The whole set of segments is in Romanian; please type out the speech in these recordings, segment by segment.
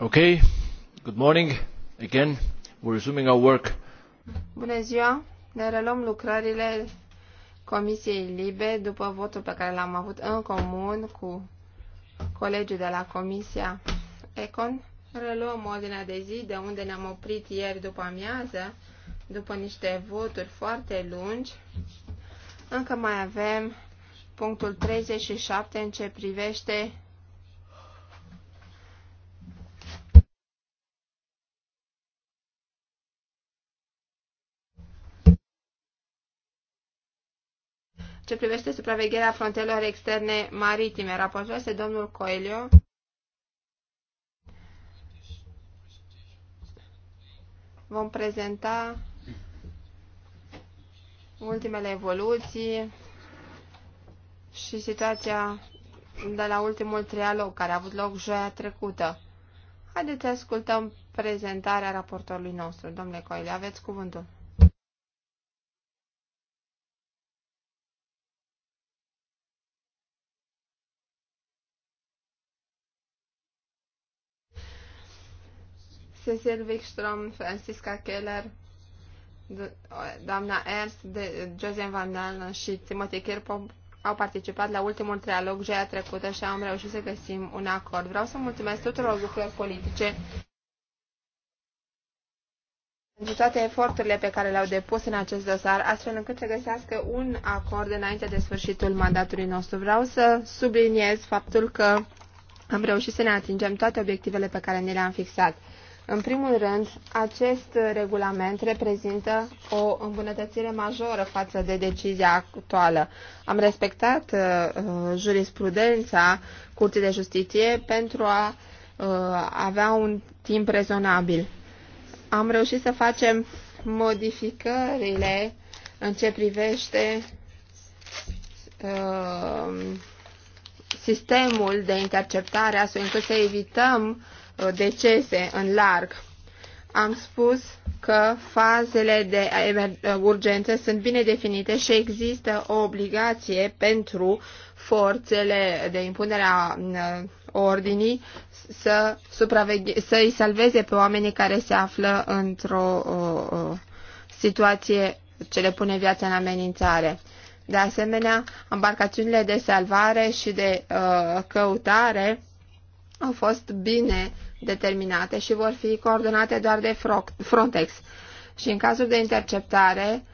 Okay. Good morning. Again, we're resuming our work. Bună ziua. Ne reluăm lucrările Comisiei Libe după votul pe care l-am avut în comun cu colegii de la Comisia Econ. Reluăm ordinea de zi de unde ne-am oprit ieri după amiază, după niște voturi foarte lungi. Încă mai avem punctul 37 în ce privește ce privește supravegherea frontelor externe maritime. Raportoase domnul Coelho. Vom prezenta ultimele evoluții și situația de la ultimul trialog care a avut loc joia trecută. Haideți să ascultăm prezentarea raportorului nostru. Domnule Coelho, aveți cuvântul. Cecil Wikström, Francisca Keller, doamna Ernst, de, Joseph Van Allen și Timothy Kirpop au participat la ultimul trialog joia trecută și am reușit să găsim un acord. Vreau să mulțumesc tuturor grupurilor politice pentru toate eforturile pe care le-au depus în acest dosar, astfel încât să găsească un acord înainte de sfârșitul mandatului nostru. Vreau să subliniez faptul că am reușit să ne atingem toate obiectivele pe care ne le-am fixat. În primul rând, acest regulament reprezintă o îmbunătățire majoră față de decizia actuală. Am respectat uh, jurisprudența Curții de Justiție pentru a uh, avea un timp rezonabil. Am reușit să facem modificările în ce privește uh, sistemul de interceptare, astfel încât să evităm uh, Uh, decese în larg. Am spus că fazele de uh, urgență sunt bine definite și există o obligație pentru forțele de impunere a uh, ordinii să, să îi salveze pe oamenii care se află într-o situație ce le pune viața în amenințare. De asemenea, embarcațiunile de salvare și de uh, căutare au fost bine determinate și vor fi coordonate doar de Frontex. Și în cazul de interceptare,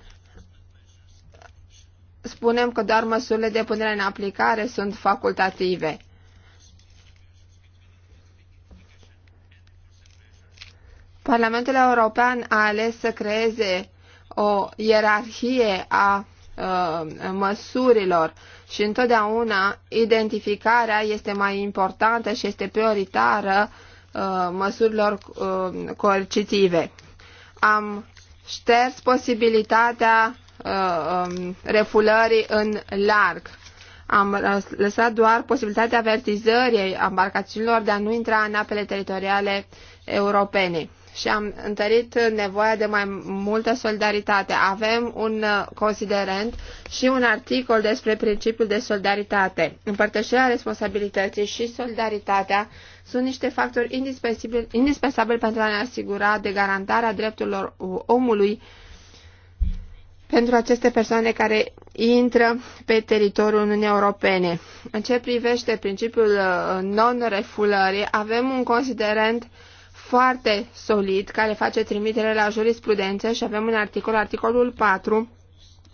spunem că doar măsurile de punere în aplicare sunt facultative. Parlamentul European a ales să creeze o ierarhie a ă, măsurilor și întotdeauna identificarea este mai importantă și este prioritară Uh, măsurilor uh, coercitive. Am șters posibilitatea uh, um, refulării în larg. Am lăsat doar posibilitatea avertizării embarcațiunilor de a nu intra în apele teritoriale europene și am întărit nevoia de mai multă solidaritate. Avem un uh, considerent și un articol despre principiul de solidaritate. Împărtășirea responsabilității și solidaritatea sunt niște factori indispensabili, indispensabili pentru a ne asigura de garantarea drepturilor omului pentru aceste persoane care intră pe teritoriul Uniunii Europene. În ce privește principiul uh, non-refulării, avem un considerent uh, foarte solid care face trimitere la jurisprudență și avem un articol, articolul 4,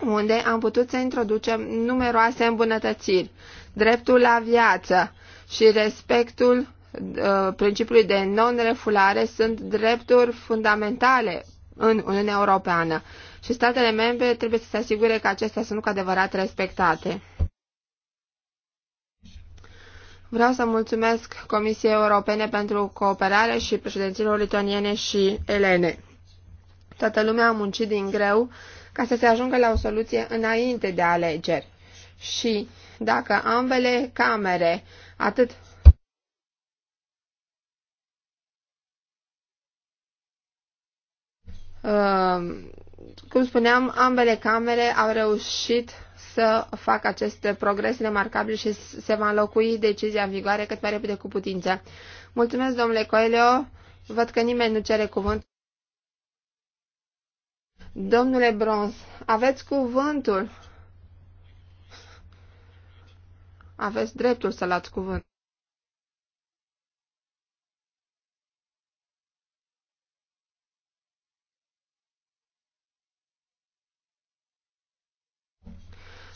unde am putut să introducem numeroase îmbunătățiri. Dreptul la viață și respectul uh, principiului de non-refulare sunt drepturi fundamentale în Uniunea Europeană și statele membre trebuie să se asigure că acestea sunt cu adevărat respectate. Vreau să mulțumesc Comisiei Europene pentru cooperare și președinților lituaniene și elene. Toată lumea a muncit din greu ca să se ajungă la o soluție înainte de alegeri. Și dacă ambele camere, atât Uh, cum spuneam, ambele camere au reușit să facă acest progres remarcabil și se va înlocui decizia în vigoare cât mai repede cu putință. Mulțumesc, domnule Coelho. Văd că nimeni nu cere cuvânt. Domnule Bronz, aveți cuvântul. Aveți dreptul să luați cuvânt.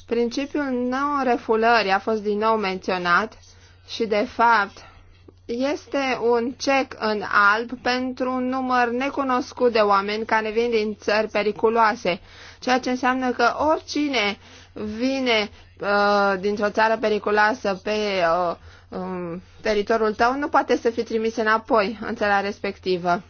Principiul non-refulării a fost din nou menționat și, de fapt, este un cec în alb pentru un număr necunoscut de oameni care vin din țări periculoase, ceea ce înseamnă că oricine vine uh, dintr-o țară periculoasă pe uh, um, teritoriul tău nu poate să fie trimis înapoi în țara respectivă.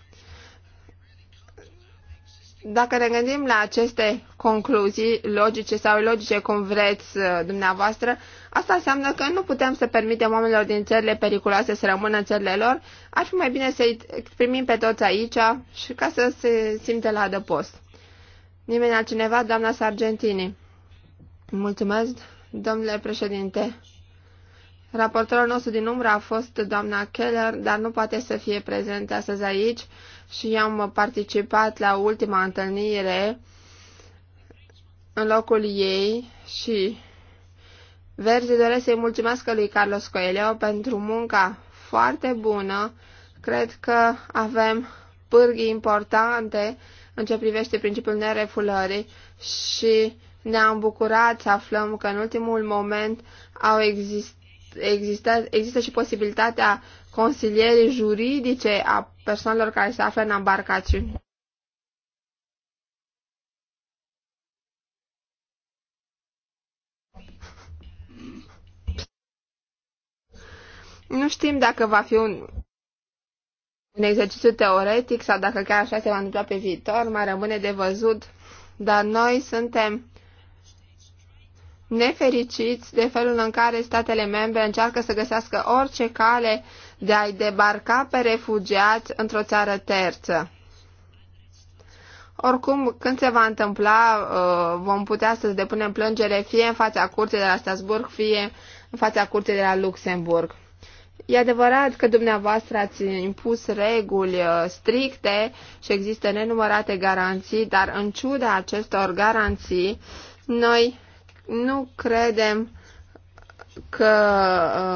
Dacă ne gândim la aceste concluzii logice sau logice cum vreți uh, dumneavoastră, asta înseamnă că nu putem să permitem oamenilor din țările periculoase să rămână în țările lor. Ar fi mai bine să-i primim pe toți aici și ca să se simte la adăpost. Nimeni altcineva? Doamna Sargentini. Mulțumesc, domnule președinte. Raportorul nostru din umbră a fost doamna Keller, dar nu poate să fie prezent astăzi aici și am participat la ultima întâlnire în locul ei și Verzi doresc să-i mulțumesc lui Carlos Coelho pentru munca foarte bună. Cred că avem pârghii importante în ce privește principiul nerefulării și ne-am bucurat să aflăm că în ultimul moment au existat exista, există și posibilitatea consilierii juridice a persoanelor care se află în embarcațiuni. Nu știm dacă va fi un, un exercițiu teoretic sau dacă chiar așa se va întâmpla pe viitor, mai rămâne de văzut, dar noi suntem nefericiți de felul în care statele membre încearcă să găsească orice cale de a-i debarca pe refugiați într-o țară terță. Oricum, când se va întâmpla, uh, vom putea să depunem plângere fie în fața curții de la Strasburg, fie în fața curții de la Luxemburg. E adevărat că dumneavoastră ați impus reguli uh, stricte și există nenumărate garanții, dar în ciuda acestor garanții, noi nu credem că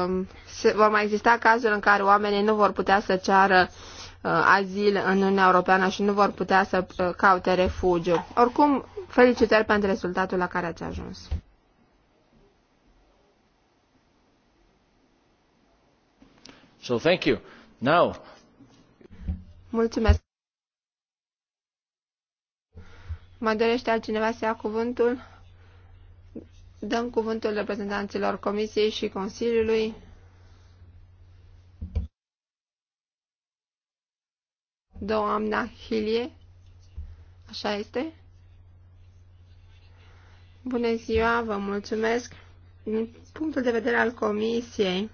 um, se, vor mai exista cazuri în care oamenii nu vor putea să ceară uh, azil în Uniunea Europeană și nu vor putea să uh, caute refugiu. Oricum, felicitări pentru rezultatul la care ați ajuns. So thank you. Now. Mulțumesc. Mai dorește altcineva să ia cuvântul? Dăm cuvântul reprezentanților Comisiei și Consiliului. Doamna Hilie, așa este? Bună ziua, vă mulțumesc. Din punctul de vedere al Comisiei,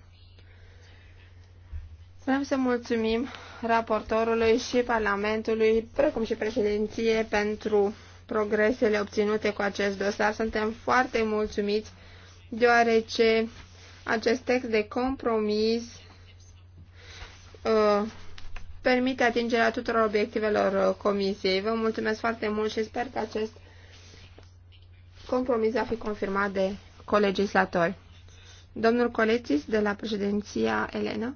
Vrem să mulțumim raportorului și Parlamentului, precum și președinție, pentru progresele obținute cu acest dosar. Suntem foarte mulțumiți deoarece acest text de compromis uh, permite atingerea tuturor obiectivelor uh, comisiei. Vă mulțumesc foarte mult și sper că acest compromis va fi confirmat de colegislatori. Domnul Colețis de la președinția Elena.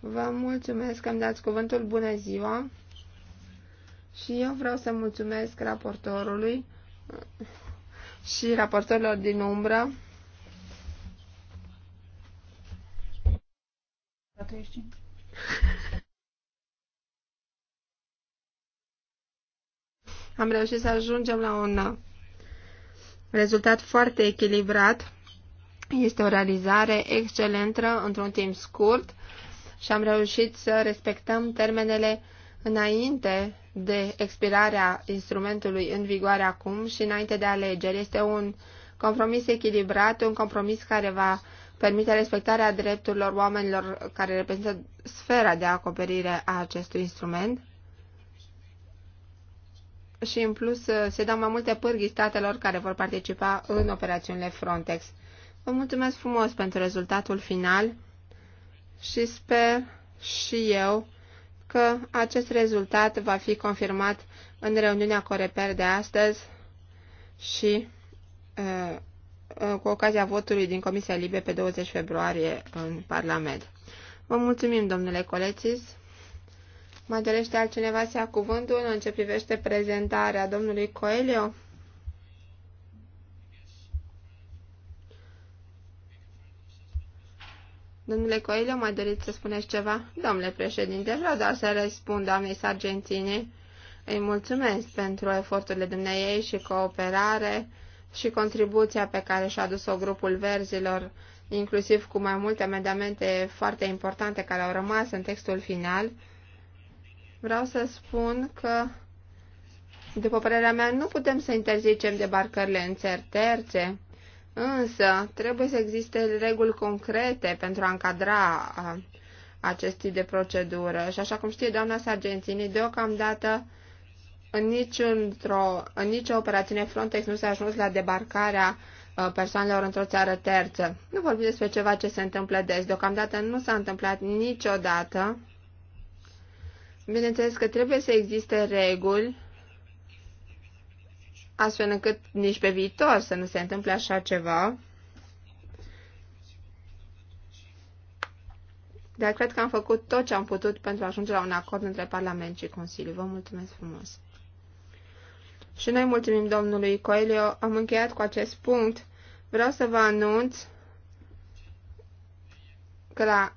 Vă mulțumesc că îmi dați cuvântul. Bună ziua! Și eu vreau să mulțumesc raportorului și raportorilor din umbră. Am reușit să ajungem la un rezultat foarte echilibrat. Este o realizare excelentă într-un timp scurt și am reușit să respectăm termenele înainte de expirarea instrumentului în vigoare acum și înainte de alegeri. Este un compromis echilibrat, un compromis care va permite respectarea drepturilor oamenilor care reprezintă sfera de acoperire a acestui instrument. Și în plus se dau mai multe pârghii statelor care vor participa în operațiunile Frontex. Vă mulțumesc frumos pentru rezultatul final și sper și eu că acest rezultat va fi confirmat în reuniunea Coreper de astăzi și uh, uh, cu ocazia votului din Comisia Libe pe 20 februarie în Parlament. Vă mulțumim, domnule Colețis. Mai dorește altcineva să ia cuvântul în ce privește prezentarea domnului Coelho? Domnule Coelho, mai doriți să spuneți ceva? Domnule președinte, vreau doar să răspund doamnei sargentine. Îi mulțumesc pentru eforturile dumneiei și cooperare și contribuția pe care și-a adus-o grupul verzilor, inclusiv cu mai multe amendamente foarte importante care au rămas în textul final. Vreau să spun că, după părerea mea, nu putem să interzicem debarcările în țări terțe, Însă, trebuie să existe reguli concrete pentru a încadra acest tip de procedură. Și așa cum știe doamna Sargentini, deocamdată în, niciun, în nicio operațiune Frontex nu s-a ajuns la debarcarea persoanelor într-o țară terță. Nu vorbim despre ceva ce se întâmplă des. Deocamdată nu s-a întâmplat niciodată. Bineînțeles că trebuie să existe reguli astfel încât nici pe viitor să nu se întâmple așa ceva. Dar cred că am făcut tot ce am putut pentru a ajunge la un acord între Parlament și Consiliu. Vă mulțumesc frumos! Și noi mulțumim domnului Coelio. Am încheiat cu acest punct. Vreau să vă anunț că la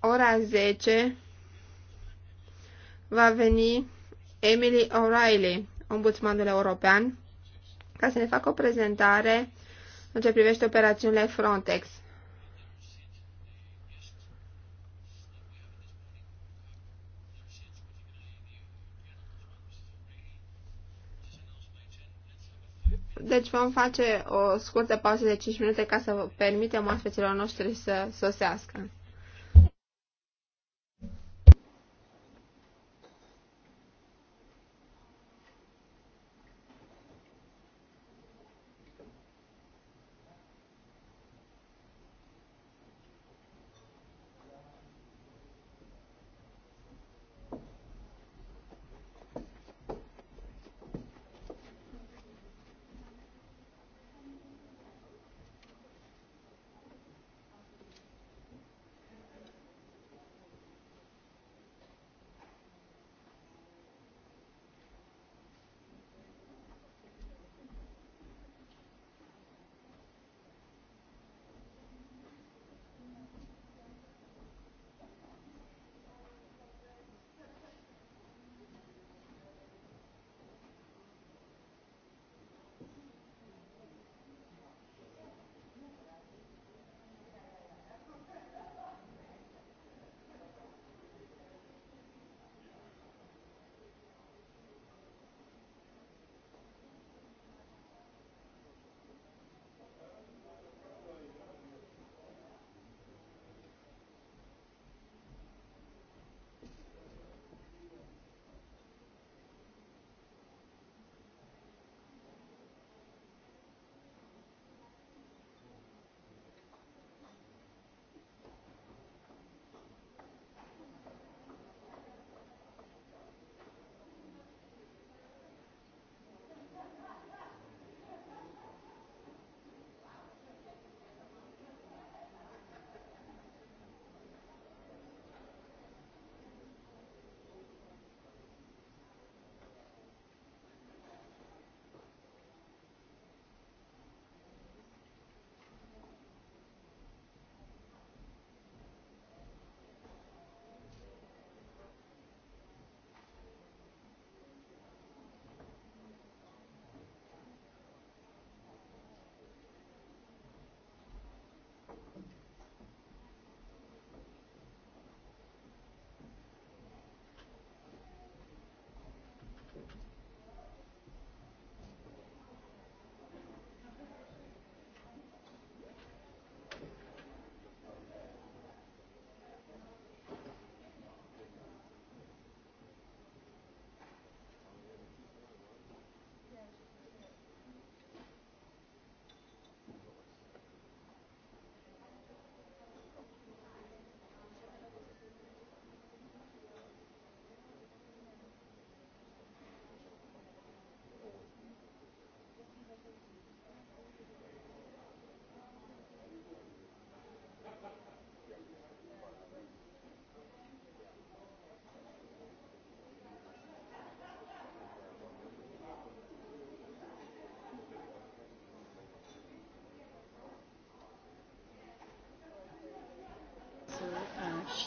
ora 10 va veni Emily O'Reilly ombudsmanul european ca să ne facă o prezentare în ce privește operațiunile Frontex. Deci vom face o scurtă pauză de 5 minute ca să permitem oaspeților noștri să sosească.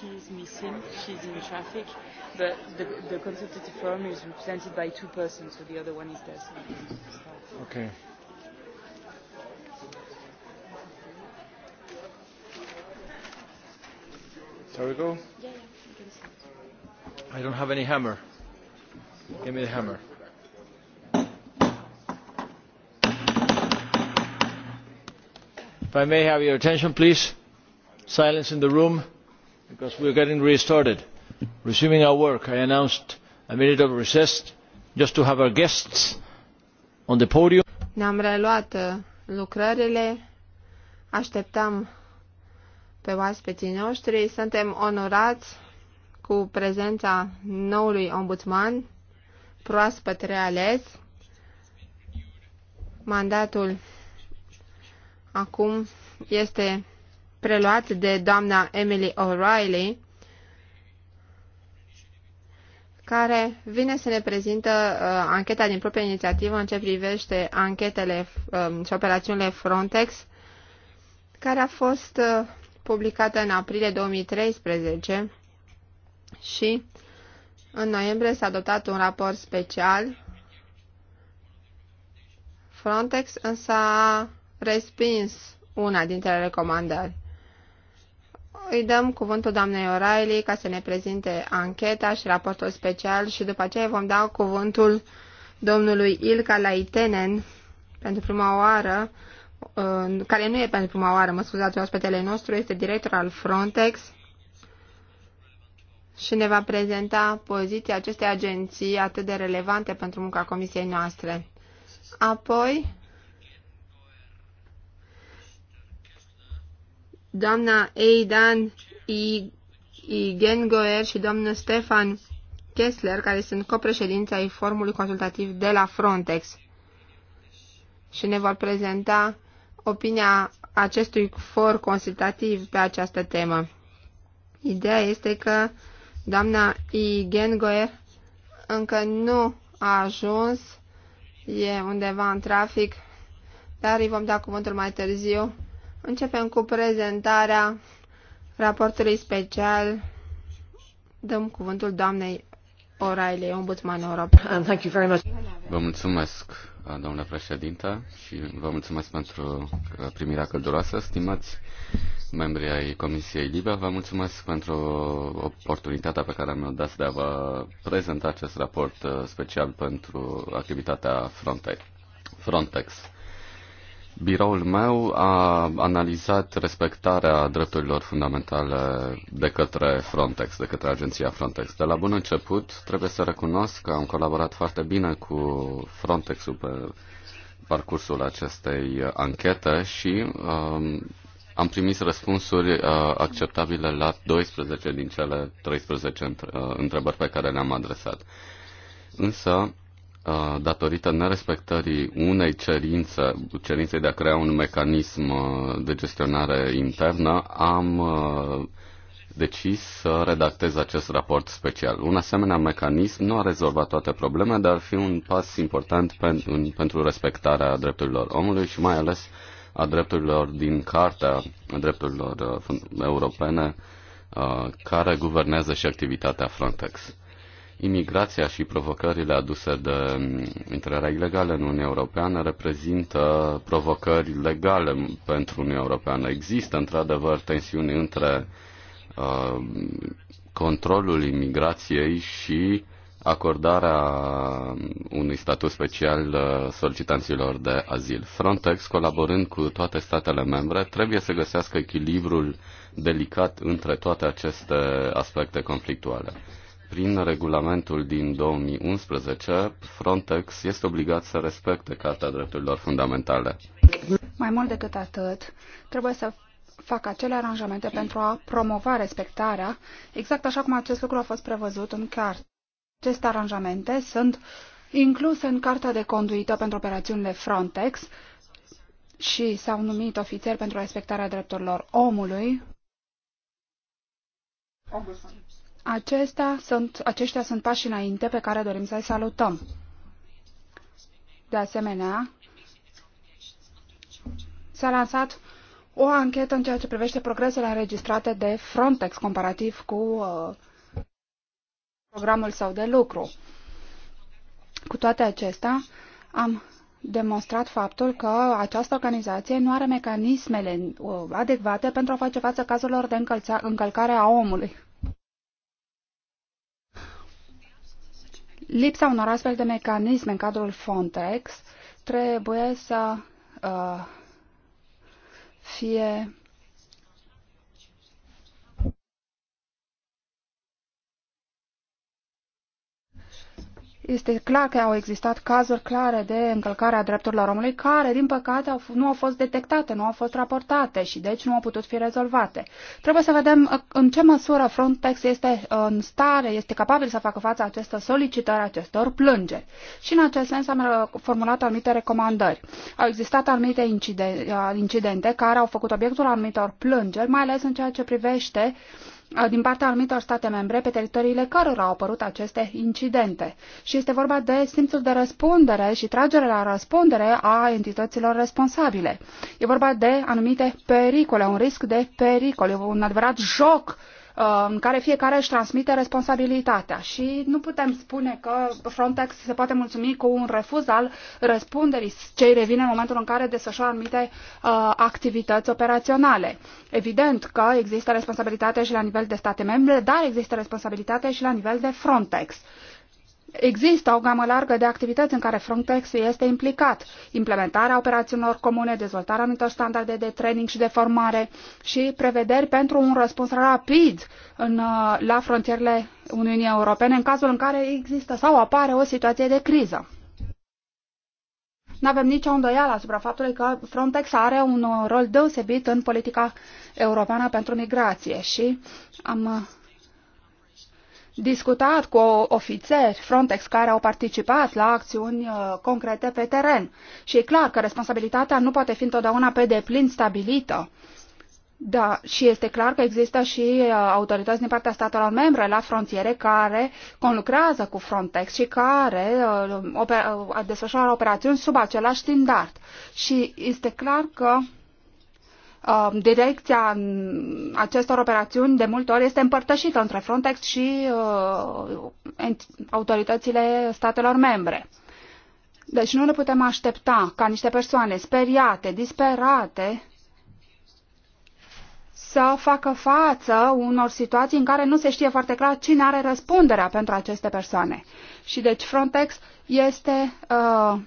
she is missing. She's in traffic. But the, the consultative forum is represented by two persons, so the other one is there. So Okay. Shall we go? Yeah, yeah, I don't have any hammer. Give me the hammer. If I may have your attention, please. Silence in the room because we are getting restarted resuming our work i announced a minute of recess just to have our guests on the podium. ne am reluat uh, lucrările așteptăm pe oaspeții noștri suntem onorați cu prezența noului ombudsman proaspăt reales mandatul acum este preluat de doamna Emily O'Reilly, care vine să ne prezintă uh, ancheta din propria inițiativă în ce privește anchetele uh, și operațiunile Frontex, care a fost uh, publicată în aprilie 2013 și în noiembrie s-a adoptat un raport special. Frontex însă a respins una dintre recomandări îi dăm cuvântul doamnei O'Reilly ca să ne prezinte ancheta și raportul special și după aceea vom da cuvântul domnului Ilka Laitenen pentru prima oară, care nu e pentru prima oară, mă scuzați, ospetele nostru este director al Frontex și ne va prezenta poziția acestei agenții atât de relevante pentru munca comisiei noastre. Apoi, doamna Eidan Igengoer și domnul Stefan Kessler, care sunt copreședința ai formului consultativ de la Frontex și ne vor prezenta opinia acestui for consultativ pe această temă. Ideea este că doamna Igengoer încă nu a ajuns, e undeva în trafic, dar îi vom da cuvântul mai târziu Începem cu prezentarea raportului special. Dăm cuvântul doamnei O'Reilly, Ombudsman European. Uh, thank you very much. Vă mulțumesc, uh, domnule președinte, și vă mulțumesc pentru uh, primirea călduroasă, stimați membrii ai Comisiei Libia. Vă mulțumesc pentru oportunitatea pe care mi-o dat de a vă prezenta acest raport special pentru activitatea Frontex. Frontex. Biroul meu a analizat respectarea drepturilor fundamentale de către Frontex, de către agenția Frontex. De la bun început, trebuie să recunosc că am colaborat foarte bine cu Frontex-ul pe parcursul acestei uh, anchete și um, am primit răspunsuri uh, acceptabile la 12 din cele 13 uh, întrebări pe care le-am adresat. Însă, Uh, datorită nerespectării unei cerințe, cerințe de a crea un mecanism uh, de gestionare internă, am uh, decis să redactez acest raport special. Un asemenea mecanism nu a rezolvat toate problemele, dar ar fi un pas important pentru respectarea drepturilor omului și mai ales a drepturilor din Cartea Drepturilor Europene care guvernează și activitatea Frontex. Imigrația și provocările aduse de mm, intrarea ilegală în Uniunea Europeană reprezintă provocări legale pentru Uniunea Europeană. Există, într-adevăr, tensiuni între uh, controlul imigrației și acordarea unui statut special uh, solicitanților de azil. Frontex, colaborând cu toate statele membre, trebuie să găsească echilibrul delicat între toate aceste aspecte conflictuale prin regulamentul din 2011, Frontex este obligat să respecte Carta Drepturilor Fundamentale. Mai mult decât atât, trebuie să fac acele aranjamente pentru a promova respectarea, exact așa cum acest lucru a fost prevăzut în carte. Aceste aranjamente sunt incluse în Carta de Conduită pentru operațiunile Frontex și s-au numit ofițeri pentru respectarea drepturilor omului. Ombudsman. Acestea sunt, aceștia sunt pașii înainte pe care dorim să-i salutăm. De asemenea, s-a lansat o anchetă în ceea ce privește progresele înregistrate de Frontex comparativ cu uh, programul său de lucru. Cu toate acestea, am demonstrat faptul că această organizație nu are mecanismele uh, adecvate pentru a face față cazurilor de încălcare a omului Lipsa unor astfel de mecanisme în cadrul Frontex trebuie să uh, fie Este clar că au existat cazuri clare de încălcare a drepturilor omului care, din păcate, nu au fost detectate, nu au fost raportate și deci nu au putut fi rezolvate. Trebuie să vedem uh, în ce măsură Frontex este uh, în stare, este capabil să facă față acestor solicitări, acestor plângeri. Și în acest sens am uh, formulat anumite recomandări. Au existat anumite incidente care au făcut obiectul anumitor plângeri, mai ales în ceea ce privește uh, din partea anumitor state membre pe teritoriile cărora au apărut aceste incidente. Și este vorba de simțul de răspundere și tragere la răspundere a entităților responsabile. E vorba de anumite pericole, un risc de pericol, un adevărat joc uh, în um, care fiecare își transmite responsabilitatea și nu putem spune că Frontex se poate mulțumi cu un refuz al răspunderii ce îi revine în momentul în care desfășoară anumite uh, activități operaționale. Evident că există responsabilitate și la nivel de state membre, dar există responsabilitate și la nivel de Frontex. Uh, Există o gamă largă de activități în care Frontex este implicat. Implementarea operațiunilor comune, dezvoltarea anumitor standarde de training și de formare și prevederi pentru un răspuns rapid în, uh, la frontierele Uniunii Europene în cazul în care există sau apare o situație de criză. Nu avem nicio îndoială asupra faptului că Frontex are un uh, rol deosebit în politica europeană pentru migrație și am uh, discutat cu ofițeri Frontex care au participat la acțiuni uh, concrete pe teren. Și e clar că responsabilitatea nu poate fi întotdeauna pe deplin stabilită. Da, și este clar că există și uh, autorități din partea statelor membre la frontiere care conlucrează cu Frontex și care uh, desfășoară operațiuni sub același standard. Și este clar că Um, direcția acestor operațiuni de multe ori este împărtășită între Frontex și uh, autoritățile statelor membre. Deci nu ne putem aștepta ca niște persoane speriate, disperate, să facă față unor situații în care nu se știe foarte clar cine are răspunderea pentru aceste persoane. Și deci Frontex este uh,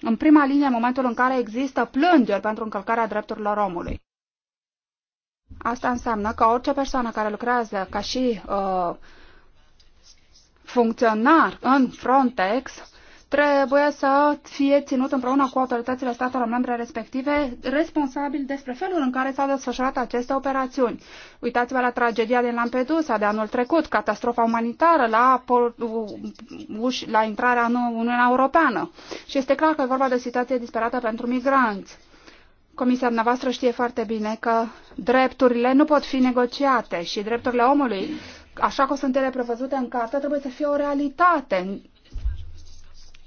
în prima linie în momentul în care există plângeri pentru încălcarea drepturilor omului. Asta înseamnă că orice persoană care lucrează ca și uh, funcționar în Frontex trebuie să fie ținut împreună cu autoritățile statelor membre respective responsabil despre felul în care s-au desfășurat aceste operațiuni. Uitați-vă la tragedia din Lampedusa de anul trecut, catastrofa umanitară la, la intrarea în Uniunea Europeană. Și este clar că e vorba de o situație disperată pentru migranți. Comisia dumneavoastră știe foarte bine că drepturile nu pot fi negociate și drepturile omului, așa cum sunt ele prevăzute în carte, trebuie să fie o realitate.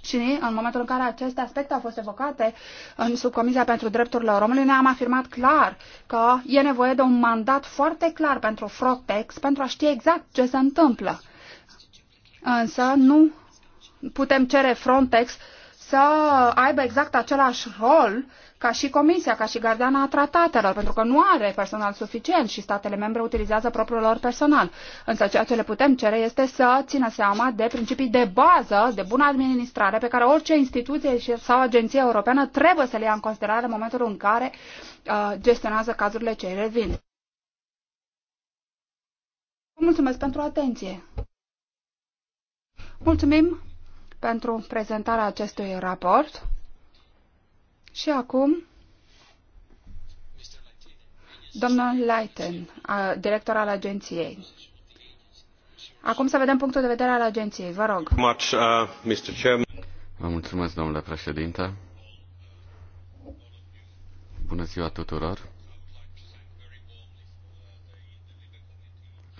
Și în momentul în care aceste aspecte au fost evocate în subcomisia pentru drepturile omului, ne-am afirmat clar că e nevoie de un mandat foarte clar pentru Frontex pentru a ști exact ce se întâmplă. Însă nu putem cere Frontex să aibă exact același rol ca și Comisia, ca și gardiana a tratatelor, pentru că nu are personal suficient și statele membre utilizează propriul lor personal. Însă ceea ce le putem cere este să țină seama de principii de bază, de bună administrare, pe care orice instituție sau agenție europeană trebuie să le ia în considerare în momentul în care uh, gestionează cazurile ce revin. Mulțumesc pentru atenție! Mulțumim pentru prezentarea acestui raport. Și acum, domnul Leiten, director al agenției. Acum să vedem punctul de vedere al agenției. Vă rog. Uh, Vă mulțumesc, domnule președinte. Bună ziua tuturor.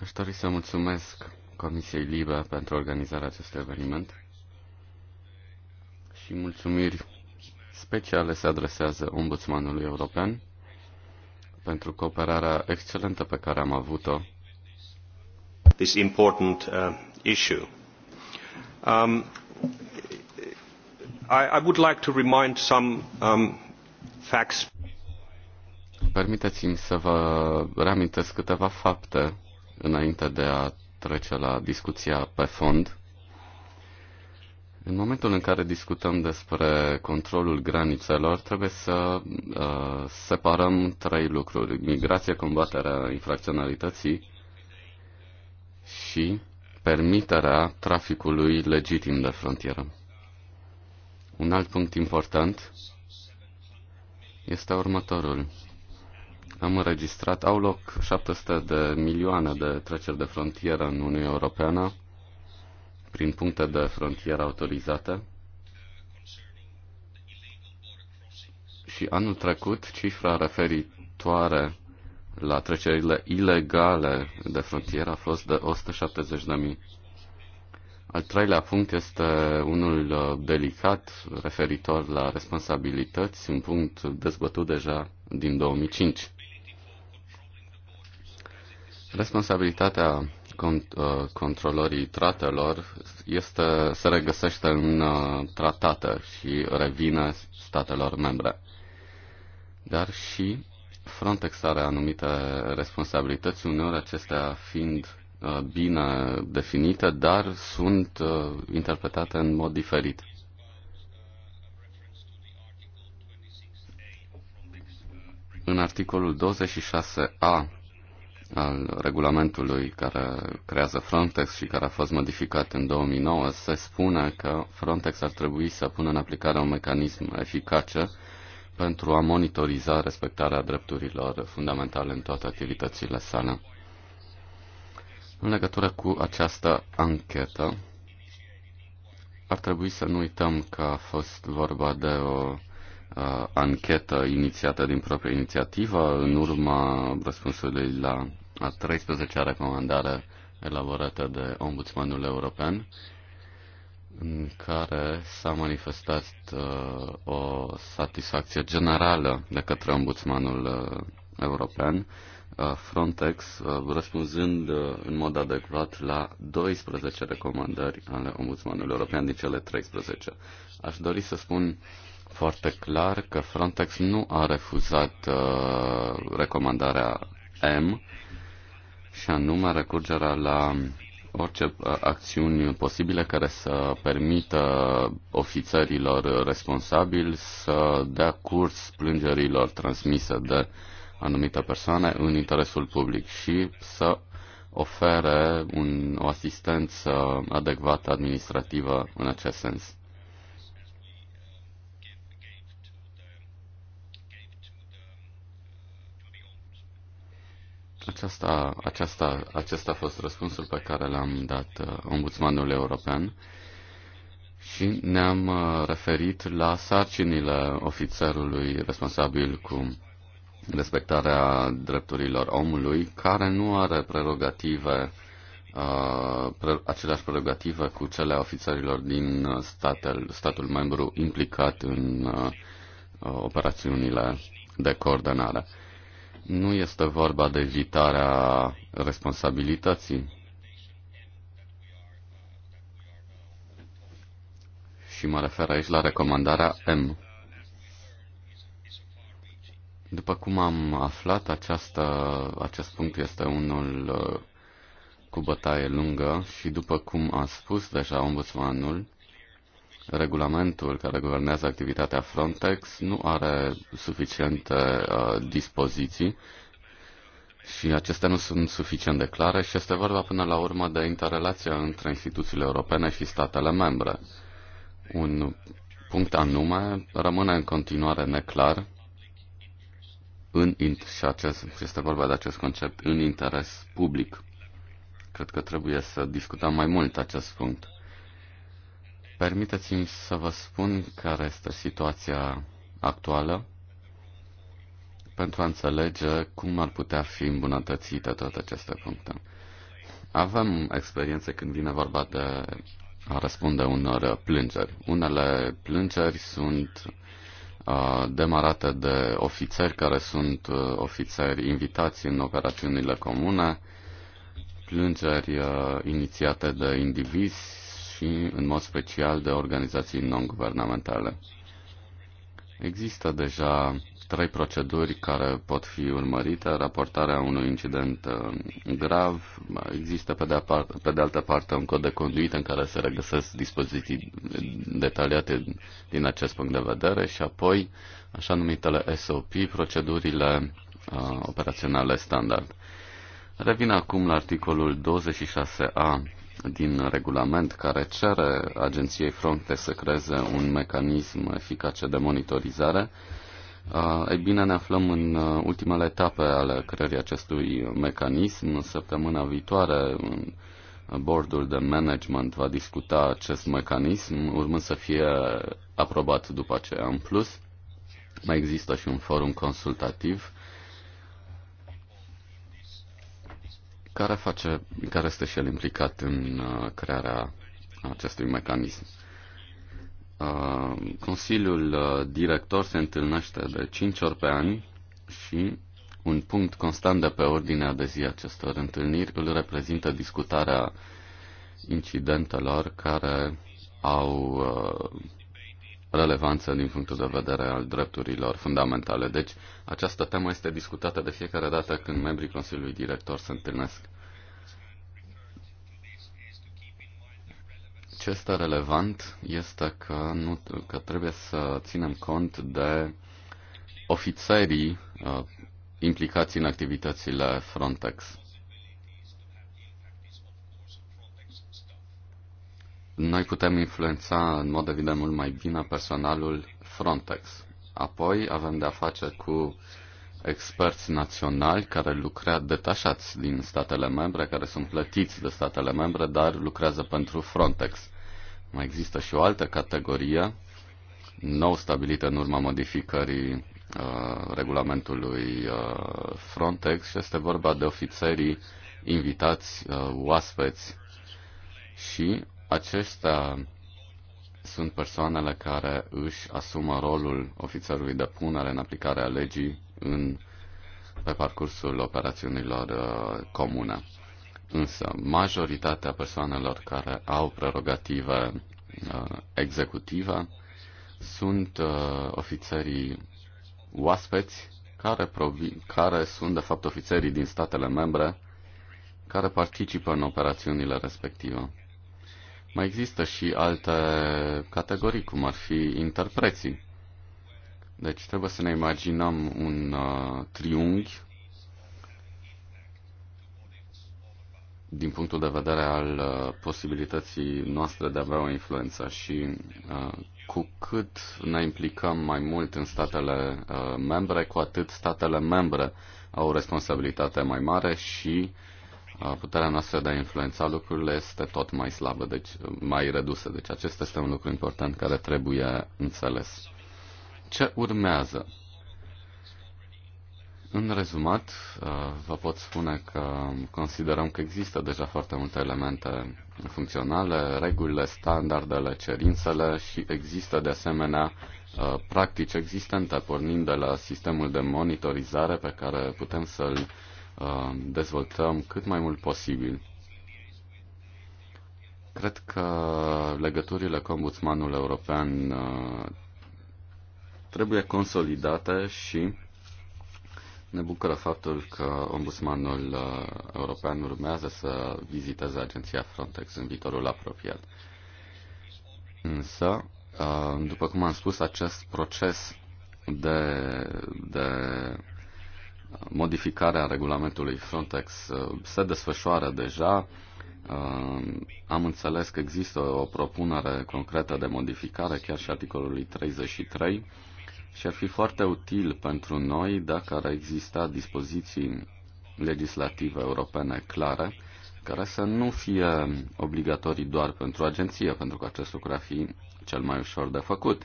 Aș dori să mulțumesc Comisiei Libă pentru organizarea acestui eveniment și mulțumiri speciale se adresează Ombudsmanului European pentru cooperarea excelentă pe care am avut-o. This important uh, issue. Um, I, I would like to remind some um, facts. Permiteți-mi să vă reamintesc câteva fapte înainte de a trece la discuția pe fond. În momentul în care discutăm despre controlul granițelor, trebuie să uh, separăm trei lucruri. Migrație, combaterea infracționalității și permiterea traficului legitim de frontieră. Un alt punct important este următorul. Am înregistrat, au loc 700 de milioane de treceri de frontieră în Uniunea Europeană, prin puncte de frontieră autorizate. Și anul trecut, cifra referitoare la trecerile ilegale de frontieră a fost de 170.000. Al treilea punct este unul uh, delicat referitor la responsabilități, un punct dezbătut deja din 2005. Responsabilitatea Uh, controlorii tratelor este, se regăsește în uh, tratate și revine statelor membre. Dar și Frontex are anumite responsabilități, uneori acestea fiind uh, bine definite, dar sunt interpretate în mod diferit. În articolul 26a al regulamentului care creează Frontex și care a fost modificat în 2009, se spune că Frontex ar trebui să pună în aplicare un mecanism eficace pentru a monitoriza respectarea drepturilor fundamentale în toate activitățile sale. În legătură cu această anchetă, ar trebui să nu uităm că a fost vorba de o uh, anchetă inițiată din proprie inițiativă în urma răspunsului la a 13-a recomandare elaborată de Ombudsmanul European, în care s-a manifestat uh, o satisfacție generală de către Ombudsmanul uh, European, uh, Frontex, uh, răspunzând uh, în mod adecvat la 12 recomandări ale Ombudsmanului European din cele 13. Aș dori să spun uh, foarte clar că Frontex nu a refuzat uh, recomandarea M și anume recurgerea la orice uh, acțiuni posibile care să permită ofițerilor responsabili să dea curs plângerilor transmise de anumite persoane în interesul public și să ofere un, o asistență adecvată administrativă în acest sens. Aceasta, aceasta, acesta a fost răspunsul pe care l-am dat uh, ombudsmanul european și ne-am uh, referit la sarcinile ofițerului responsabil cu respectarea drepturilor omului, care nu are prerogative, uh, pre, aceleași prerogative cu cele a ofițerilor din statel, statul membru implicat în uh, operațiunile de coordonare. Nu este vorba de evitarea responsabilității. Și mă refer aici la recomandarea M. După cum am aflat, această, acest punct este unul uh, cu bătaie lungă și după cum a spus deja ombudsmanul, regulamentul care guvernează activitatea Frontex nu are suficiente uh, dispoziții și acestea nu sunt suficient de clare și este vorba până la urmă de interrelația între instituțiile europene și statele membre. Un punct anume rămâne în continuare neclar în, și acest, este vorba de acest concept în interes public. Cred că trebuie să discutăm mai mult acest punct. Permiteți-mi să vă spun care este situația actuală pentru a înțelege cum ar putea fi îmbunătățite toate aceste puncte. Avem experiențe când vine vorba de a răspunde unor plângeri. Unele plângeri sunt uh, demarate de ofițeri care sunt uh, ofițeri invitați în operațiunile comune, plângeri uh, inițiate de indivizi și, în mod special, de organizații non-guvernamentale. Există deja trei proceduri care pot fi urmărite, raportarea unui incident uh, grav, există pe de, parte, pe de altă parte un cod de conduită în care se regăsesc dispoziții detaliate din acest punct de vedere și apoi așa numitele SOP, procedurile uh, operaționale standard. Revin acum la articolul 26a din regulament care cere agenției Frontex să creeze un mecanism eficace de monitorizare. Ei bine, ne aflăm în uh, ultimele etape ale creării acestui mecanism. Săptămâna viitoare, bordul de management va discuta acest mecanism, urmând să fie aprobat după aceea. În plus, mai există și un forum consultativ uh, care, face, care este și el implicat în uh, crearea acestui mecanism. Uh, Consiliul uh, director se întâlnește de 5 ori pe an și un punct constant de pe ordinea de zi acestor întâlniri îl reprezintă discutarea incidentelor care au relevanță din punctul de vedere al drepturilor fundamentale. Deci, această temă este discutată de fiecare dată când membrii Consiliului Director se întâlnesc. Ce este relevant este că, nu, că trebuie să ținem cont de ofițerii uh, implicați în activitățile Frontex. Noi putem influența în mod evident mult mai bine personalul Frontex. Apoi avem de-a face cu experți naționali care lucrează detașați din statele membre, care sunt plătiți de statele membre, dar lucrează pentru Frontex. Mai există și o altă categorie nou stabilită în urma modificării uh, regulamentului uh, Frontex și este vorba de ofițerii invitați, uh, oaspeți și Acestea sunt persoanele care își asumă rolul ofițerului de punere în aplicare a legii în, pe parcursul operațiunilor uh, comune. Însă, majoritatea persoanelor care au prerogative uh, executive sunt uh, ofițerii oaspeți care, provi- care sunt, de fapt, ofițerii din statele membre care participă în operațiunile respective. Mai există și alte categorii, cum ar fi interpreții. Deci trebuie să ne imaginăm un uh, triunghi din punctul de vedere al uh, posibilității noastre de a avea o influență și uh, cu cât ne implicăm mai mult în statele uh, membre, cu atât statele membre au o responsabilitate mai mare și uh, puterea noastră de a influența lucrurile este tot mai slabă, deci mai redusă. Deci acesta este un lucru important care trebuie înțeles. Ce urmează? În rezumat, vă pot spune că considerăm că există deja foarte multe elemente funcționale, regulile, standardele, cerințele și există de asemenea practici existente pornind de la sistemul de monitorizare pe care putem să-l Uh, dezvoltăm cât mai mult posibil. Cred că legăturile cu ombudsmanul european uh, trebuie consolidate și ne bucură faptul că ombudsmanul uh, european urmează să viziteze agenția Frontex în viitorul apropiat. Însă, după cum am spus, acest proces de, de modificarea regulamentului Frontex uh, se desfășoară deja. Uh, am înțeles că există o propunere concretă de modificare, chiar și articolului 33, și ar fi foarte util pentru noi dacă ar exista dispoziții legislative europene clare, care să nu fie obligatorii doar pentru agenție, pentru că acest lucru ar fi cel mai ușor de făcut,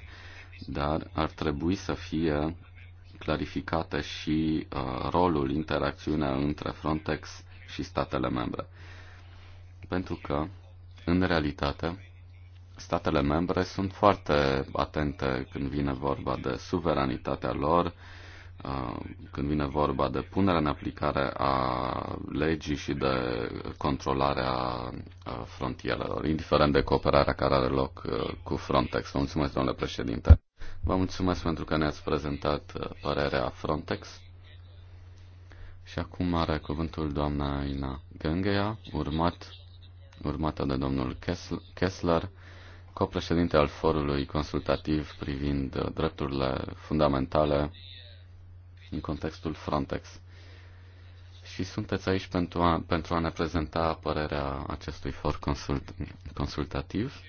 dar ar trebui să fie clarificate și uh, rolul, interacțiunea între Frontex și statele membre. Pentru că, în realitate, statele membre sunt foarte atente când vine vorba de suveranitatea lor, uh, când vine vorba de punerea în aplicare a legii și de controlarea uh, frontierelor, indiferent de cooperarea care are loc uh, cu Frontex. Vă mulțumesc, domnule președinte. Vă mulțumesc pentru că ne-ați prezentat uh, părerea Frontex. Și acum are cuvântul doamna Ina Gângea, urmat, urmată de domnul Kessler, copreședinte al forului consultativ privind uh, drepturile fundamentale în contextul Frontex. Și sunteți aici pentru a, pentru a ne prezenta părerea acestui for consult, consultativ.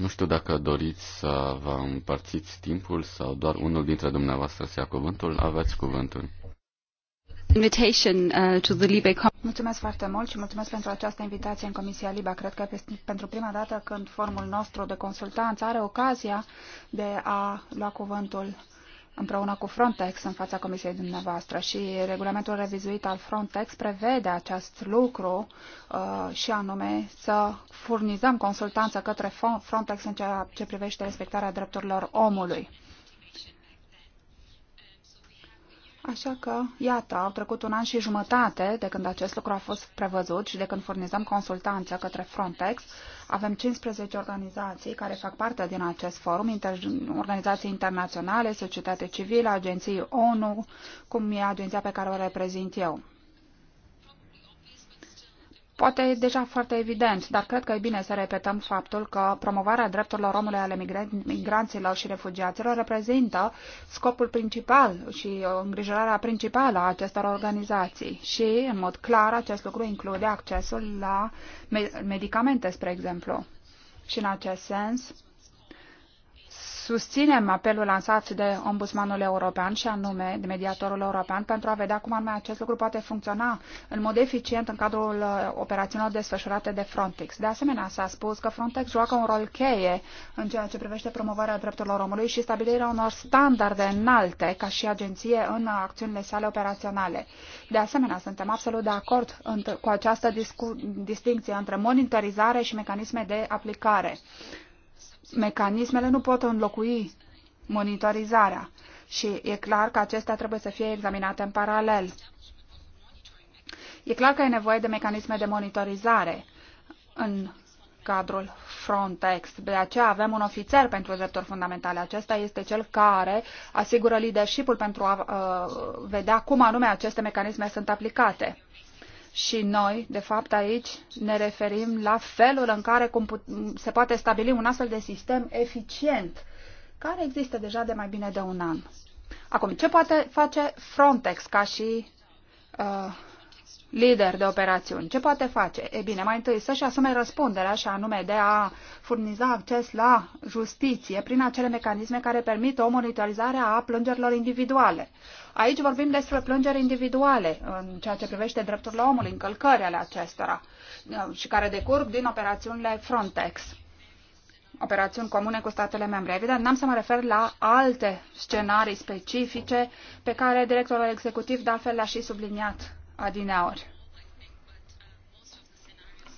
Nu știu dacă doriți să vă împărțiți timpul sau doar unul dintre dumneavoastră să ia cuvântul. Aveți cuvântul. Uh, mulțumesc foarte mult și mulțumesc pentru această invitație în Comisia LIBA. Cred că pentru prima dată când formul nostru de consultanță are ocazia de a lua cuvântul împreună cu Frontex în fața comisiei dumneavoastră și regulamentul revizuit al Frontex prevede acest lucru uh, și anume să furnizăm consultanță către Frontex în ceea ce privește respectarea drepturilor omului. Așa că, iată, au trecut un an și jumătate de când acest lucru a fost prevăzut și de când furnizăm consultanță către Frontex avem 15 organizații care fac parte din acest forum, inter organizații internaționale, societate civilă, agenții ONU, cum e agenția pe care o reprezint eu. Poate e deja foarte evident, dar cred că e bine să repetăm faptul că promovarea drepturilor omului ale migranților și refugiaților reprezintă scopul principal și uh, îngrijorarea principală a acestor organizații și, în mod clar, acest lucru include accesul la medicamente, spre exemplu. Și, în acest sens, susținem apelul lansat de Ombudsmanul European și anume de mediatorul european pentru a vedea cum anume acest lucru poate funcționa în mod eficient în cadrul uh, operațiunilor desfășurate de Frontex. De asemenea, s-a spus că Frontex joacă un rol cheie în ceea ce privește promovarea drepturilor omului și stabilirea unor standarde înalte ca și agenție în acțiunile sale operaționale. De asemenea, suntem absolut de acord cu această distinție între monitorizare și mecanisme de aplicare mecanismele nu pot înlocui monitorizarea și e clar că acestea trebuie să fie examinate în paralel. E clar că e nevoie de mecanisme de monitorizare în cadrul Frontex. De aceea avem un ofițer pentru drepturi fundamentale. Acesta este cel care asigură leadership pentru a uh, vedea cum anume aceste mecanisme sunt aplicate și noi, de fapt, aici ne referim la felul în care cum se poate stabili un astfel de sistem eficient, care există deja de mai bine de un an. Acum, ce poate face Frontex ca și uh, lider de operațiuni. Ce poate face? E bine, mai întâi să-și asume răspunderea și anume de a furniza acces la justiție prin acele mecanisme care permit o monitorizare a plângerilor individuale. Aici vorbim despre plângeri individuale în ceea ce privește drepturile omului, încălcări ale acestora uh, și care decurg din operațiunile Frontex operațiuni comune cu statele membre. Evident, n-am să mă refer la alte scenarii specifice pe care directorul executiv de altfel le-a și subliniat adineauri.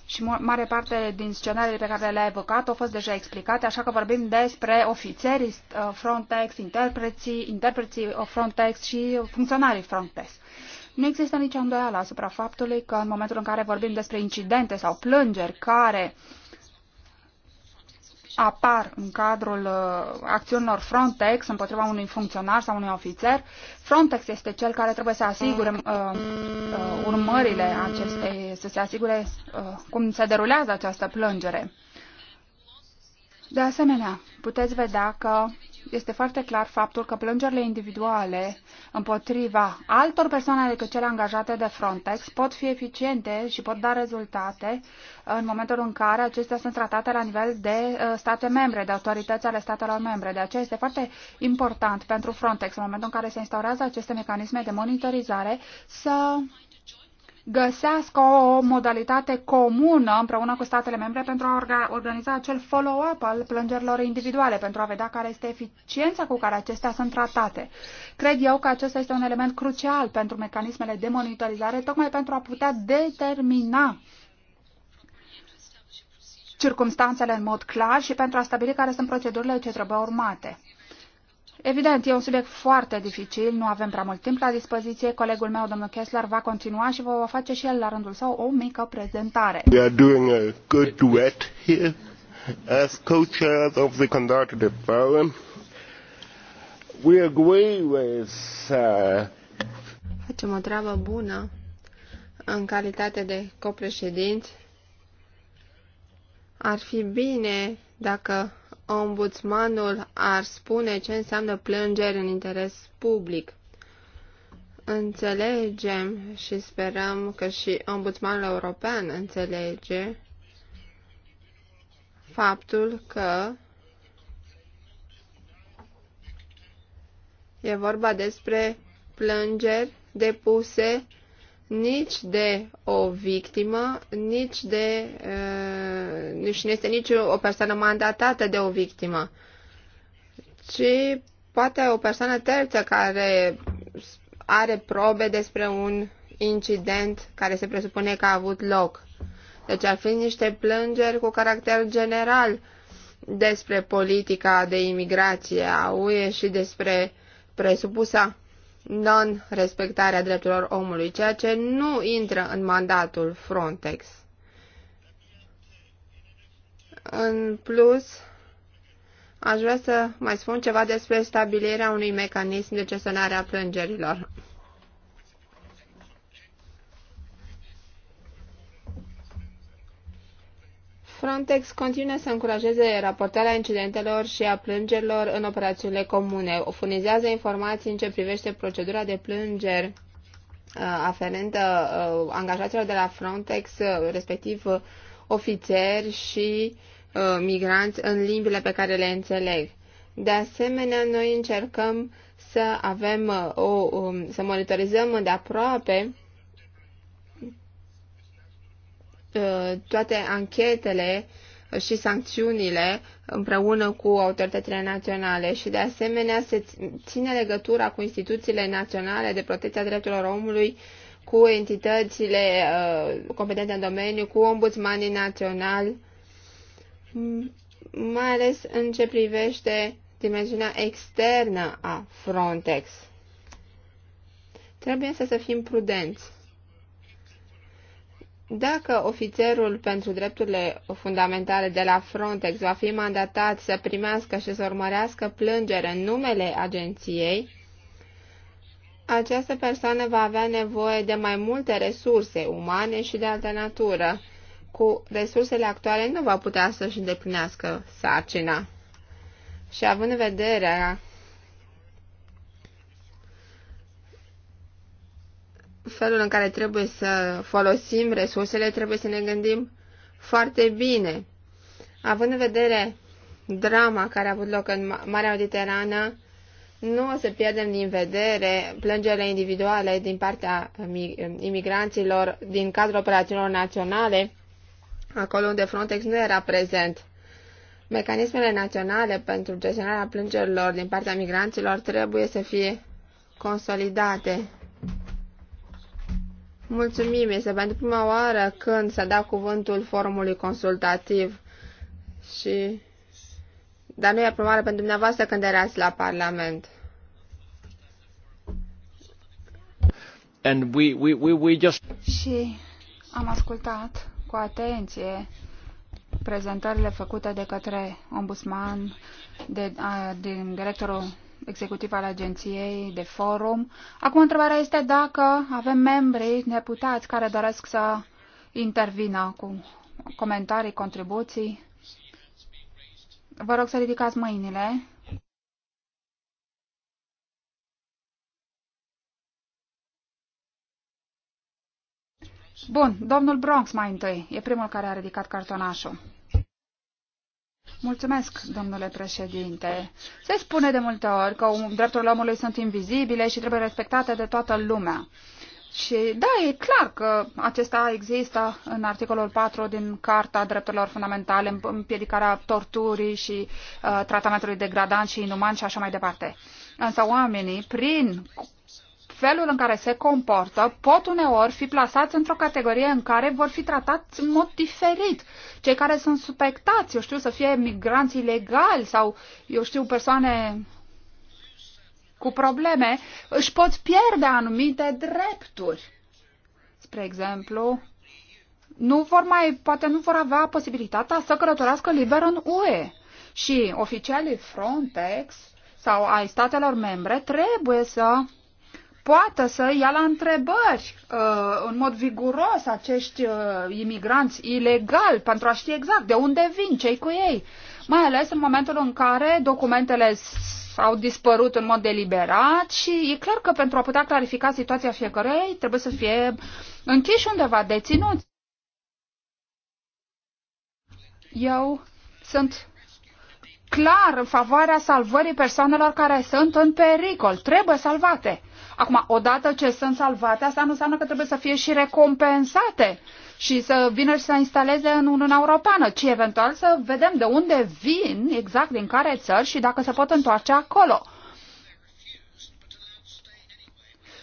Și mare parte din scenariile pe care le-a evocat au fost deja explicate, așa că vorbim despre ofițerii uh, Frontex, interpreții, interpreții uh, Frontex și funcționarii Frontex. Nu există nicio îndoială asupra faptului că în momentul în care vorbim despre incidente sau plângeri care uh, apar în cadrul uh, acțiunilor Frontex împotriva unui funcționar sau unui ofițer, Frontex este cel care trebuie să asigure uh, uh, urmările acestei, să se asigure uh, cum se derulează această plângere. De asemenea, puteți vedea că este foarte clar faptul că plângerile individuale împotriva altor persoane decât cele angajate de Frontex pot fi eficiente și pot da rezultate în momentul în care acestea sunt tratate la nivel de uh, state membre, de autorități ale statelor membre. De aceea este foarte important pentru Frontex, în momentul în care se instaurează aceste mecanisme de monitorizare, să găsească o modalitate comună împreună cu statele membre pentru a organiza acel follow-up al plângerilor individuale, pentru a vedea care este eficiența cu care acestea sunt tratate. Cred eu că acesta este un element crucial pentru mecanismele de monitorizare, tocmai pentru a putea determina circumstanțele în mod clar și pentru a stabili care sunt procedurile ce trebuie urmate. Evident, e un subiect foarte dificil, nu avem prea mult timp la dispoziție. Colegul meu, domnul Kessler, va continua și vă va face și el la rândul său o mică prezentare. We are doing a good duet here as co-chairs of the conducted forum. We agree with uh... Facem o treabă bună în calitate de copreședinți. Ar fi bine dacă ombudsmanul ar spune ce înseamnă plângeri în interes public. Înțelegem și sperăm că și ombudsmanul european înțelege faptul că e vorba despre plângeri depuse nici de o victimă, nici de. Uh, și nu este nici o persoană mandatată de o victimă, ci poate o persoană terță care are probe despre un incident care se presupune că a avut loc. Deci ar fi niște plângeri cu caracter general despre politica de imigrație a UE și despre presupusa non-respectarea drepturilor omului, ceea ce nu intră în mandatul Frontex. În plus, aș vrea să mai spun ceva despre stabilirea unui mecanism de gestionare a plângerilor. Frontex continuă să încurajeze raportarea incidentelor și a plângerilor în operațiunile comune. O furnizează informații în ce privește procedura de plângeri uh, aferentă uh, angajaților de la Frontex, uh, respectiv ofițeri și migranți în limbile pe care le înțeleg. De asemenea, noi încercăm să avem o, um, să monitorizăm de aproape Uh, toate anchetele și sancțiunile împreună cu autoritățile naționale și de asemenea se ține legătura cu instituțiile naționale de protecție a drepturilor omului, cu entitățile uh, competente în domeniu, cu ombudsmanii naționali, mai ales în ce privește dimensiunea externă a Frontex. Trebuie să, să fim prudenți. Dacă ofițerul pentru drepturile fundamentale de la Frontex va fi mandatat să primească și să urmărească plângere în numele agenției, această persoană va avea nevoie de mai multe resurse umane și de altă natură. Cu resursele actuale nu va putea să-și îndeplinească sarcina. Și având în vedere felul în care trebuie să folosim resursele, trebuie să ne gândim foarte bine. Având în vedere drama care a avut loc în Marea Mediterană, nu o să pierdem din vedere plângerile individuale din partea imigranților din cadrul operațiunilor naționale, acolo unde Frontex nu era prezent. Mecanismele naționale pentru gestionarea plângerilor din partea migranților trebuie să fie consolidate Mulțumim, este pentru prima oară când s-a dat cuvântul forumului consultativ și... Dar nu e aprobare pentru dumneavoastră când erați la Parlament. And we, we, we, we just... Și am ascultat cu atenție prezentările făcute de către ombudsman, de, uh, din directorul executiv al agenției, de forum. Acum întrebarea este dacă avem membri, deputați care doresc să intervină cu comentarii, contribuții. Vă rog să ridicați mâinile. Bun, domnul Bronx mai întâi. E primul care a ridicat cartonașul. Mulțumesc, domnule președinte. Se spune de multe ori că um, drepturile omului sunt invizibile și trebuie respectate de toată lumea. Și da, e clar că acesta există în articolul 4 din Carta Drepturilor Fundamentale, împiedicarea torturii și uh, tratamentului degradant și inuman și așa mai departe. Însă oamenii, prin felul în care se comportă pot uneori fi plasați într-o categorie în care vor fi tratați în mod diferit. Cei care sunt suspectați, eu știu, să fie migranți ilegali sau, eu știu, persoane cu probleme, își pot pierde anumite drepturi. Spre exemplu, nu vor mai, poate nu vor avea posibilitatea să călătorească liber în UE. Și oficialii Frontex sau ai statelor membre trebuie să poată să ia la întrebări uh, în mod viguros acești uh, imigranți ilegali pentru a ști exact de unde vin, cei cu ei, mai ales în momentul în care documentele au dispărut în mod deliberat și e clar că pentru a putea clarifica situația fiecărei trebuie să fie închiși undeva, deținuți. Eu sunt clar în favoarea salvării persoanelor care sunt în pericol, trebuie salvate. Acum, odată ce sunt salvate, asta nu înseamnă că trebuie să fie și recompensate și să vină și să instaleze în Uniunea Europeană, ci eventual să vedem de unde vin, exact din care țări și dacă se pot întoarce acolo.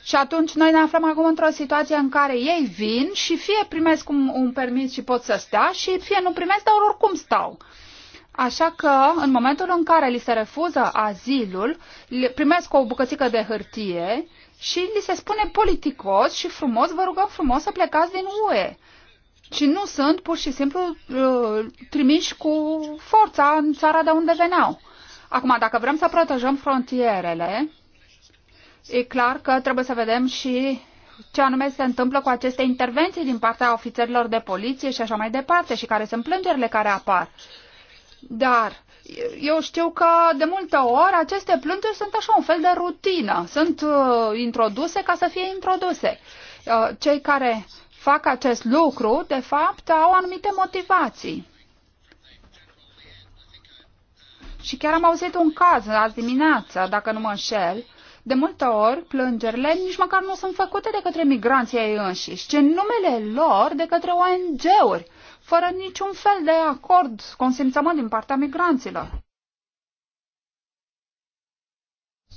Și atunci noi ne aflăm acum într-o situație în care ei vin și fie primesc un, un permis și pot să stea și fie nu primesc, dar oricum stau. Așa că, în momentul în care li se refuză azilul, primesc o bucățică de hârtie și li se spune politicos și frumos, vă rugăm frumos să plecați din UE. Și nu sunt pur și simplu uh, trimiși cu forța în țara de unde veneau. Acum, dacă vrem să protejăm frontierele, e clar că trebuie să vedem și ce anume se întâmplă cu aceste intervenții din partea ofițerilor de poliție și așa mai departe și care sunt plângerile care apar. Dar eu știu că de multe ori aceste plânturi sunt așa un fel de rutină, sunt uh, introduse ca să fie introduse. Uh, cei care fac acest lucru, de fapt, au anumite motivații. Și chiar am auzit un caz azi dimineață, dacă nu mă înșel, de multe ori plângerile nici măcar nu sunt făcute de către migranții ei înșiși, ci în numele lor de către ONG-uri fără niciun fel de acord, consimțământ din partea migranților.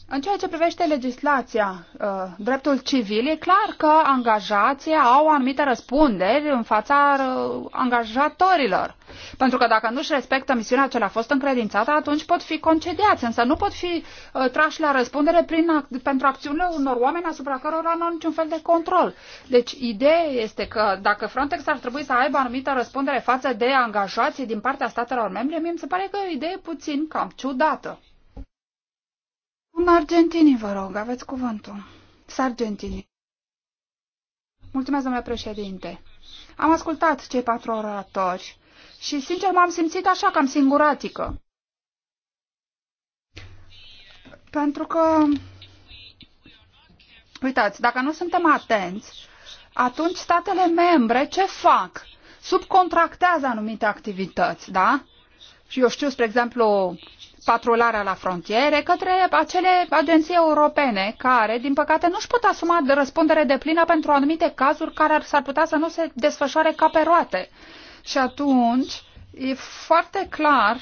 În ceea ce privește legislația, uh, dreptul civil, e clar că angajații au anumite răspunderi în fața uh, angajatorilor. Pentru că dacă nu-și respectă misiunea ce le-a fost încredințată, atunci pot fi concediați, însă nu pot fi uh, trași la răspundere prin, pentru acțiunile unor oameni asupra cărora nu au niciun fel de control. Deci, ideea este că dacă Frontex ar trebui să aibă anumită răspundere față de angajații din partea statelor membre, mie mi se pare că e o idee puțin cam ciudată. Doamna Argentinii, vă rog, aveți cuvântul. Sargentinii. Mulțumesc, domnule președinte. Am ascultat cei patru oratori și, sincer, m-am simțit așa, cam singuratică. Pentru că, uitați, dacă nu suntem atenți, atunci statele membre ce fac? Subcontractează anumite activități, da? Și eu știu, spre exemplu, patrularea la frontiere către acele agenții europene care, din păcate, nu-și pot asuma de răspundere de plină pentru anumite cazuri care s-ar putea să nu se desfășoare ca pe roate. Și atunci e foarte clar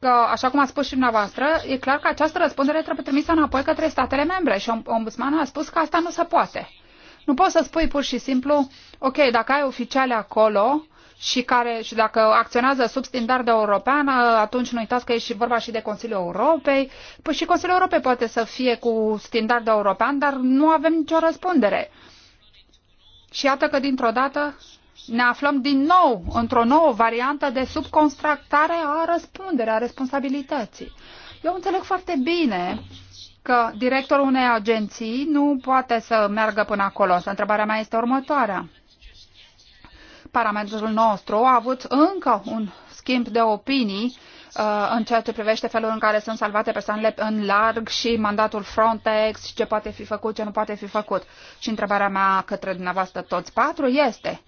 că, așa cum a spus și dumneavoastră, e clar că această răspundere trebuie trimisă înapoi către statele membre și ombudsmanul a spus că asta nu se poate. Nu poți să spui pur și simplu, ok, dacă ai oficiale acolo, și, care, și dacă acționează sub standardul european, atunci nu uitați că e și vorba și de Consiliul Europei. Păi și Consiliul Europei poate să fie cu standardul european, dar nu avem nicio răspundere. Și iată că dintr-o dată ne aflăm din nou într-o nouă variantă de subcontractare a răspunderea, a responsabilității. Eu înțeleg foarte bine că directorul unei agenții nu poate să meargă până acolo. Întrebarea mea este următoarea parametrul nostru a avut încă un schimb de opinii uh, în ceea ce privește felul în care sunt salvate persoanele în larg și mandatul Frontex și ce poate fi făcut, ce nu poate fi făcut. Și întrebarea mea către dumneavoastră toți patru este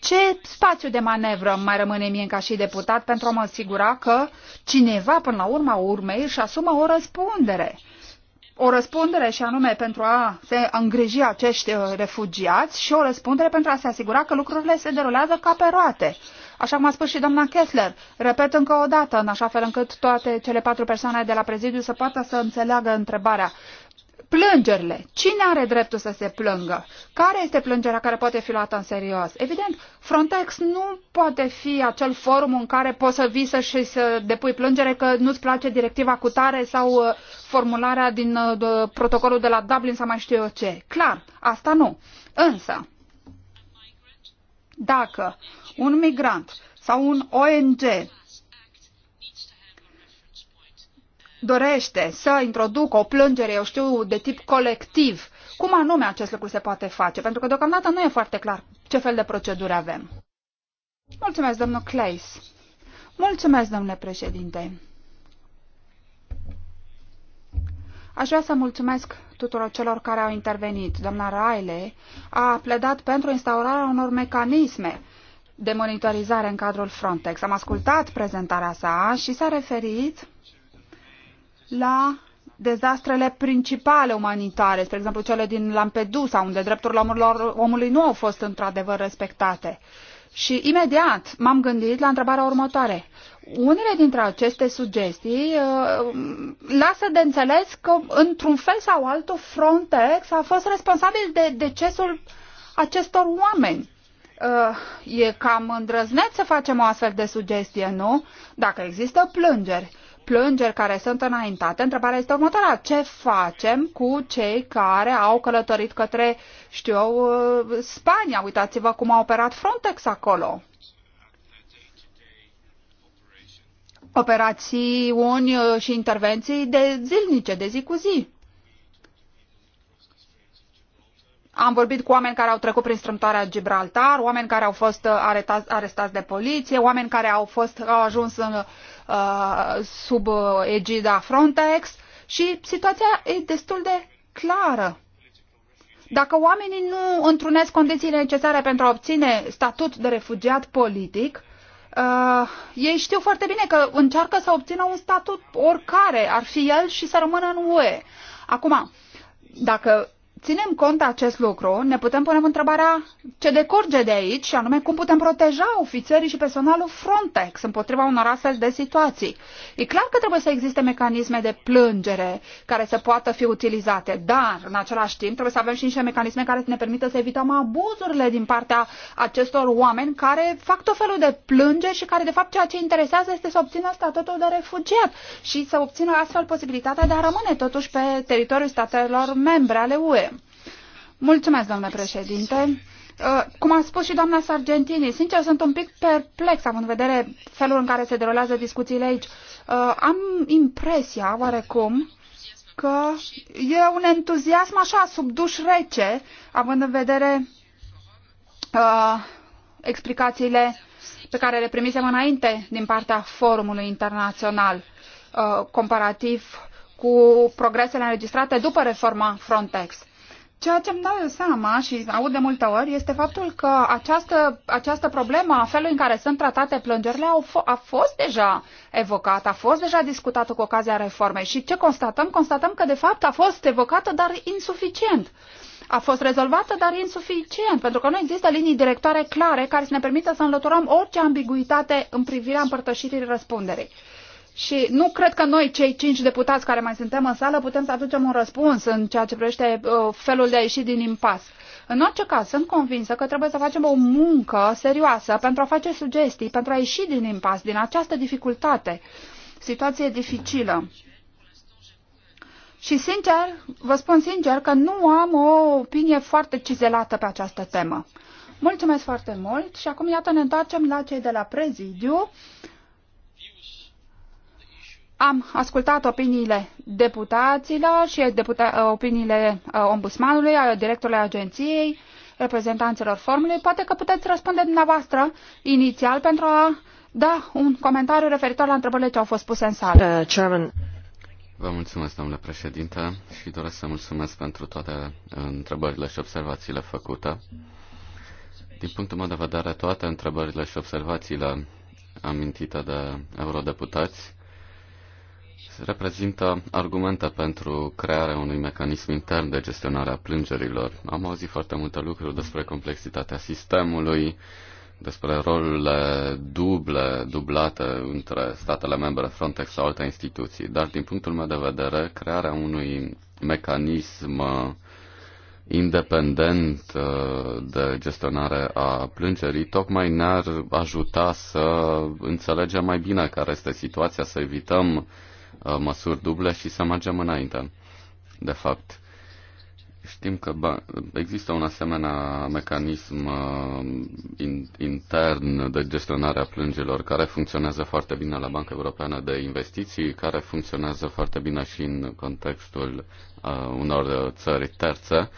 ce spațiu de manevră mai rămâne mie ca și deputat pentru a mă asigura că cineva până la urma urmei își asumă o răspundere o răspundere și anume pentru a se îngriji acești uh, refugiați și o răspundere pentru a se asigura că lucrurile se derulează ca pe roate. Așa cum a spus și doamna Kessler, repet încă o dată, în așa fel încât toate cele patru persoane de la prezidiu să poată să înțeleagă întrebarea. Plângerile. Cine are dreptul să se plângă? Care este plângerea care poate fi luată în serios? Evident, Frontex nu poate fi acel forum în care poți să vii să și să depui plângere că nu-ți place directiva cu tare sau uh, formularea din uh, protocolul de la Dublin sau mai știu eu ce. Clar, asta nu. Însă, dacă un migrant sau un ONG dorește să introducă o plângere, eu știu, de tip colectiv, cum anume acest lucru se poate face? Pentru că deocamdată nu e foarte clar ce fel de proceduri avem. Mulțumesc, domnul Clays. Mulțumesc, domnule președinte. Aș vrea să mulțumesc tuturor celor care au intervenit. Doamna Raile a pledat pentru instaurarea unor mecanisme de monitorizare în cadrul Frontex. Am ascultat prezentarea sa și s-a referit la dezastrele principale umanitare, spre exemplu cele din Lampedusa, unde drepturile omului, nu au fost într-adevăr respectate. Și imediat m-am gândit la întrebarea următoare. Unele dintre aceste sugestii uh, lasă de înțeles că, într-un fel sau altul, Frontex a fost responsabil de decesul acestor oameni. Uh, e cam îndrăzneț să facem o astfel de sugestie, nu? Dacă există plângeri plângeri care sunt înaintate, întrebarea este următoarea. Ce facem cu cei care au călătorit către, știu eu, Spania? Uitați-vă cum a operat Frontex acolo. Operațiuni și intervenții de zilnice, de zi cu zi. Am vorbit cu oameni care au trecut prin strâmtoarea Gibraltar, oameni care au fost aretați, arestați de poliție, oameni care au, fost, au ajuns în Uh, sub uh, egida Frontex și situația e destul de clară. Dacă oamenii nu întrunesc condițiile necesare pentru a obține statut de refugiat politic, uh, ei știu foarte bine că încearcă să obțină un statut oricare ar fi el și să rămână în UE. Acum, dacă ținem cont acest lucru, ne putem pune întrebarea ce decurge de aici, și anume cum putem proteja ofițerii și personalul Frontex împotriva unor astfel de situații. E clar că trebuie să existe mecanisme de plângere care să poată fi utilizate, dar în același timp trebuie să avem și niște mecanisme care să ne permită să evităm abuzurile din partea acestor oameni care fac tot felul de plângeri și care de fapt ceea ce interesează este să obțină statutul de refugiat și să obțină astfel posibilitatea de a rămâne totuși pe teritoriul statelor membre ale UE. Mulțumesc, domnule președinte. Uh, cum a spus și doamna Sargentini, sincer sunt un pic perplex având în vedere felul în care se derulează discuțiile aici. Uh, am impresia, oarecum, că e un entuziasm așa, sub duș rece, având în vedere uh, explicațiile pe care le primisem înainte din partea Forumului Internațional, uh, comparativ cu progresele înregistrate după reforma Frontex. Ceea ce îmi dau eu seama și aud de multe ori este faptul că această, această problemă a felului în care sunt tratate plângerile au a fost deja evocată, a fost deja discutată cu ocazia reformei. Și ce constatăm? Constatăm că de fapt a fost evocată, dar insuficient. A fost rezolvată, dar insuficient, pentru că nu există linii directoare clare care să ne permită să înlăturăm orice ambiguitate în privirea împărtășirii răspunderii. Și nu cred că noi, cei cinci deputați care mai suntem în sală, putem să aducem un răspuns în ceea ce privește uh, felul de a ieși din impas. În orice caz, sunt convinsă că trebuie să facem o muncă serioasă pentru a face sugestii, pentru a ieși din impas, din această dificultate, situație dificilă. Și sincer, vă spun sincer că nu am o opinie foarte cizelată pe această temă. Mulțumesc foarte mult și acum iată ne întoarcem la cei de la prezidiu am ascultat opiniile deputaților și deputa opiniile uh, ombudsmanului, a directorului agenției, reprezentanților formului. Poate că puteți răspunde dumneavoastră inițial pentru a da un comentariu referitor la întrebările ce au fost puse în sală. Uh, Vă mulțumesc, domnule președinte, și doresc să mulțumesc pentru toate uh, întrebările și observațiile făcute. Din punctul meu de vedere, toate întrebările și observațiile amintite de eurodeputați reprezintă argumente pentru crearea unui mecanism intern de gestionare a plângerilor. Am auzit foarte multe lucruri despre complexitatea sistemului, despre rolurile duble, dublate între statele membre Frontex sau alte instituții. Dar din punctul meu de vedere, crearea unui mecanism uh, independent uh, de gestionare a plângerii, tocmai ne-ar ajuta să înțelegem mai bine care este situația, să evităm Uh, măsuri duble și să mergem înainte, de fapt. Știm că există un asemenea mecanism uh, intern de gestionare a plângilor care funcționează foarte bine la Banca Europeană de Investiții, care funcționează foarte bine și în contextul uh, unor țări terțe.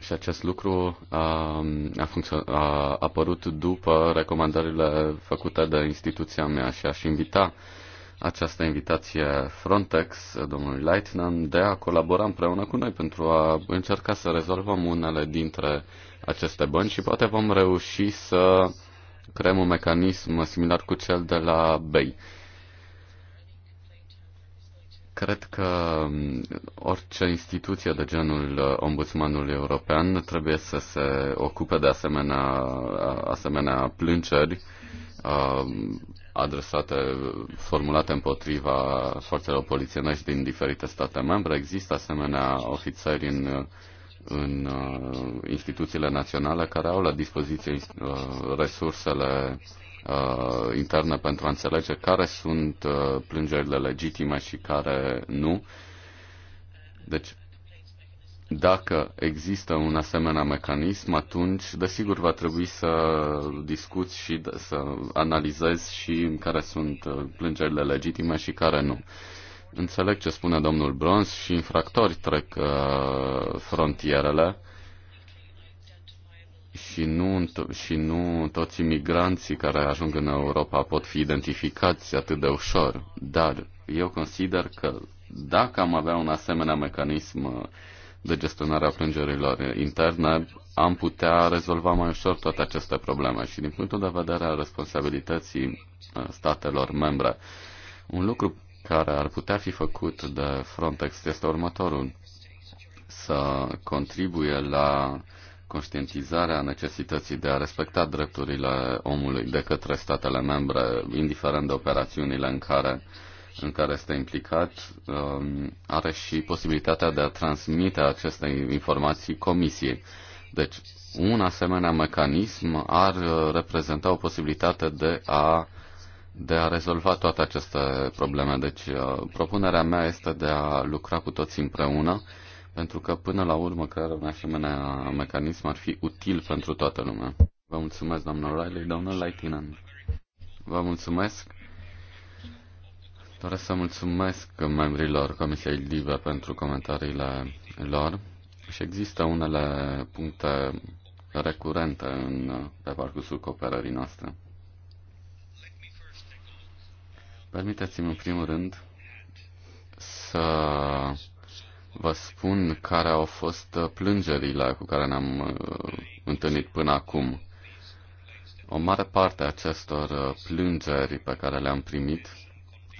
Și acest lucru um, a, a, a apărut după recomandările făcute de instituția mea și aș invita uh, această invitație Frontex domnului Leitnan de a colabora împreună cu noi pentru a încerca să rezolvăm unele dintre aceste bănci și poate vom reuși să creăm un mecanism similar cu cel de la BEI. Cred că orice instituție de genul Ombudsmanului European trebuie să se ocupe de asemenea, asemenea plângeri adresate, formulate împotriva forțelor polițienești din diferite state membre. Există asemenea ofițeri în, în uh, instituțiile naționale care au la dispoziție uh, resursele uh, interne pentru a înțelege care sunt plângerile legitime și care nu. Deci, dacă există un asemenea mecanism, atunci, desigur, va trebui să discuți și să analizezi și care sunt uh, plângerile legitime și care nu. Înțeleg ce spune domnul Brons și infractori trec uh, frontierele și nu, și nu toți imigranții care ajung în Europa pot fi identificați atât de ușor, dar eu consider că dacă am avea un asemenea mecanism uh, de gestionare a plângerilor interne, am putea rezolva mai ușor toate aceste probleme și din punctul de vedere al responsabilității uh, statelor membre. Un lucru care ar putea fi făcut de Frontex este următorul. Să contribuie la conștientizarea necesității de a respecta drepturile omului de către statele membre, indiferent de operațiunile în care uh, în care este implicat um, are și posibilitatea de a transmite aceste informații comisiei. Deci, un asemenea mecanism ar uh, reprezenta o posibilitate de a, de a rezolva toate aceste probleme. Deci, uh, propunerea mea este de a lucra cu toți împreună, pentru că, până la urmă, care un asemenea mecanism ar fi util pentru toată lumea. Vă mulțumesc, doamnă Riley, doamnă Laitinen. Vă mulțumesc. Doresc să mulțumesc membrilor Comisiei Live pentru comentariile lor și există unele puncte recurente în, pe parcursul cooperării noastre. Permiteți-mi în primul rând să vă spun care au fost plângerile cu care ne-am uh, întâlnit până acum. O mare parte a acestor uh, plângeri pe care le-am primit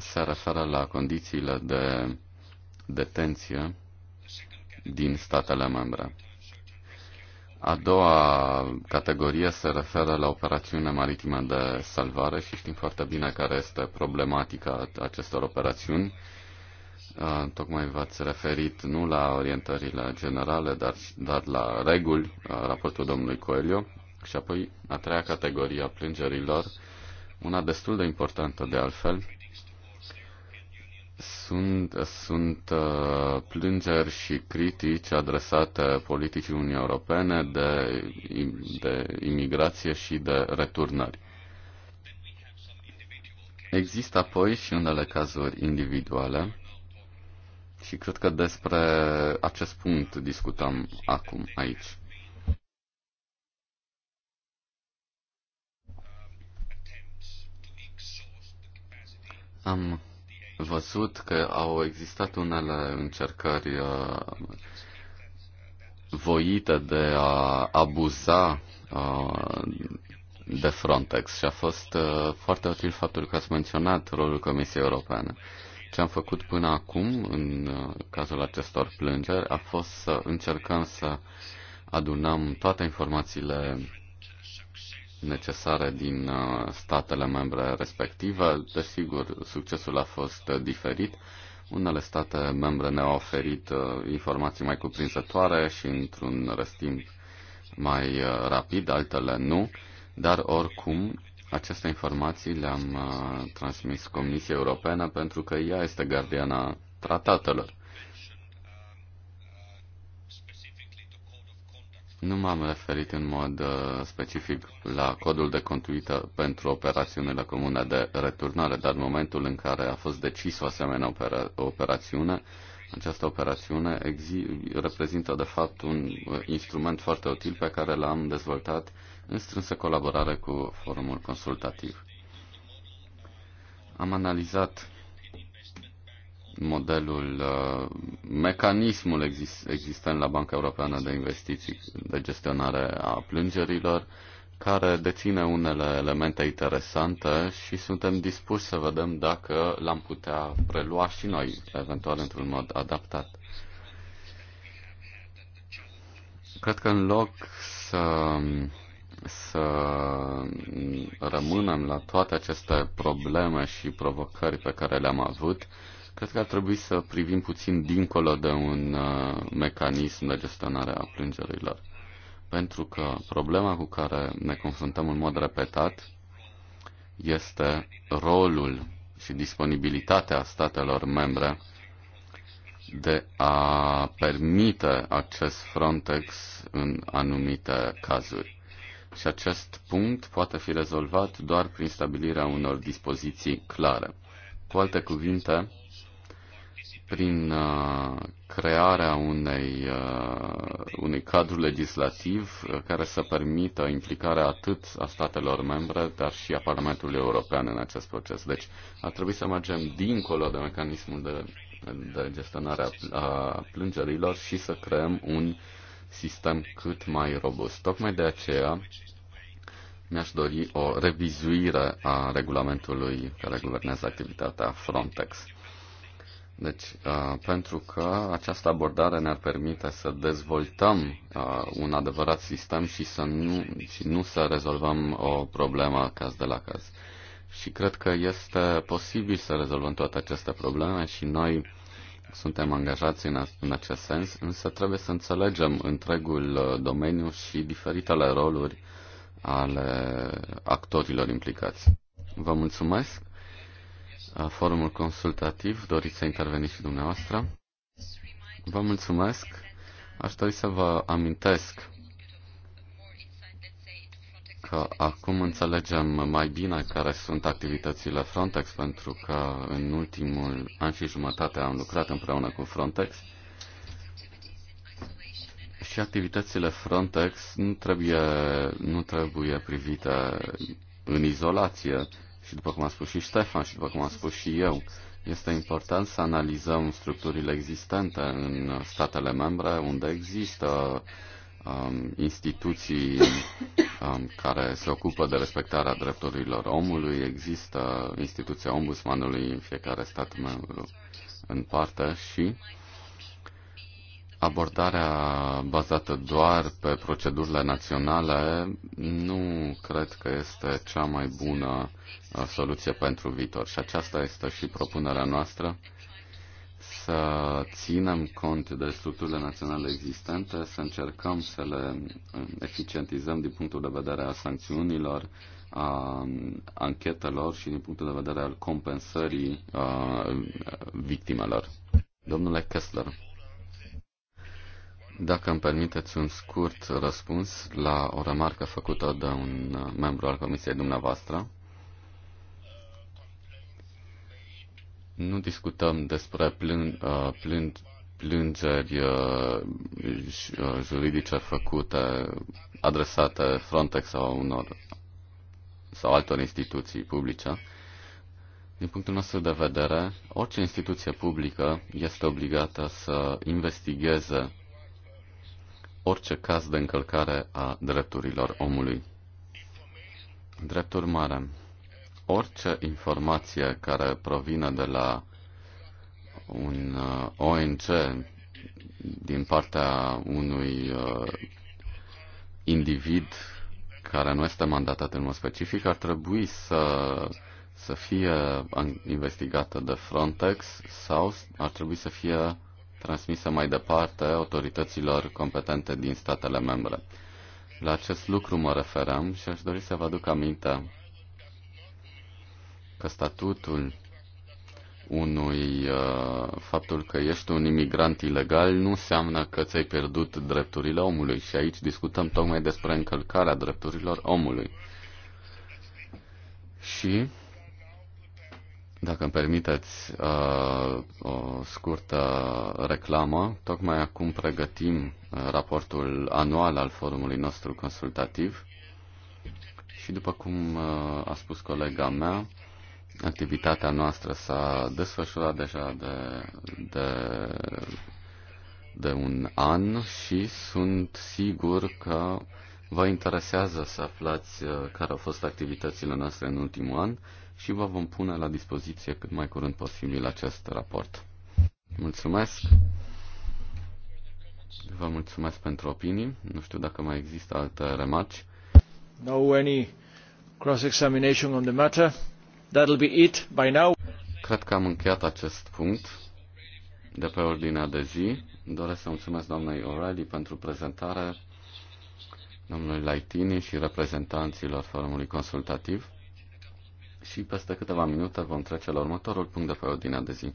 se referă la condițiile de detenție din statele membre. A doua categorie se referă la operațiunea maritimă de salvare și știm foarte bine care este problematica acestor operațiuni. Tocmai v-ați referit nu la orientările generale, dar, dar la reguli, raportul domnului Coelho. Și apoi a treia categorie a plângerilor, una destul de importantă de altfel, sunt, sunt uh, plângeri și critici adresate politicii Uniunii Europene de, de imigrație și de returnări. Există apoi și unele cazuri individuale și cred că despre acest punct discutăm acum aici. Am văzut că au existat unele încercări uh, voite de a abuza uh, de Frontex și a fost uh, foarte util faptul că ați menționat rolul Comisiei Europene. Ce am făcut până acum în cazul acestor plângeri a fost să încercăm să adunăm toate informațiile necesare din uh, statele membre respective. Desigur, succesul a fost uh, diferit. Unele state membre ne-au oferit uh, informații mai cuprinzătoare și într-un răstimp mai rapid, altele nu, dar oricum aceste informații le-am transmis Comisiei Europene pentru că ea este gardiana tratatelor. Nu m-am referit în mod uh, specific la codul de conduită pentru operațiunile comune de returnare, dar în momentul în care a fost decis o asemenea opera- operațiune, această operațiune exi- reprezintă de fapt un uh, instrument foarte util pe care l-am dezvoltat în strânsă colaborare cu forumul consultativ. Am analizat modelul, uh, mecanismul existent la Banca Europeană de Investiții de gestionare a plângerilor, care deține unele elemente interesante și suntem dispuși să vedem dacă l-am putea prelua și noi, eventual într-un mod adaptat. Cred că în loc să, să rămânem la toate aceste probleme și provocări pe care le-am avut, Cred că ar trebui să privim puțin dincolo de un uh, mecanism de gestionare a plângerilor. Pentru că problema cu care ne confruntăm în mod repetat este rolul și disponibilitatea statelor membre de a permite acces Frontex în anumite cazuri. Și acest punct poate fi rezolvat doar prin stabilirea unor dispoziții clare. Cu alte cuvinte, prin uh, crearea unei, uh, unui cadru legislativ uh, care să permită implicarea atât a statelor membre, dar și a Parlamentului European în acest proces. Deci ar trebui să mergem dincolo de mecanismul de, de gestionare a plângerilor și să creăm un sistem cât mai robust. Tocmai de aceea mi-aș dori o revizuire a regulamentului care guvernează activitatea Frontex deci, uh, pentru că această abordare ne-ar permite să dezvoltăm uh, un adevărat sistem și să nu, și nu să rezolvăm o problemă caz de la caz. Și cred că este posibil să rezolvăm toate aceste probleme și noi suntem angajați în, în acest sens, însă trebuie să înțelegem întregul uh, domeniu și diferitele roluri ale actorilor implicați. Vă mulțumesc! forumul consultativ. Doriți să interveniți și dumneavoastră? Vă mulțumesc. Aș dori să vă amintesc că acum înțelegem mai bine care sunt activitățile Frontex, pentru că în ultimul an și jumătate am lucrat împreună cu Frontex și activitățile Frontex nu trebuie, nu trebuie privite în izolație și după cum a spus și Ștefan și după cum am spus și eu, este important să analizăm structurile existente în statele membre unde există um, instituții um, care se ocupă de respectarea drepturilor omului, există instituția ombudsmanului în fiecare stat membru în parte și Abordarea bazată doar pe procedurile naționale nu cred că este cea mai bună uh, soluție pentru viitor și aceasta este și propunerea noastră să ținem cont de structurile naționale existente, să încercăm să le um, eficientizăm din punctul de vedere al sancțiunilor, a um, anchetelor și din punctul de vedere al compensării a, uh, victimelor. Domnule Kessler, dacă îmi permiteți un scurt răspuns la o remarcă făcută de un membru al comisiei dumneavoastră. Nu discutăm despre plâng, uh, plâng, plângeri uh, uh, juridice făcute, adresate Frontex sau unor sau altor instituții publice. Din punctul nostru de vedere, orice instituție publică este obligată să investigheze orice caz de încălcare a drepturilor omului. Drept urmare, orice informație care provine de la un uh, ONC din partea unui uh, individ care nu este mandatat în mod specific ar trebui să, să fie investigată de Frontex sau ar trebui să fie transmisă mai departe autorităților competente din statele membre. La acest lucru mă referam și aș dori să vă aduc aminte că statutul unui uh, faptul că ești un imigrant ilegal nu înseamnă că ți-ai pierdut drepturile omului și aici discutăm tocmai despre încălcarea drepturilor omului. Și dacă îmi permiteți uh, o scurtă reclamă, tocmai acum pregătim uh, raportul anual al forumului nostru consultativ și după cum uh, a spus colega mea, activitatea noastră s-a desfășurat deja de, de, de un an și sunt sigur că vă interesează să aflați uh, care au fost activitățile noastre în ultimul an și vă vom pune la dispoziție cât mai curând posibil acest raport. Mulțumesc! Vă mulțumesc pentru opinii. Nu știu dacă mai există alte remarci. No any cross-examination on the matter. That'll be it by now. Cred că am încheiat acest punct de pe ordinea de zi. Doresc să mulțumesc doamnei O'Reilly pentru prezentare, domnului Laitini și reprezentanților Forumului Consultativ și peste câteva minute vom trece la următorul punct de pe ordinea de zi.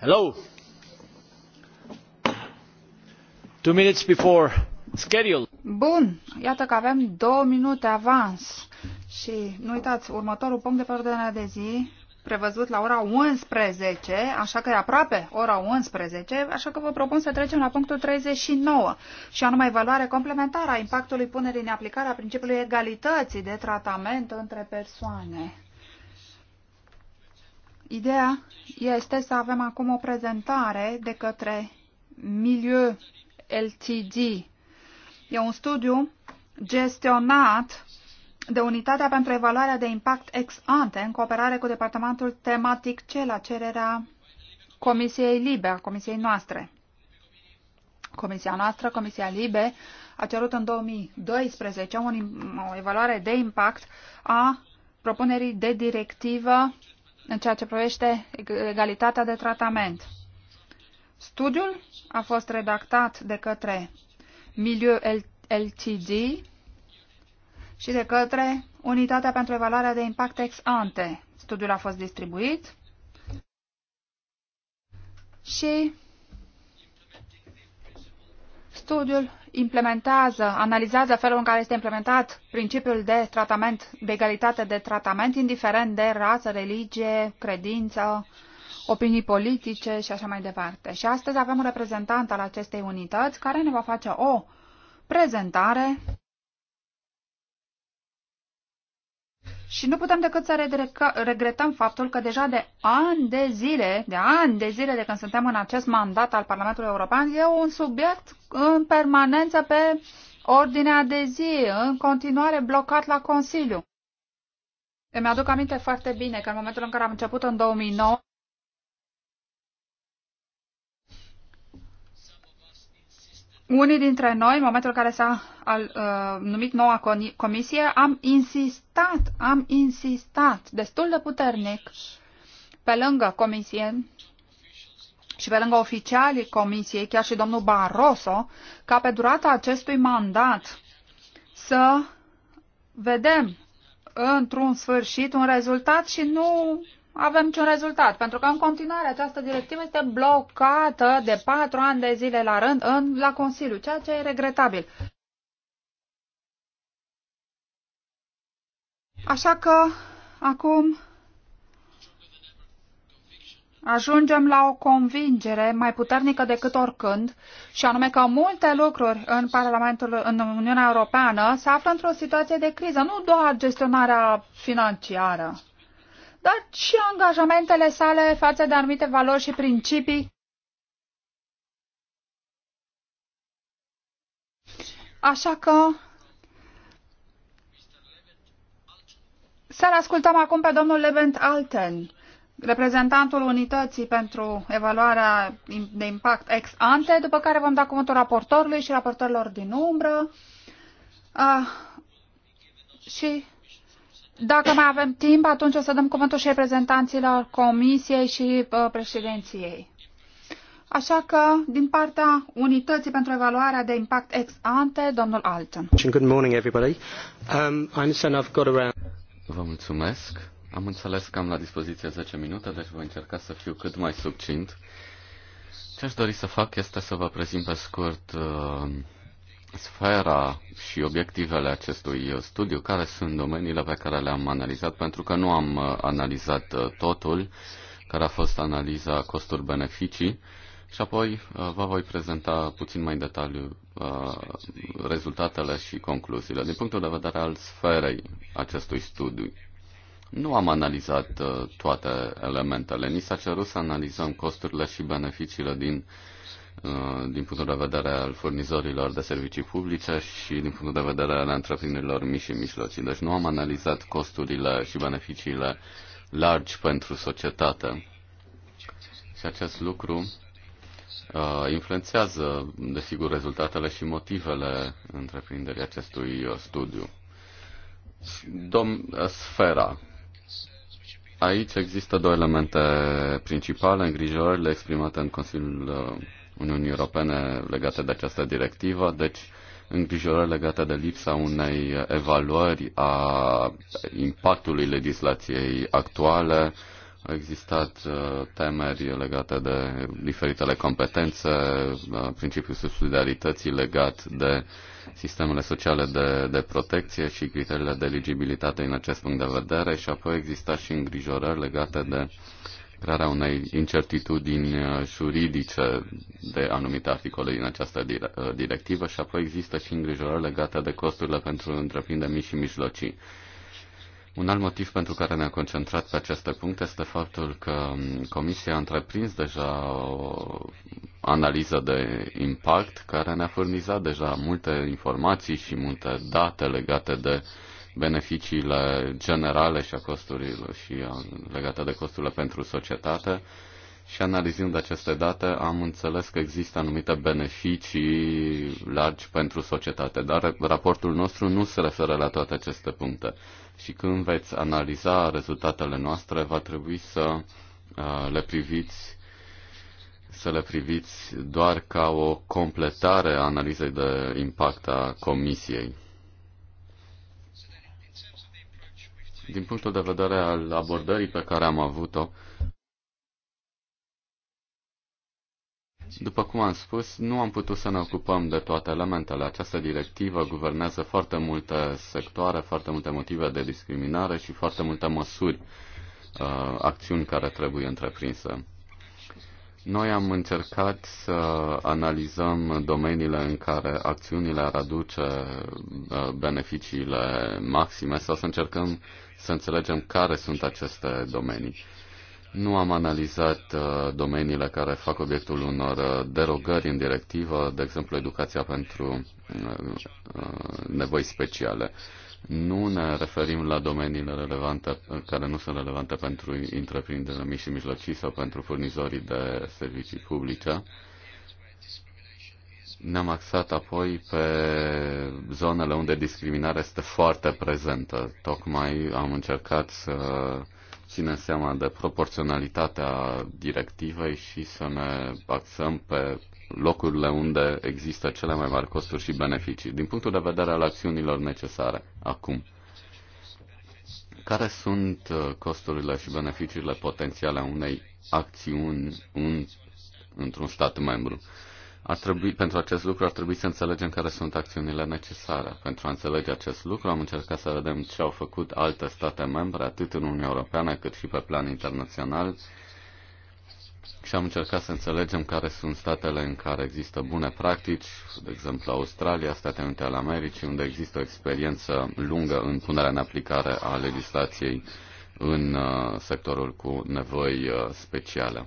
Hello. Bun, iată că avem două minute avans. Și nu uitați, următorul punct de pe ordinea de zi, prevăzut la ora 11, așa că e aproape ora 11, așa că vă propun să trecem la punctul 39, și anume evaluare complementară a impactului punerii în aplicare a principiului egalității de tratament între persoane. Ideea este să avem acum o prezentare de către Milieu LTD. E un studiu gestionat de Unitatea pentru Evaluarea de Impact ex ante în cooperare cu departamentul tematic C la cererea Comisiei Libe, a Comisiei noastre. Comisia noastră, Comisia Libe, a cerut în 2012 o evaluare de impact a propunerii de directivă în ceea ce privește egalitatea de tratament. Studiul a fost redactat de către Milieu LTD și de către Unitatea pentru Evaluarea de Impact Ex Ante. Studiul a fost distribuit și Studiul implementează, analizează felul în care este implementat principiul de tratament, de egalitate de tratament, indiferent de rasă, religie, credință, opinii politice și așa mai departe. Și astăzi avem un reprezentant al acestei unități care ne va face o prezentare Și nu putem decât să regretăm faptul că deja de ani de zile, de ani de zile de când suntem în acest mandat al Parlamentului European, e un subiect în permanență pe ordinea de zi, în continuare blocat la Consiliu. Îmi aduc aminte foarte bine că în momentul în care am început în 2009, unii dintre noi, în momentul în care s-a al, uh, numit noua comisie, am insistat, am insistat destul de puternic pe lângă comisie și pe lângă oficialii comisiei, chiar și domnul Barroso, ca pe durata acestui mandat să vedem într-un sfârșit un rezultat și nu avem niciun rezultat, pentru că în continuare această directivă este blocată de patru ani de zile la rând în, la Consiliu, ceea ce e regretabil. Așa că acum ajungem la o convingere mai puternică decât oricând, și anume că multe lucruri în Parlamentul, în Uniunea Europeană, se află într-o situație de criză, nu doar gestionarea financiară dar și angajamentele sale față de anumite valori și principii. Așa că să-l ascultăm acum pe domnul Levent Alten, reprezentantul unității pentru evaluarea de impact ex ante, după care vom da cuvântul raportorului și raportorilor din umbră. Uh, și dacă mai avem timp, atunci o să dăm cuvântul și reprezentanților Comisiei și uh, președinției. Așa că, din partea Unității pentru Evaluarea de Impact Ex Ante, domnul Alton. Good morning, everybody. Um, I understand I've got around... Vă mulțumesc. Am înțeles că am la dispoziție 10 minute, deci voi încerca să fiu cât mai succint. Ce aș dori să fac este să vă prezint pe scurt uh, sfera și obiectivele acestui studiu, care sunt domeniile pe care le-am analizat, pentru că nu am uh, analizat uh, totul, care a fost analiza costuri-beneficii, și apoi uh, vă voi prezenta puțin mai în detaliu rezultatele și concluziile. Din punctul de vedere al sferei acestui studiu, nu am analizat toate elementele. Ni s-a cerut să analizăm costurile și beneficiile din uh, Uh, din punctul de vedere al furnizorilor de servicii publice și din punctul de vedere al întreprinderilor mici și mijlocii. Deci nu am analizat costurile și beneficiile largi pentru societate. Și acest lucru uh, influențează, desigur, rezultatele și motivele întreprinderii acestui uh, studiu. Dom- uh, sfera. Aici există două elemente principale, îngrijorările exprimate în Consiliul Uniunii Europene legate de această directivă, deci îngrijorări legate de lipsa unei evaluări a impactului legislației actuale. Au existat uh, temeri legate de diferitele competențe, uh, principiul subsidiarității legat de sistemele sociale de, de protecție și criteriile de eligibilitate în acest punct de vedere și apoi exista și îngrijorări legate de uh, crearea unei incertitudini uh, juridice de anumite articole din această uh, directivă și apoi există și îngrijorări legate de costurile pentru întreprinderi mici și mijlocii. Un alt motiv pentru care ne-am concentrat pe aceste puncte este faptul că um, Comisia a întreprins deja o analiză de impact care ne-a furnizat deja multe informații și multe date legate de uh, beneficiile generale și a costurilor și a, legate de costurile pentru societate. Și analizând aceste date, am înțeles că există anumite beneficii largi pentru societate, dar raportul nostru nu se referă la toate aceste puncte. Și când veți analiza rezultatele noastre, va trebui să le priviți să le priviți doar ca o completare a analizei de impact a Comisiei. din punctul de vedere al abordării pe care am avut-o, după cum am spus, nu am putut să ne ocupăm de toate elementele. Această directivă guvernează foarte multe sectoare, foarte multe motive de discriminare și foarte multe măsuri, uh, acțiuni care trebuie întreprinse. Noi am încercat să analizăm domeniile în care acțiunile ar aduce uh, beneficiile maxime sau să încercăm să înțelegem care sunt aceste domenii. Nu am analizat uh, domeniile care fac obiectul unor uh, derogări în directivă, de exemplu educația pentru uh, nevoi speciale. Nu ne referim la domeniile relevante care nu sunt relevante pentru întreprinderile mici și mijlocii sau pentru furnizorii de servicii publice. Ne-am axat apoi pe zonele unde discriminarea este foarte prezentă. Tocmai am încercat să ținem seama de proporționalitatea directivei și să ne axăm pe locurile unde există cele mai mari costuri și beneficii, din punctul de vedere al acțiunilor necesare acum. Care sunt uh, costurile și beneficiile potențiale unei acțiuni în, într-un stat membru? Ar trebui, pentru acest lucru ar trebui să înțelegem care sunt acțiunile necesare. Pentru a înțelege acest lucru am încercat să vedem ce au făcut alte state membre, atât în Uniunea Europeană cât și pe plan internațional, și am încercat să înțelegem care sunt statele în care există bune practici, de exemplu Australia, Statele Unite ale Americii, unde există o experiență lungă în punerea în aplicare a legislației în uh, sectorul cu nevoi uh, speciale.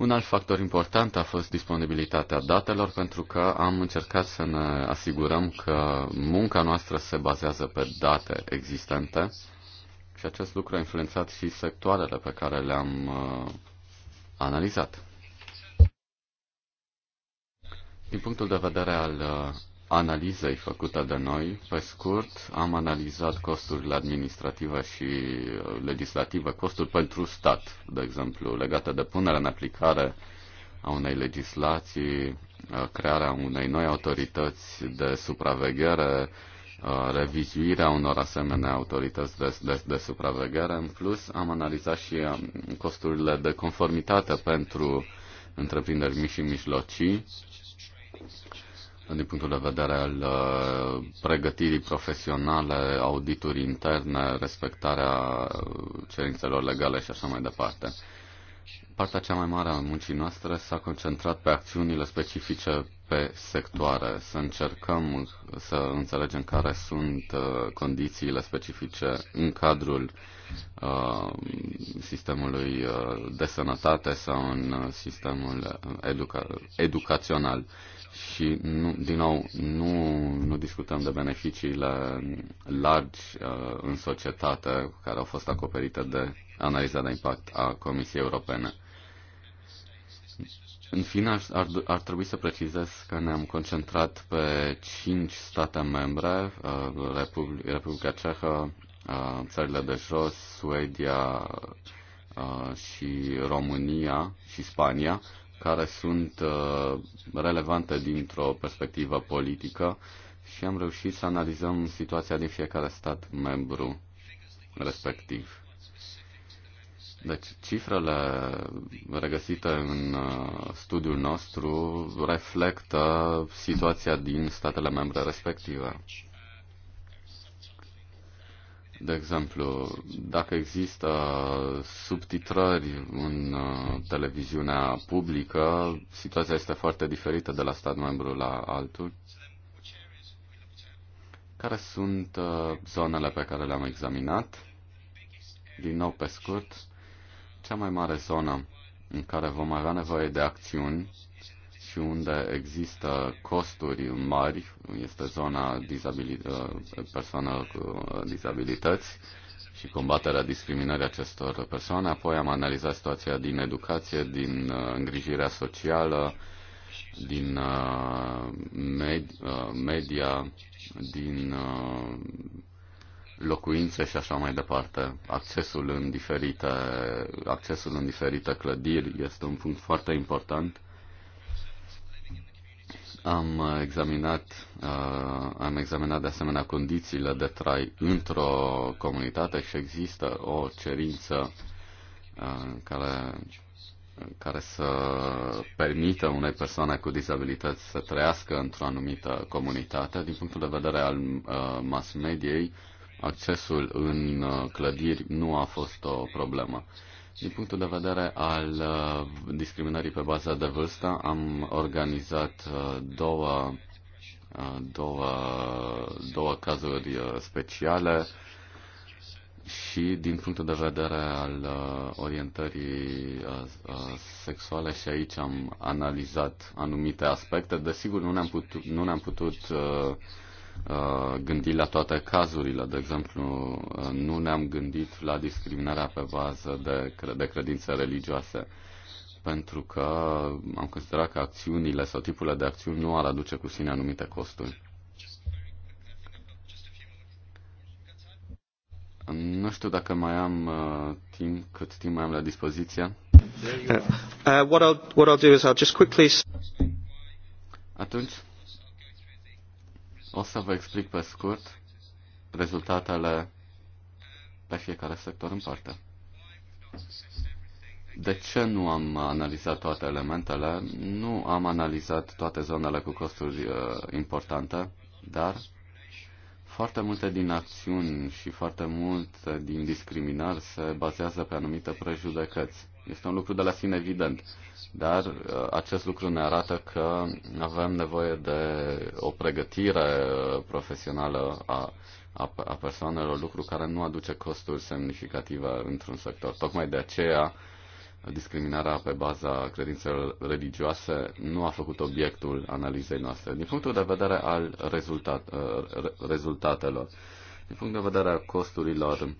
Un alt factor important a fost disponibilitatea datelor, pentru că am încercat să ne asigurăm că munca noastră se bazează pe date existente și acest lucru a influențat și sectoarele pe care le-am uh, analizat. Din punctul de vedere al uh, analizei făcute de noi. Pe scurt, am analizat costurile administrative și uh, legislative, costuri pentru stat, de exemplu, legate de punerea în aplicare a unei legislații, uh, crearea unei noi autorități de supraveghere, uh, revizuirea unor asemenea autorități de, de, de supraveghere. În plus, am analizat și um, costurile de conformitate pentru întreprinderi mici și mijlocii din punctul de vedere al uh, pregătirii profesionale, audituri interne, respectarea uh, cerințelor legale și așa mai departe. Partea cea mai mare a muncii noastre s-a concentrat pe acțiunile specifice pe sectoare, să încercăm să înțelegem care sunt uh, condițiile specifice în cadrul sistemului de sănătate sau în sistemul educa- educațional și, nu, din nou, nu, nu discutăm de beneficiile largi uh, în societate care au fost acoperite de analiza de impact a Comisiei Europene. În fine, ar, ar, ar trebui să precizez că ne-am concentrat pe cinci state membre, uh, Republic, Republica Cehă, uh, țările de jos, Suedia, uh, și România și Spania, care sunt uh, relevante dintr-o perspectivă politică și am reușit să analizăm situația din fiecare stat membru respectiv. Deci, cifrele regăsite în uh, studiul nostru reflectă situația din statele membre respective. De exemplu, dacă există subtitrări în uh, televiziunea publică, situația este foarte diferită de la stat membru la altul. Care sunt uh, zonele pe care le-am examinat? Din nou, pe scurt, cea mai mare zonă în care vom avea nevoie de acțiuni și unde există costuri mari, este zona ă, persoană cu dizabilități și combaterea discriminării acestor persoane. Apoi am analizat situația din educație, din ă, îngrijirea socială, din ă, med, media, din locuințe și așa mai departe. Accesul în diferite, accesul în diferite clădiri este un punct foarte important am examinat, uh, am examinat de asemenea condițiile de trai într-o comunitate și există o cerință uh, care, care să permită unei persoane cu dizabilități să trăiască într-o anumită comunitate. Din punctul de vedere al uh, mass mediei, accesul în uh, clădiri nu a fost o problemă. Uh, din punctul de vedere al uh, discriminării pe baza de vârstă, am organizat uh, două, uh, două, două cazuri speciale și din punctul de vedere al orientării sexuale și aici am analizat anumite aspecte. Desigur, nu ne-am putut, nu ne-am putut uh, Uh, gândit la toate cazurile. De exemplu, uh, nu ne-am gândit la discriminarea pe bază de, de credințe religioase, pentru că am considerat că acțiunile sau tipurile de acțiuni nu ar aduce cu sine anumite costuri. Nu știu dacă mai am uh, timp, cât timp mai am la dispoziție. Uh, uh what I'll, what I'll do is I'll just quickly... Atunci, o să vă explic pe scurt rezultatele pe fiecare sector în parte. De ce nu am analizat toate elementele? Nu am analizat toate zonele cu costuri uh, importante, dar foarte multe din acțiuni și foarte multe din discriminări se bazează pe anumite prejudecăți. Este un lucru de la sine evident. Dar uh, acest lucru ne arată că avem nevoie de o pregătire profesională a, a, a persoanelor, lucru care nu aduce costuri semnificative într-un sector. Tocmai de aceea discriminarea pe baza credințelor religioase nu a făcut obiectul analizei noastre. Din punctul de vedere al rezultat, uh, rezultatelor, din punct de vedere al costurilor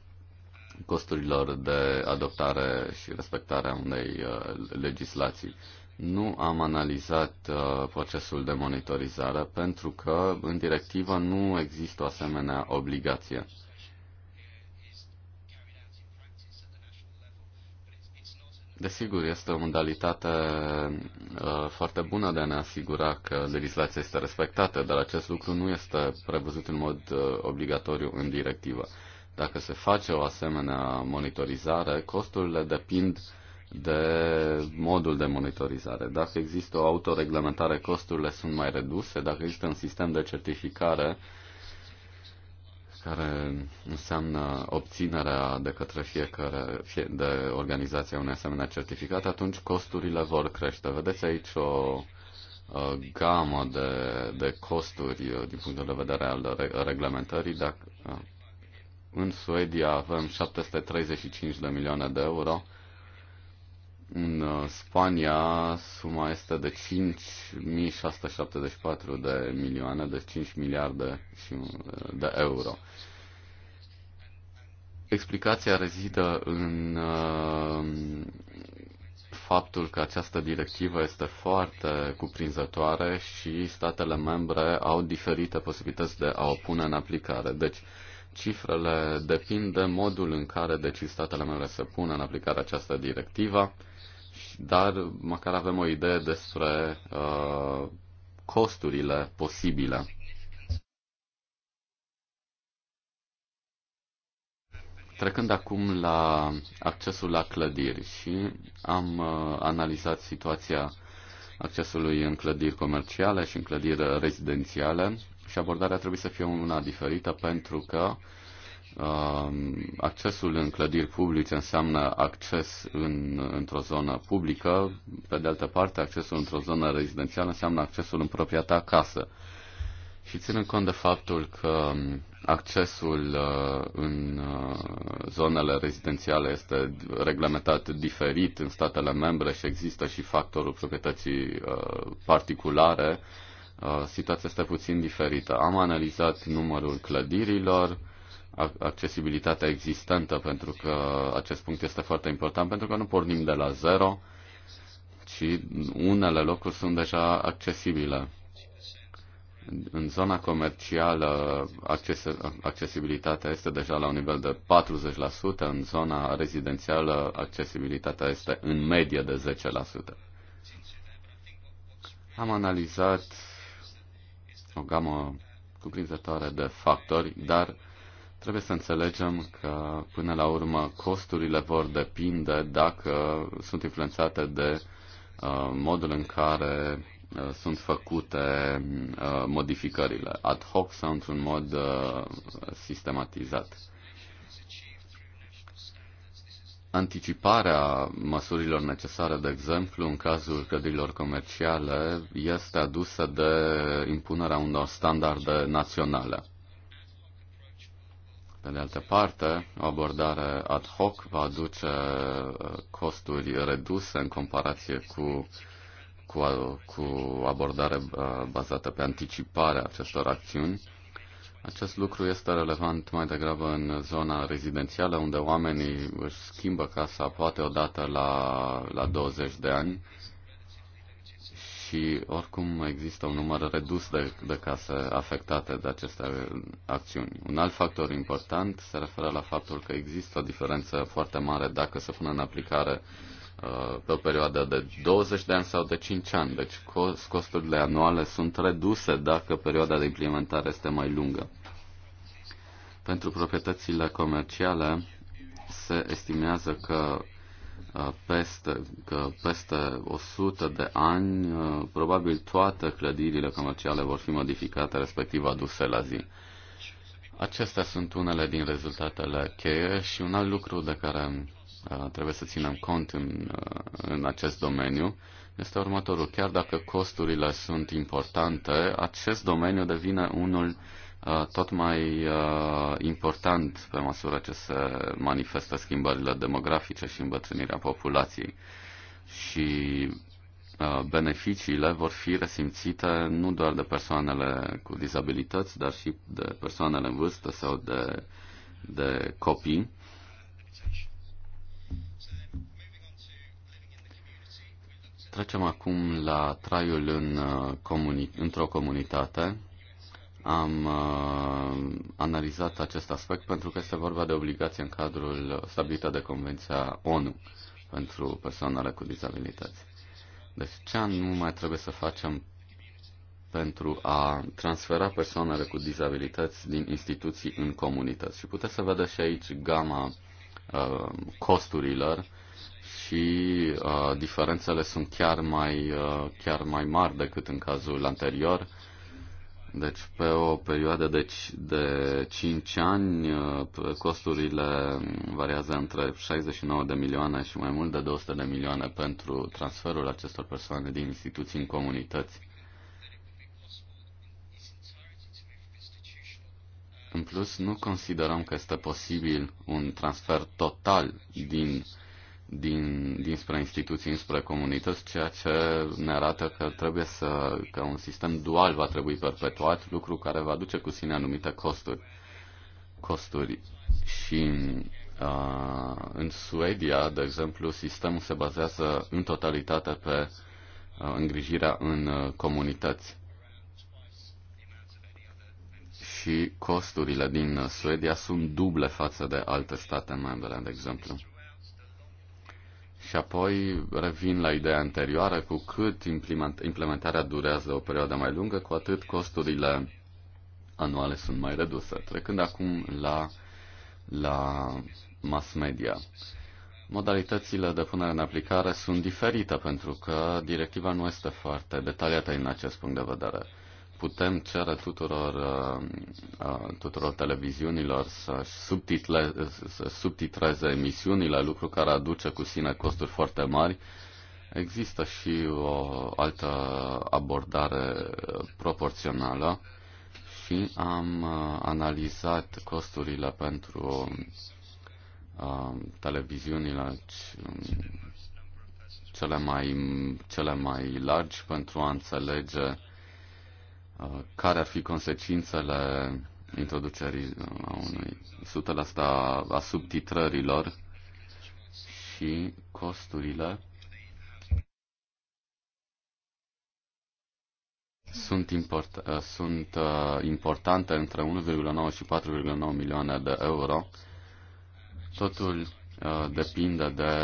costurilor de adoptare și respectarea unei uh, legislații. Nu am analizat uh, procesul de monitorizare pentru că în directivă nu există o asemenea obligație. Desigur, este o modalitate uh, foarte bună de a ne asigura că legislația este respectată, dar acest lucru nu este prevăzut în mod uh, obligatoriu în directivă. Dacă se face o asemenea monitorizare, costurile depind de modul de monitorizare. Dacă există o autoreglementare, costurile sunt mai reduse. Dacă există un sistem de certificare, care înseamnă obținerea de către fiecare fie, de organizația unei asemenea certificate, atunci costurile vor crește. Vedeți aici o gamă de, de costuri uh, din punctul de vedere al reglementării, dacă, uh, în Suedia avem 735 de milioane de euro. În uh, Spania suma este de 5674 de milioane, de deci 5 miliarde uh, de euro. Explicația rezidă în uh, faptul că această directivă este foarte cuprinzătoare și statele membre au diferite posibilități de a o pune în aplicare. Deci, Cifrele depind de modul în care deci statele membre se pună în aplicare această directivă, dar măcar avem o idee despre uh, costurile posibile. Trecând acum la accesul la clădiri și am uh, analizat situația accesului în clădiri comerciale și în clădiri rezidențiale și abordarea trebuie să fie una diferită pentru că um, accesul în clădiri publice înseamnă acces în, într-o zonă publică, pe de altă parte accesul într-o zonă rezidențială înseamnă accesul în propria ta casă. Și ținând cont de faptul că um, accesul uh, în uh, zonele rezidențiale este reglementat diferit în statele membre și există și factorul proprietății uh, particulare, Uh, situația este puțin diferită. Am analizat numărul clădirilor, accesibilitatea existentă, pentru că acest punct este foarte important, pentru că nu pornim de la zero, ci unele locuri sunt deja accesibile. În zona comercială acces, accesibilitatea este deja la un nivel de 40%, în zona rezidențială accesibilitatea este în medie de 10%. Am analizat o gamă cuprinzătoare de factori, dar trebuie să înțelegem că, până la urmă, costurile vor depinde dacă sunt influențate de uh, modul în care uh, sunt făcute uh, modificările ad hoc sau într-un mod uh, sistematizat. Anticiparea măsurilor necesare, de exemplu, în cazul clădirilor comerciale, este adusă de impunerea unor standarde naționale. Pe de altă parte, o abordare ad hoc va aduce uh, costuri reduse în comparație cu, cu, cu abordare uh, bazată pe anticiparea acestor acțiuni acest lucru este relevant mai degrabă în zona rezidențială, unde oamenii își schimbă casa poate odată la, la 20 de ani și oricum există un număr redus de, de case afectate de aceste acțiuni. Un alt factor important se referă la faptul că există o diferență foarte mare dacă se pune în aplicare uh, Uh, pe o perioadă de 20 de ani sau de 5 ani. Deci costurile anuale sunt reduse dacă perioada de implementare este mai lungă. Pentru proprietățile comerciale se estimează că uh, peste, că peste 100 de ani uh, probabil toate clădirile comerciale vor fi modificate, respectiv aduse la zi. Acestea sunt unele din rezultatele cheie și un alt lucru de care Uh, trebuie să ținem cont în, uh, în acest domeniu este următorul. Chiar dacă costurile sunt importante, acest domeniu devine unul uh, tot mai important pe măsură ce se manifestă schimbările demografice și îmbătrânirea populației. Și beneficiile vor fi resimțite nu doar de persoanele cu dizabilități, dar și de persoanele în vârstă sau de, de copii Trecem acum la traiul în, uh, comuni- într-o comunitate. Am uh, analizat acest aspect pentru că este vorba de obligație în cadrul stabilită de Convenția ONU pentru persoanele cu dizabilități. Deci ce mai trebuie să facem pentru a transfera persoanele cu dizabilități din instituții în comunități. Și puteți să vedeți și aici gama uh, costurilor și uh, diferențele sunt chiar mai, uh, chiar mai mari decât în cazul anterior. Deci pe o perioadă de, de 5 ani uh, costurile variază între 69 de milioane și mai mult de 200 de milioane pentru transferul acestor persoane din instituții în comunități. În plus, nu considerăm că este posibil un transfer total din uh, din, dinspre instituții, spre comunități, ceea ce ne arată că trebuie să, că un sistem dual va trebui perpetuat, lucru care va duce cu sine anumite costuri. Costuri și uh, în Suedia, de exemplu, sistemul se bazează în totalitate pe uh, îngrijirea în uh, comunități. Și costurile din Suedia sunt duble față de alte state membre, de exemplu. Și apoi revin la ideea anterioară, cu cât implementarea durează o perioadă mai lungă, cu atât costurile anuale sunt mai reduse. Trecând acum la, la mass media. Modalitățile de punere în aplicare sunt diferite pentru că directiva nu este foarte detaliată în acest punct de vedere putem cere tuturor, uh, uh, tuturor televiziunilor să să subtitreze emisiunile, lucru care aduce cu sine costuri foarte mari. Există și o altă abordare uh, proporțională și am analizat costurile pentru televiziunile cele mai, cele mai largi pentru a înțelege Uh, care ar fi consecințele introducerii uh, a unui 100% a subtitrărilor și costurile sunt, import, uh, sunt importante între 1,9 și 4,9 milioane de euro. Totul Uh, depinde de,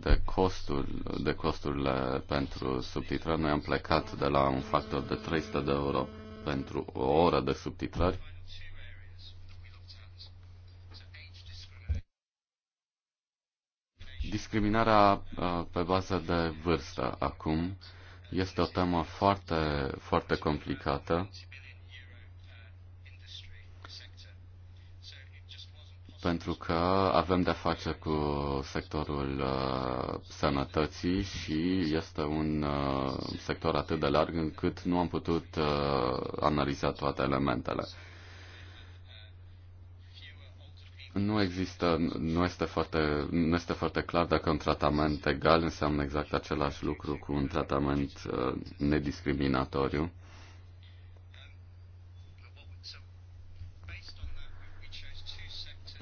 de, costul, de costurile pentru subtitrări. Noi am plecat de la un factor de 300 de euro pentru o oră de subtitrări. Discriminarea uh, pe bază de vârstă acum este o temă foarte, foarte complicată pentru că avem de-a face cu sectorul uh, sănătății și este un uh, sector atât de larg încât nu am putut uh, analiza toate elementele. Nu există, nu este, foarte, nu este foarte clar dacă un tratament egal înseamnă exact același lucru cu un tratament uh, nediscriminatoriu.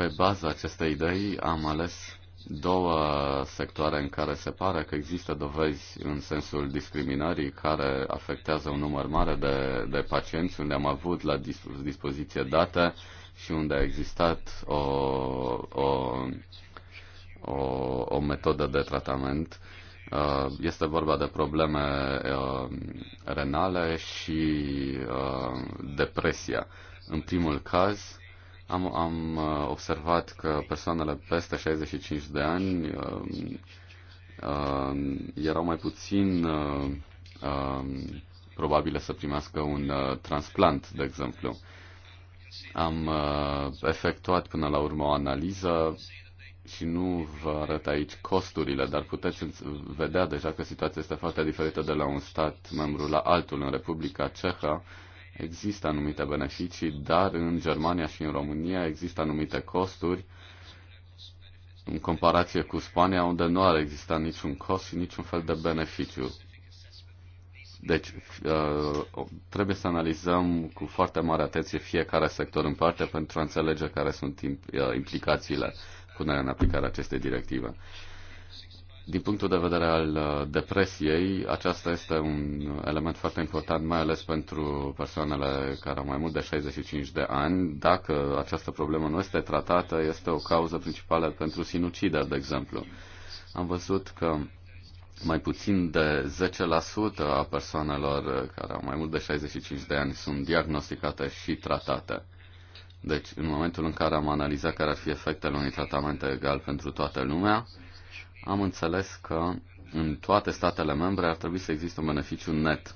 Pe baza acestei idei am ales două sectoare în care se pare că există dovezi în sensul discriminării care afectează un număr mare de, de pacienți, unde am avut la dispoziție date și unde a existat o, o, o, o metodă de tratament. Uh, este vorba de probleme uh, renale și uh, depresia. În primul caz, am, am uh, observat că persoanele peste 65 de ani uh, uh, erau mai puțin uh, uh, probabile să primească un uh, transplant, de exemplu. Am uh, efectuat până la urmă o analiză și nu vă arăt aici costurile, dar puteți vedea deja că situația este foarte diferită de la un stat membru la altul. În Republica Ceha, există anumite beneficii, dar în Germania și în România există anumite costuri în comparație cu Spania, unde nu ar exista niciun cost și niciun fel de beneficiu. Deci uh, trebuie să analizăm cu foarte mare atenție fiecare sector în parte pentru a înțelege care sunt uh, implicațiile punerea în aplicare acestei directive. Din punctul de vedere al uh, depresiei, aceasta este un element foarte important, mai ales pentru persoanele care au mai mult de 65 de ani. Dacă această problemă nu este tratată, este o cauză principală pentru sinucidere, de exemplu. Am văzut că mai puțin de 10% a persoanelor care au mai mult de 65 de ani sunt diagnosticate și tratate. Deci, în momentul în care am analizat care ar fi efectele unui tratament egal pentru toată lumea, am înțeles că în toate statele membre ar trebui să existe un beneficiu net,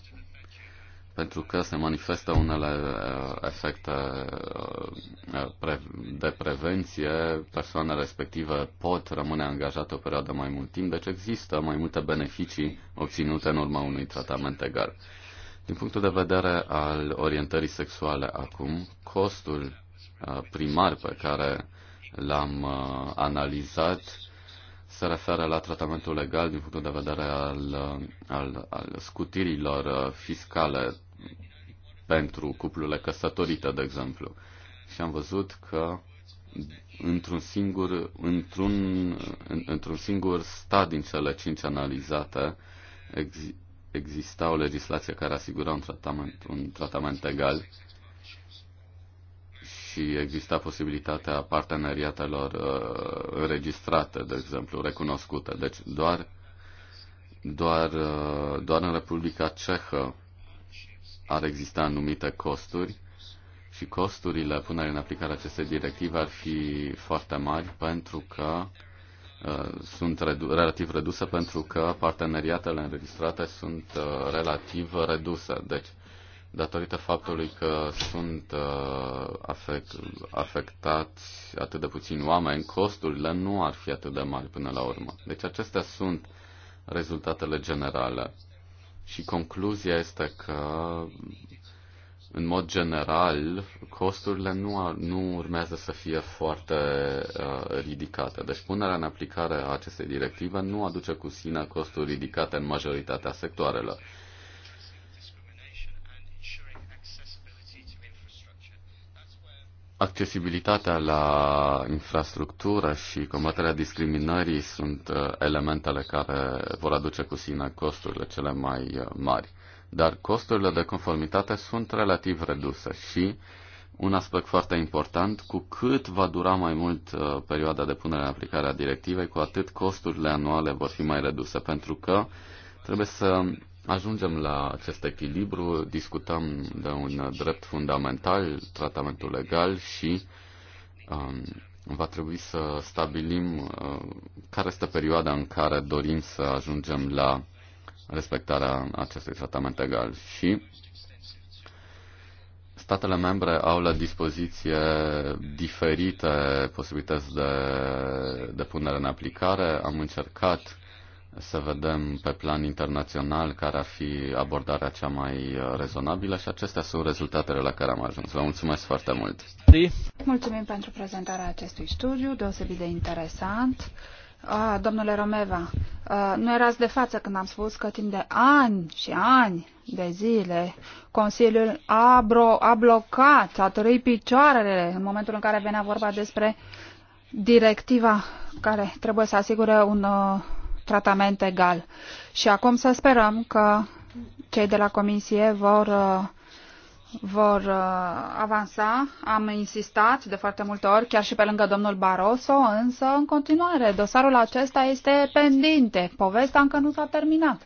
pentru că se manifestă unele uh, efecte uh, uh, de prevenție, persoanele respective pot rămâne angajate o perioadă mai mult timp, deci există mai multe beneficii obținute în urma unui tratament egal. Din punctul de vedere al orientării sexuale acum, costul primar pe care l-am analizat se referă la tratamentul legal din punctul de vedere al, al, al scutirilor uh, fiscale pentru cuplurile căsătorite, de exemplu. Și am văzut că într-un singur, într-un, într-un singur stat din cele cinci analizate ex, exista o legislație care asigura un tratament, un tratament egal și exista posibilitatea parteneriatelor uh, înregistrate, de exemplu, recunoscute. Deci doar, doar, uh, doar în Republica Cehă ar exista anumite costuri și costurile punerii în aplicare acestei directive ar fi foarte mari pentru că uh, sunt redu- relativ reduse pentru că parteneriatele înregistrate sunt uh, relativ reduse. Deci, datorită faptului că sunt uh, afect, afectați atât de puțini oameni, costurile nu ar fi atât de mari până la urmă. Deci acestea sunt rezultatele generale. Și concluzia este că, în mod general, costurile nu, ar, nu urmează să fie foarte uh, ridicate. Deci punerea în aplicare a acestei directive nu aduce cu sine costuri ridicate în majoritatea sectoarelor Accesibilitatea la infrastructură și combaterea discriminării sunt uh, elementele care vor aduce cu sine costurile cele mai uh, mari. Dar costurile de conformitate sunt relativ reduse și un aspect foarte important, cu cât va dura mai mult uh, perioada de punere în aplicare a directivei, cu atât costurile anuale vor fi mai reduse, pentru că trebuie să ajungem la acest echilibru, discutăm de un drept fundamental, tratamentul legal și um, va trebui să stabilim uh, care este perioada în care dorim să ajungem la respectarea acestui tratament legal și statele membre au la dispoziție diferite posibilități de, de punere în aplicare. Am încercat să vedem pe plan internațional care ar fi abordarea cea mai uh, rezonabilă și acestea sunt rezultatele la care am ajuns. Vă mulțumesc foarte mult! Mulțumim pentru prezentarea acestui studiu, deosebit de interesant. A, domnule Romeva, nu erați de față când am spus că timp de ani și ani de zile Consiliul a, bro, a blocat, a tărit picioarele în momentul în care venea vorba despre directiva care trebuie să asigure un uh, tratament egal. Și acum să sperăm că cei de la Comisie vor uh, vor uh, avansa. Am insistat de foarte multe ori, chiar și pe lângă domnul Barroso, însă în continuare dosarul acesta este pendinte. Povestea încă nu s-a terminat.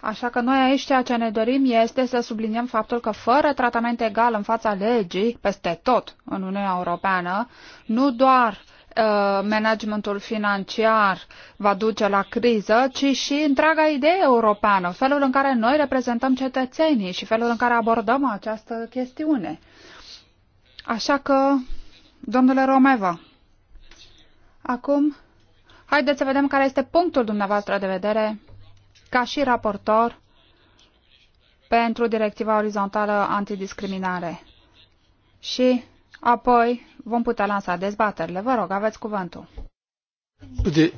Așa că noi aici ceea ce ne dorim este să subliniem faptul că fără tratament egal în fața legii, peste tot în Uniunea Europeană, nu doar Uh, managementul financiar va duce la criză, ci și întreaga idee europeană, felul în care noi reprezentăm cetățenii și felul în care abordăm această chestiune. Așa că, domnule Romeva, acum haideți să vedem care este punctul dumneavoastră de vedere ca și raportor pentru directiva orizontală antidiscriminare. Și apoi vom putea lansa dezbaterile. Vă rog, aveți cuvântul. The,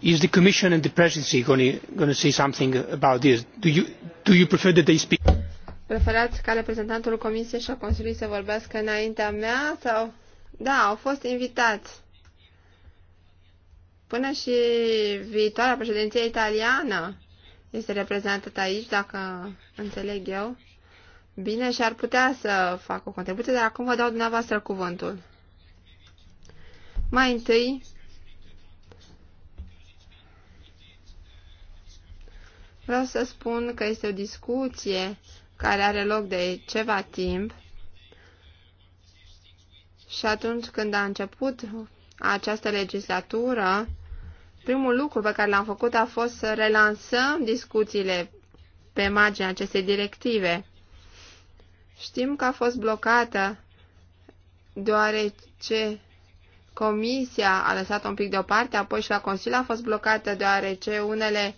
is the Commission and the Presidency going to say something about this? Do you, do you prefer that they speak? Preferați ca reprezentantul Comisiei și a Consiliului să vorbească înaintea mea sau? Da, au fost invitați. Până și viitoarea președinție italiană este reprezentată aici, dacă înțeleg eu. Bine, și ar putea să fac o contribuție, dar acum vă dau dumneavoastră cuvântul. Mai întâi, vreau să spun că este o discuție care are loc de ceva timp și atunci când a început această legislatură, primul lucru pe care l-am făcut a fost să relansăm discuțiile pe marginea acestei directive. Știm că a fost blocată deoarece Comisia a lăsat un pic deoparte, apoi și la Consiliu a fost blocată deoarece unele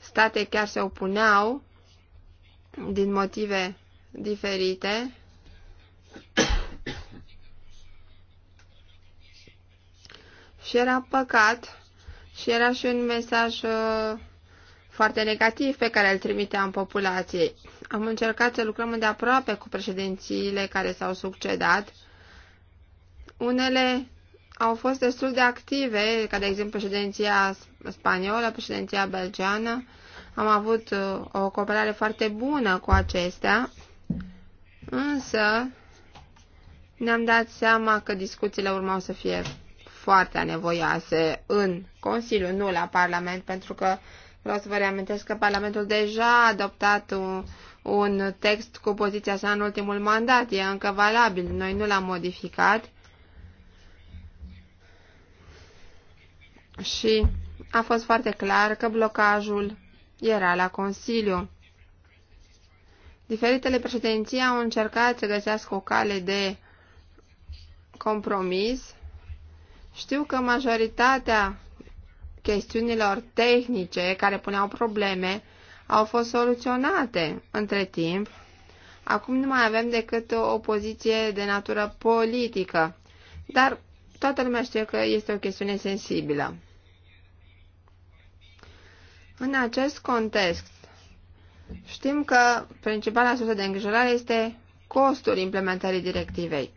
state chiar se opuneau din motive diferite. și era păcat și era și un mesaj uh, foarte negativ pe care îl trimiteam populației. Am încercat să lucrăm de aproape cu președințiile care s-au succedat. Unele au fost destul de active, ca de exemplu președinția spaniolă, președinția belgeană. Am avut uh, o cooperare foarte bună cu acestea, însă ne-am dat seama că discuțiile urmau să fie foarte anevoioase în Consiliu, nu la Parlament, pentru că vreau să vă reamintesc că Parlamentul deja a adoptat un, un text cu poziția sa în ultimul mandat, e încă valabil, noi nu l-am modificat și a fost foarte clar că blocajul era la Consiliu. Diferitele președinții au încercat să găsească o cale de compromis. Știu că majoritatea chestiunilor tehnice care puneau probleme au fost soluționate între timp. Acum nu mai avem decât o poziție de natură politică, dar toată lumea știe că este o chestiune sensibilă. În acest context, știm că principala sursă de îngrijorare este costul implementării directivei.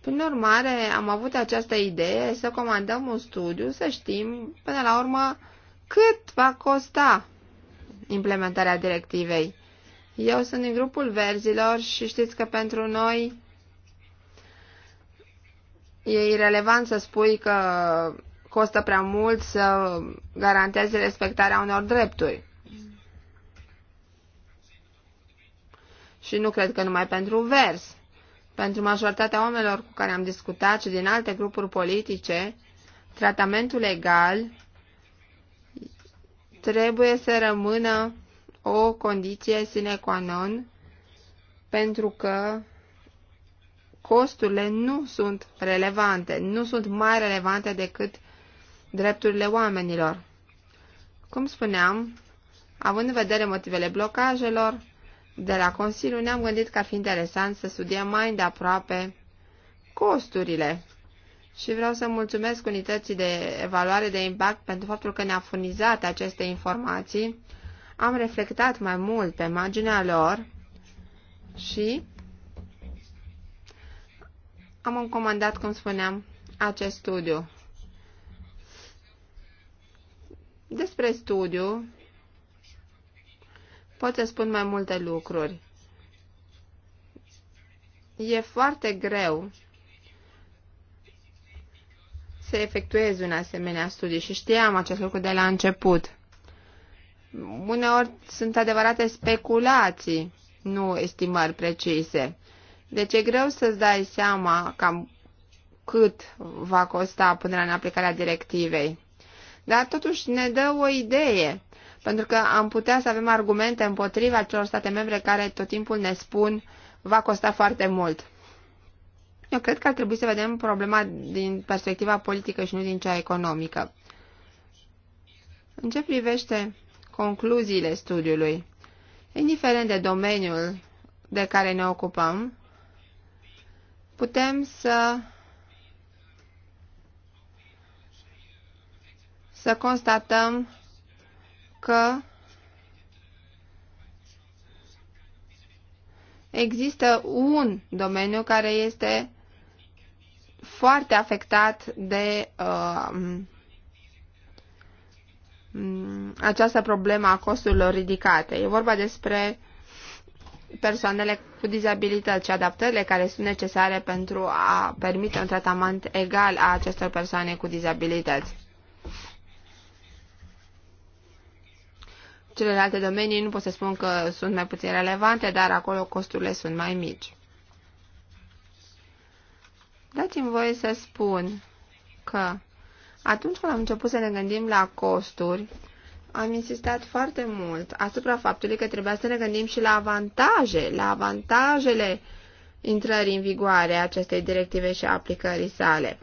Prin urmare, am avut această idee să comandăm un studiu, să știm până la urmă cât va costa implementarea directivei. Eu sunt din grupul verzilor și știți că pentru noi e irrelevant să spui că costă prea mult să garanteze respectarea unor drepturi. Și nu cred că numai pentru vers. Pentru majoritatea oamenilor cu care am discutat și din alte grupuri politice, tratamentul legal trebuie să rămână o condiție sine qua non pentru că costurile nu sunt relevante, nu sunt mai relevante decât drepturile oamenilor. Cum spuneam, având în vedere motivele blocajelor, de la Consiliu ne-am gândit că ar fi interesant să studiem mai îndeaproape costurile. Și vreau să mulțumesc unității de evaluare de impact pentru faptul că ne-a furnizat aceste informații. Am reflectat mai mult pe marginea lor și am comandat, cum spuneam, acest studiu. Despre studiu pot să spun mai multe lucruri. E foarte greu să efectuezi un asemenea studiu și știam acest lucru de la început. Uneori sunt adevărate speculații, nu estimări precise. Deci e greu să-ți dai seama cam cât va costa punerea în aplicarea directivei. Dar totuși ne dă o idee, pentru că am putea să avem argumente împotriva celor state membre care tot timpul ne spun va costa foarte mult. Eu cred că ar trebui să vedem problema din perspectiva politică și nu din cea economică. În ce privește concluziile studiului, indiferent de domeniul de care ne ocupăm, putem să să constatăm că există un domeniu care este foarte afectat de uh, această problemă a costurilor ridicate. E vorba despre persoanele cu dizabilități, și adaptările care sunt necesare pentru a permite un tratament egal a acestor persoane cu dizabilități. Celelalte domenii nu pot să spun că sunt mai puțin relevante, dar acolo costurile sunt mai mici. Dați-mi voie să spun că atunci când am început să ne gândim la costuri, am insistat foarte mult asupra faptului că trebuia să ne gândim și la avantaje, la avantajele intrării în vigoare a acestei directive și a aplicării sale.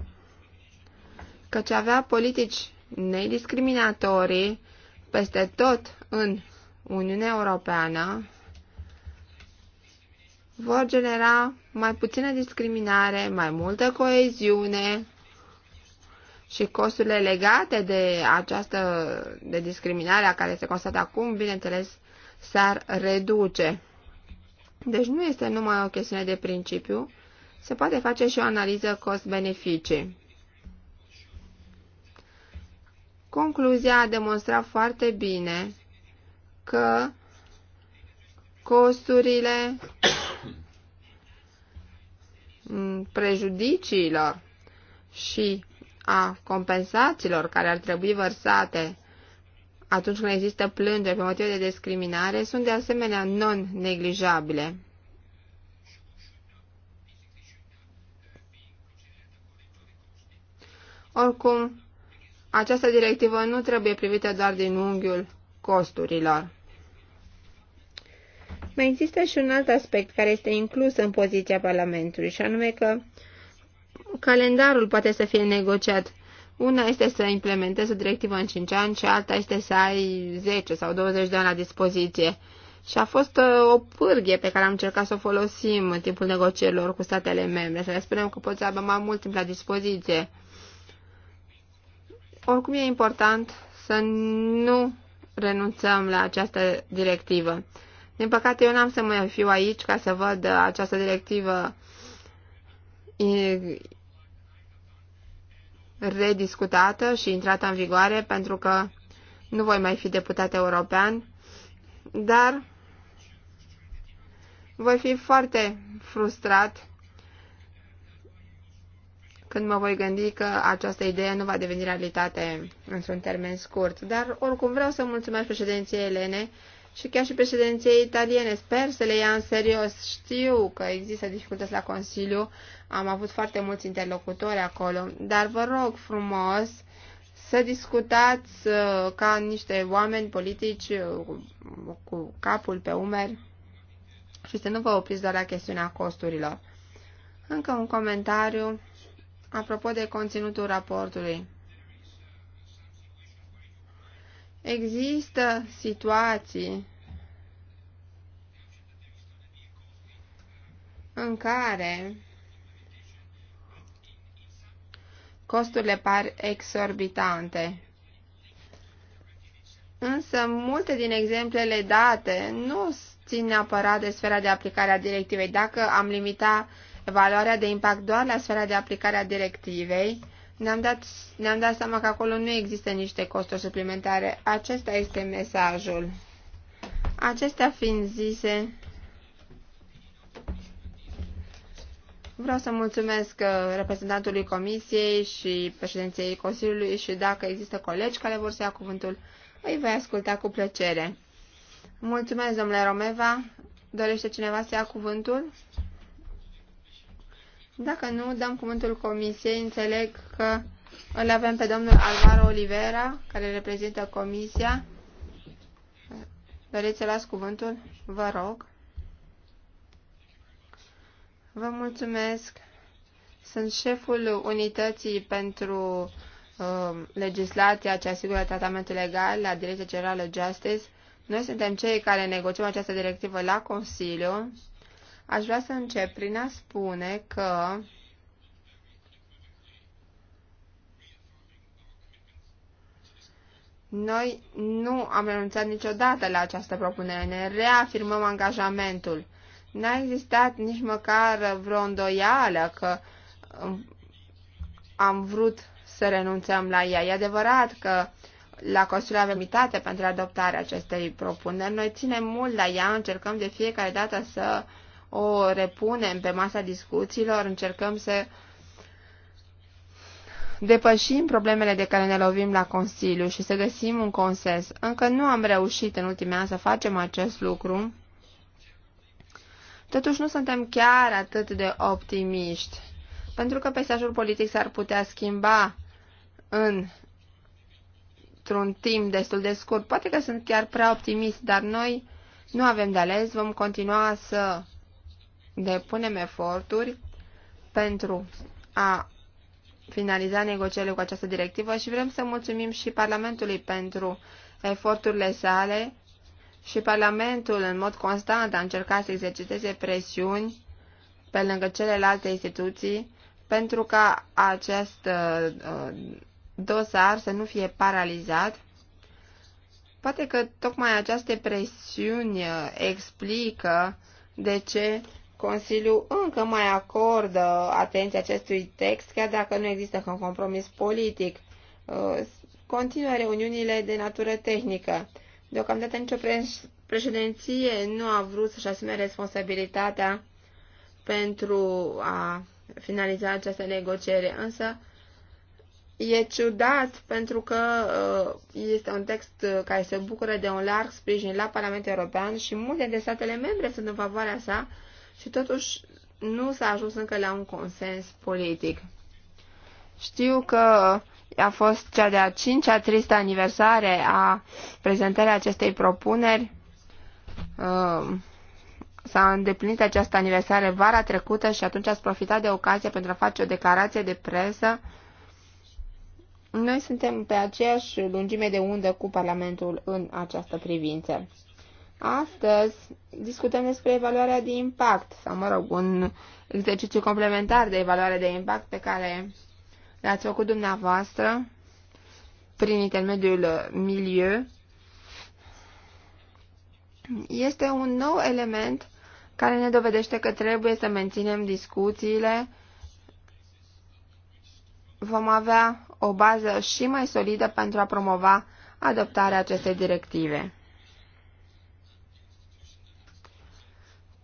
Căci avea politici nediscriminatorii peste tot în Uniunea Europeană vor genera mai puțină discriminare, mai multă coeziune și costurile legate de această de discriminarea care se constată acum, bineînțeles, s-ar reduce. Deci nu este numai o chestiune de principiu, se poate face și o analiză cost-beneficii. Concluzia a demonstrat foarte bine că costurile prejudiciilor și a compensațiilor care ar trebui vărsate atunci când există plângeri pe motive de discriminare sunt de asemenea non-neglijabile. Oricum, această directivă nu trebuie privită doar din unghiul costurilor. Mai există și un alt aspect care este inclus în poziția Parlamentului, și anume că calendarul poate să fie negociat. Una este să implementezi o directivă în 5 ani și alta este să ai 10 sau 20 de ani la dispoziție. Și a fost uh, o pârghie pe care am încercat să o folosim în timpul negocierilor cu statele membre, să le spunem că poți să aibă mai mult timp la dispoziție. Oricum e important să nu renunțăm la această directivă. Din păcate, eu n-am să mai fiu aici ca să văd această directivă rediscutată și intrată în vigoare, pentru că nu voi mai fi deputat european, dar voi fi foarte frustrat când mă voi gândi că această idee nu va deveni realitate într-un termen scurt. Dar oricum vreau să mulțumesc președinției Elene și chiar și președinției italiene. Sper să le ia în serios. Știu că există dificultăți la Consiliu, am avut foarte mulți interlocutori acolo, dar vă rog frumos să discutați uh, ca niște oameni politici uh, cu capul pe umeri și să nu vă opriți doar la chestiunea costurilor. Încă un comentariu apropo de conținutul raportului. Există situații în care costurile par exorbitante. Însă multe din exemplele date nu țin neapărat de sfera de aplicare a directivei. Dacă am limita evaluarea de impact doar la sfera de aplicare a directivei, ne-am dat, ne-am dat seama că acolo nu există niște costuri suplimentare. Acesta este mesajul. Acestea fiind zise, vreau să mulțumesc uh, reprezentantului Comisiei și președinției Consiliului și dacă există colegi care vor să ia cuvântul, îi voi asculta cu plăcere. Mulțumesc, domnule Romeva. Dorește cineva să ia cuvântul? Dacă nu, dăm cuvântul comisiei. Înțeleg că îl avem pe domnul Alvaro Olivera, care reprezintă comisia. Doriți să las cuvântul? Vă rog. Vă mulțumesc. Sunt șeful unității pentru uh, legislația ce asigură tratamentul legal la Direcția Generală Justice. Noi suntem cei care negociem această directivă la Consiliu Aș vrea să încep prin a spune că Noi nu am renunțat niciodată la această propunere, ne reafirmăm angajamentul. N-a existat nici măcar vreo îndoială că um, am vrut să renunțăm la ea. E adevărat că la Consiliul avem pentru adoptarea acestei propuneri. Noi ținem mult la ea, încercăm de fiecare dată să uh, o repunem pe masa discuțiilor, încercăm să depășim problemele de care ne lovim la Consiliu și să găsim un consens. Încă nu am reușit în ultimii ani să facem acest lucru. Totuși nu suntem chiar atât de optimiști, pentru că peisajul politic s-ar putea schimba în într-un timp destul de scurt. Poate că sunt chiar prea optimist, dar noi nu avem de ales, vom continua să depunem eforturi pentru a finaliza negocierile cu această directivă și vrem să mulțumim și Parlamentului pentru eforturile sale și Parlamentul în mod constant a încercat să exerciteze presiuni pe lângă celelalte instituții pentru ca acest uh, dosar să nu fie paralizat. Poate că tocmai aceste presiuni uh, explică de ce Consiliul încă mai acordă atenție acestui text, chiar dacă nu există un compromis politic. Uh, continuă reuniunile de natură tehnică. Deocamdată nicio președinție nu a vrut să-și asume responsabilitatea pentru a finaliza această negociere, însă e ciudat pentru că uh, este un text care se bucură de un larg sprijin la Parlamentul European și multe de statele membre sunt în favoarea sa, și totuși nu s-a ajuns încă la un consens politic. Știu că a fost cea de-a cincea tristă aniversare a prezentării acestei propuneri. Uh, s-a îndeplinit această aniversare vara trecută și atunci ați profitat de ocazie pentru a face o declarație de presă. Noi suntem pe aceeași lungime de undă cu Parlamentul în această privință. Astăzi discutăm despre evaluarea de impact, sau mă rog, un exercițiu complementar de evaluare de impact pe care l-ați făcut dumneavoastră prin intermediul milieu. Este un nou element care ne dovedește că trebuie să menținem discuțiile. Vom avea o bază și mai solidă pentru a promova adoptarea acestei directive.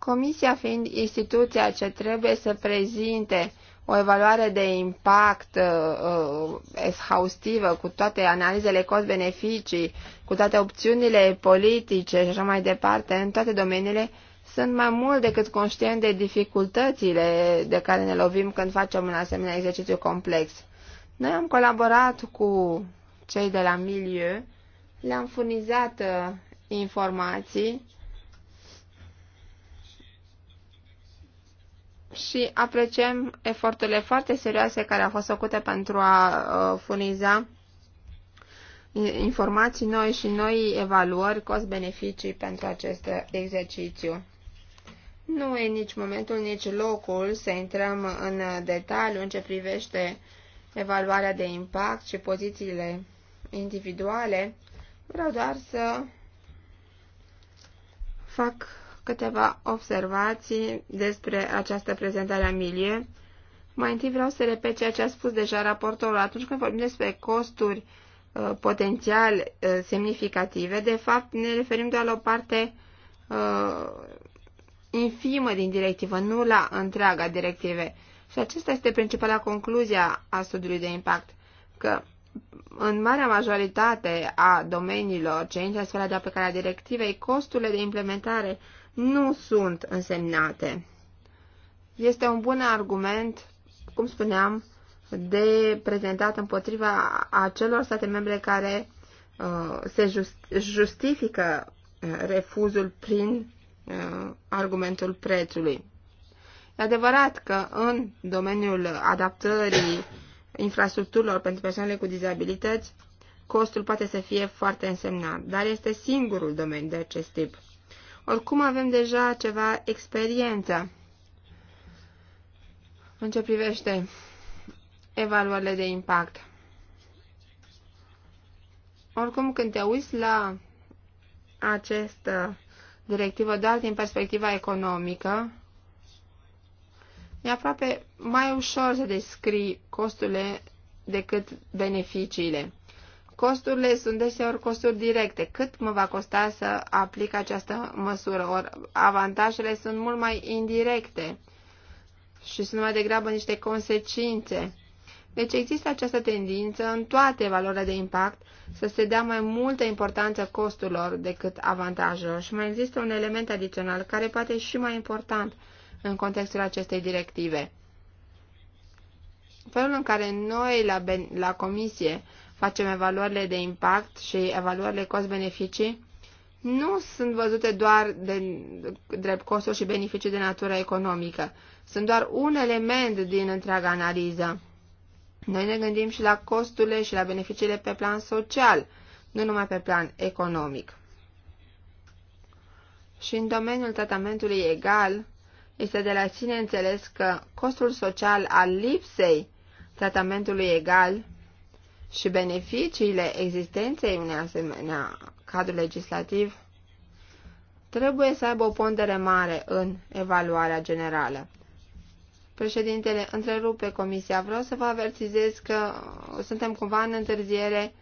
Comisia fiind instituția ce trebuie să prezinte o evaluare de impact uh, uh, exhaustivă cu toate analizele cost-beneficii, cu toate opțiunile politice și așa mai departe, în toate domeniile, sunt mai mult decât conștient de dificultățile de care ne lovim când facem un asemenea exercițiu complex. Noi am colaborat cu cei de la Milieu, le-am furnizat uh, informații și apreciem eforturile foarte serioase care au fost făcute pentru a uh, furniza informații noi și noi evaluări cost-beneficii pentru acest exercițiu. Nu e nici momentul, nici locul să intrăm în detaliu în ce privește evaluarea de impact și pozițiile individuale. Vreau doar să fac câteva observații despre această prezentare a milie. Mai întâi vreau să repet ceea ce a spus deja raportorul. Atunci când vorbim despre costuri uh, potențial uh, semnificative, de fapt ne referim doar la o parte uh, infimă din directivă, nu la întreaga directive. Și acesta este principala concluzia a studiului de impact, că în marea majoritate a domeniilor ce intră în sfera de aplicare a directivei, costurile de implementare nu sunt însemnate. Este un bun argument, cum spuneam, de prezentat împotriva acelor state membre care uh, se just, justifică uh, refuzul prin uh, argumentul prețului. E adevărat că în domeniul adaptării infrastructurilor pentru persoanele cu dizabilități, costul poate să fie foarte însemnat, dar este singurul domeniu de acest tip. Oricum avem deja ceva experiență în ce privește evaluările de impact. Oricum, când te uiți la această directivă doar din perspectiva economică, e aproape mai ușor să descrii costurile decât beneficiile. Costurile sunt deseori costuri directe. Cât mă va costa să aplic această măsură? Or, avantajele sunt mult mai indirecte și sunt mai degrabă niște consecințe. Deci există această tendință în toate valorile de impact să se dea mai multă importanță costurilor decât avantajelor. Și mai există un element adițional care poate și mai important în contextul acestei directive. Felul în care noi la, la comisie facem evaluările de impact și evaluările cost-beneficii, nu sunt văzute doar de drept costuri și beneficii de natură economică. Sunt doar un element din întreaga analiză. Noi ne gândim și la costurile și la beneficiile pe plan social, nu numai pe plan economic. Și în domeniul tratamentului egal, este de la sine înțeles că costul social al lipsei tratamentului egal și beneficiile existenței unei asemenea cadru legislativ trebuie să aibă o pondere mare în evaluarea generală. Președintele întrerupe comisia. Vreau să vă avertizez că suntem cumva în întârziere.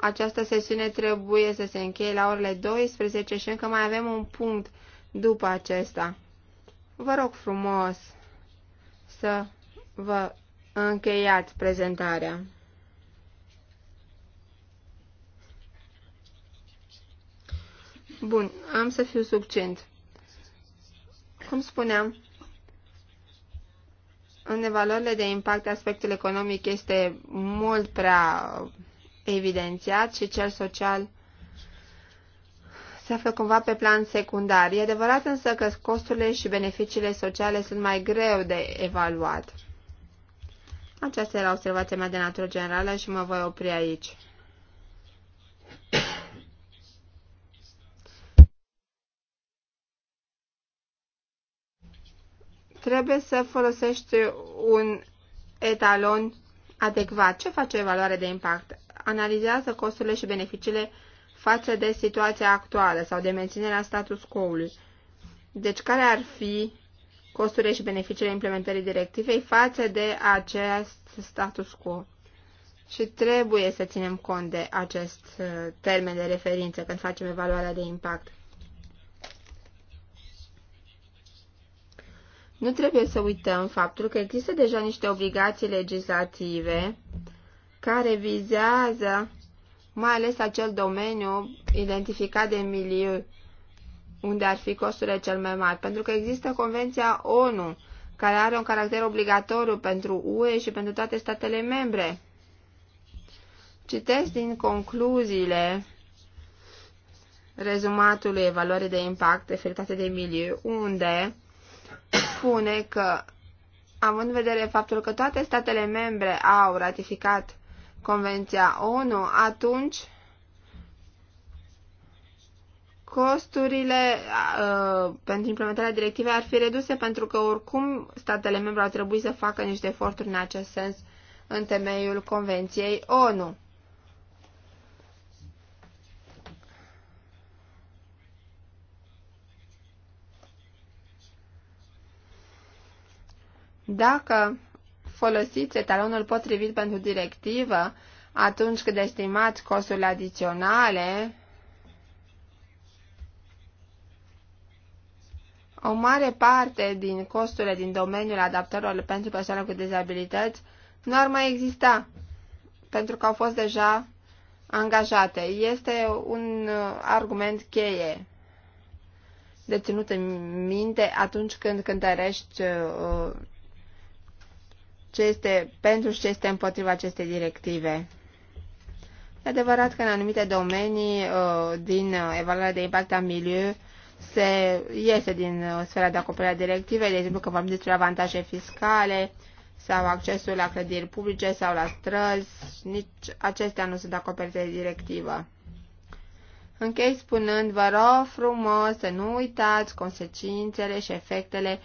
Această sesiune trebuie să se încheie la orele 12 și încă mai avem un punct după acesta. Vă rog frumos să vă încheiați prezentarea. Bun, am să fiu succint. Cum spuneam, în evaluările de impact aspectul economic este mult prea evidențiat și cel social se află cumva pe plan secundar. E adevărat însă că costurile și beneficiile sociale sunt mai greu de evaluat. Aceasta era observația mea de natură generală și mă voi opri aici. Trebuie să folosești un etalon adecvat. Ce face evaluare de impact? Analizează costurile și beneficiile față de situația actuală sau de menținerea status quo-ului. Deci, care ar fi costurile și beneficiile implementării directivei față de acest status quo? Și trebuie să ținem cont de acest uh, termen de referință când facem evaluarea de impact. nu trebuie să uităm faptul că există deja niște obligații legislative care vizează mai ales acel domeniu identificat de miliu unde ar fi costurile cel mai mari, pentru că există Convenția ONU care are un caracter obligatoriu pentru UE și pentru toate statele membre. Citesc din concluziile rezumatului evaluării de impact efectuate de miliu, unde spune că, având în vedere faptul că toate statele membre au ratificat Convenția ONU, atunci costurile uh, pentru implementarea directivei ar fi reduse pentru că oricum statele membre ar trebui să facă niște eforturi în acest sens în temeiul Convenției ONU. Dacă folosiți etalonul potrivit pentru directivă, atunci când estimați costurile adiționale, o mare parte din costurile din domeniul adaptărilor pentru persoane cu dizabilități nu ar mai exista, pentru că au fost deja angajate. Este un uh, argument cheie de ținut în minte atunci când cântărești uh, ce este pentru și ce este împotriva acestei directive. E adevărat că în anumite domenii uh, din uh, evaluarea de impact a miliu se iese din uh, sfera de acoperire a directivei, de exemplu că vorbim despre avantaje fiscale sau accesul la clădiri publice sau la străzi, nici acestea nu sunt acoperite de directivă. Închei spunând, vă rog frumos să nu uitați consecințele și efectele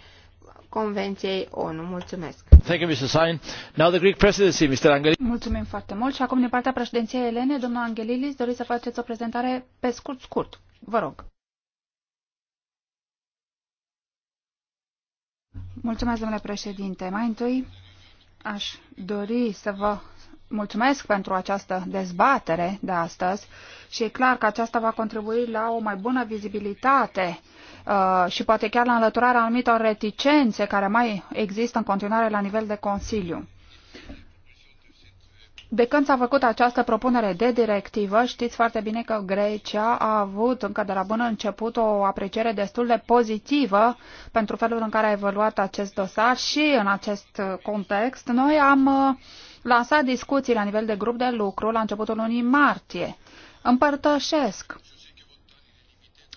Convenției ONU. Mulțumesc. Thank you, Mr. Sain. Now the Greek presidency, Mr. Angelis. Mulțumim foarte mult. Și acum, din partea președinției Elene, domnul Angelilis, doriți să faceți o prezentare pe scurt, scurt. Vă rog. Mulțumesc, domnule președinte. Mai întâi aș dori să vă mulțumesc pentru această dezbatere de astăzi și e clar că aceasta va contribui la o mai bună vizibilitate uh, și poate chiar la înlăturarea anumitor reticențe care mai există în continuare la nivel de Consiliu. De când s-a făcut această propunere de directivă, știți foarte bine că Grecia a avut încă de la bun început o apreciere destul de pozitivă pentru felul în care a evoluat acest dosar și în acest context noi am uh, lansa discuții la nivel de grup de lucru la începutul lunii martie. Împărtășesc.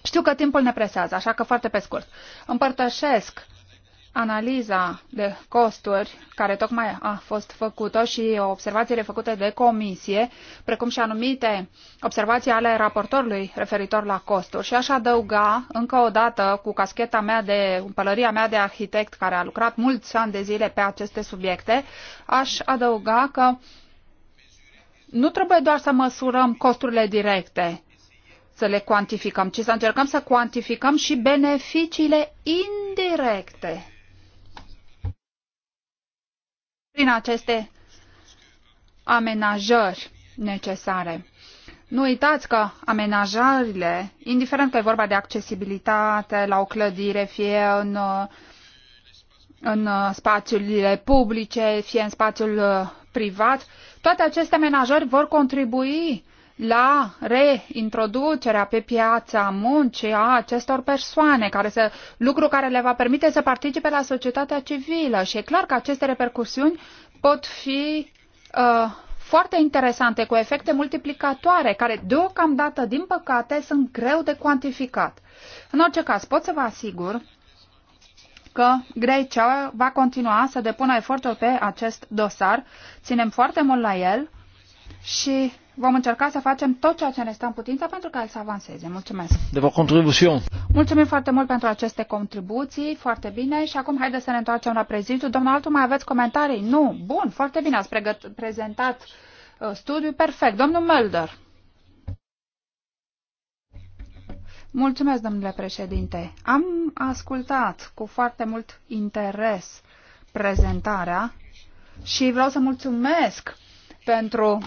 Știu că timpul ne presează, așa că foarte pe scurt. Împărtășesc analiza de costuri care tocmai a fost făcută și observațiile făcute de comisie, precum și anumite observații ale raportorului referitor la costuri. Și aș adăuga încă o dată cu cascheta mea de, pălăria mea de arhitect care a lucrat mulți ani de zile pe aceste subiecte, aș adăuga că nu trebuie doar să măsurăm costurile directe, să le cuantificăm, ci să încercăm să cuantificăm și beneficiile indirecte prin aceste amenajări necesare. Nu uitați că amenajările, indiferent că e vorba de accesibilitate la o clădire, fie în, în spațiile publice, fie în spațiul uh, privat, toate aceste amenajări vor contribui la reintroducerea pe piața muncii a acestor persoane, care să, lucru care le va permite să participe la societatea civilă. Și e clar că aceste repercusiuni pot fi uh, foarte interesante, cu efecte multiplicatoare, care deocamdată, din păcate, sunt greu de cuantificat. În orice caz, pot să vă asigur că Grecia va continua să depună eforturi pe acest dosar, ținem foarte mult la el și vom încerca să facem tot ceea ce ne stă în putință pentru ca el să avanseze. Mulțumesc! De vă contribuțion! Mulțumim foarte mult pentru aceste contribuții, foarte bine. Și acum haideți să ne întoarcem la prezidiu. Domnul Altu, mai aveți comentarii? Nu? Bun, foarte bine, ați pregăt- prezentat uh, studiul perfect. Domnul Mulder! Mulțumesc, domnule președinte. Am ascultat cu foarte mult interes prezentarea și vreau să mulțumesc pentru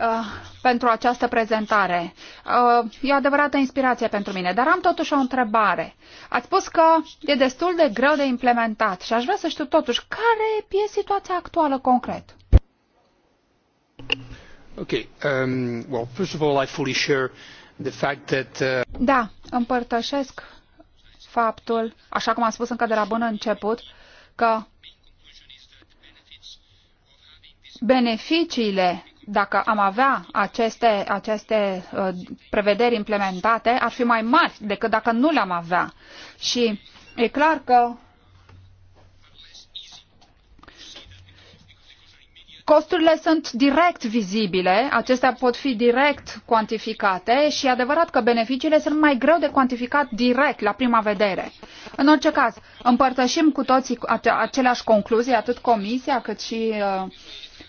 Uh, pentru această prezentare. Uh, e o adevărată inspirație pentru mine, dar am totuși o întrebare. Ați spus că e destul de greu de implementat și aș vrea să știu totuși care e situația actuală concret. Ok. Um, well, first of all, I fully share the fact that, uh... Da, împărtășesc faptul, așa cum am spus încă de la bun început, că beneficiile dacă am avea aceste, aceste uh, prevederi implementate, ar fi mai mari decât dacă nu le-am avea. Și e clar că Costurile sunt direct vizibile, acestea pot fi direct cuantificate și e adevărat că beneficiile sunt mai greu de cuantificat direct la prima vedere. În orice caz, împărtășim cu toții aceleași concluzii, atât Comisia cât și uh,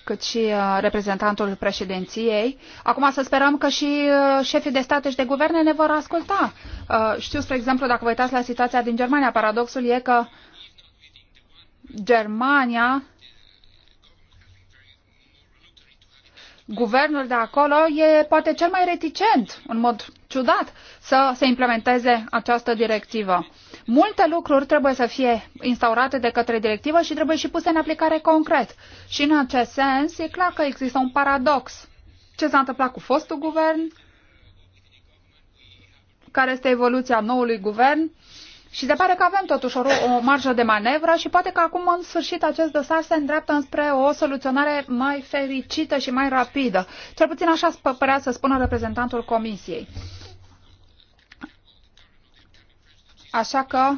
cât și uh, reprezentantul președinției. Acum să sperăm că și uh, șefii de state și de guverne ne vor asculta. Uh, știu, spre exemplu, dacă vă uitați la situația din Germania, paradoxul e că Germania guvernul de acolo e poate cel mai reticent, în mod ciudat, să se implementeze această directivă. Multe lucruri trebuie să fie instaurate de către directivă și trebuie și puse în aplicare concret. Și în acest sens, e clar că există un paradox. Ce s-a întâmplat cu fostul guvern? Care este evoluția noului guvern? Și se pare că avem totuși o, o marjă de manevră și poate că acum, în sfârșit, acest dosar se îndreaptă înspre o soluționare mai fericită și mai rapidă. Cel puțin așa părea să spună reprezentantul Comisiei. Așa că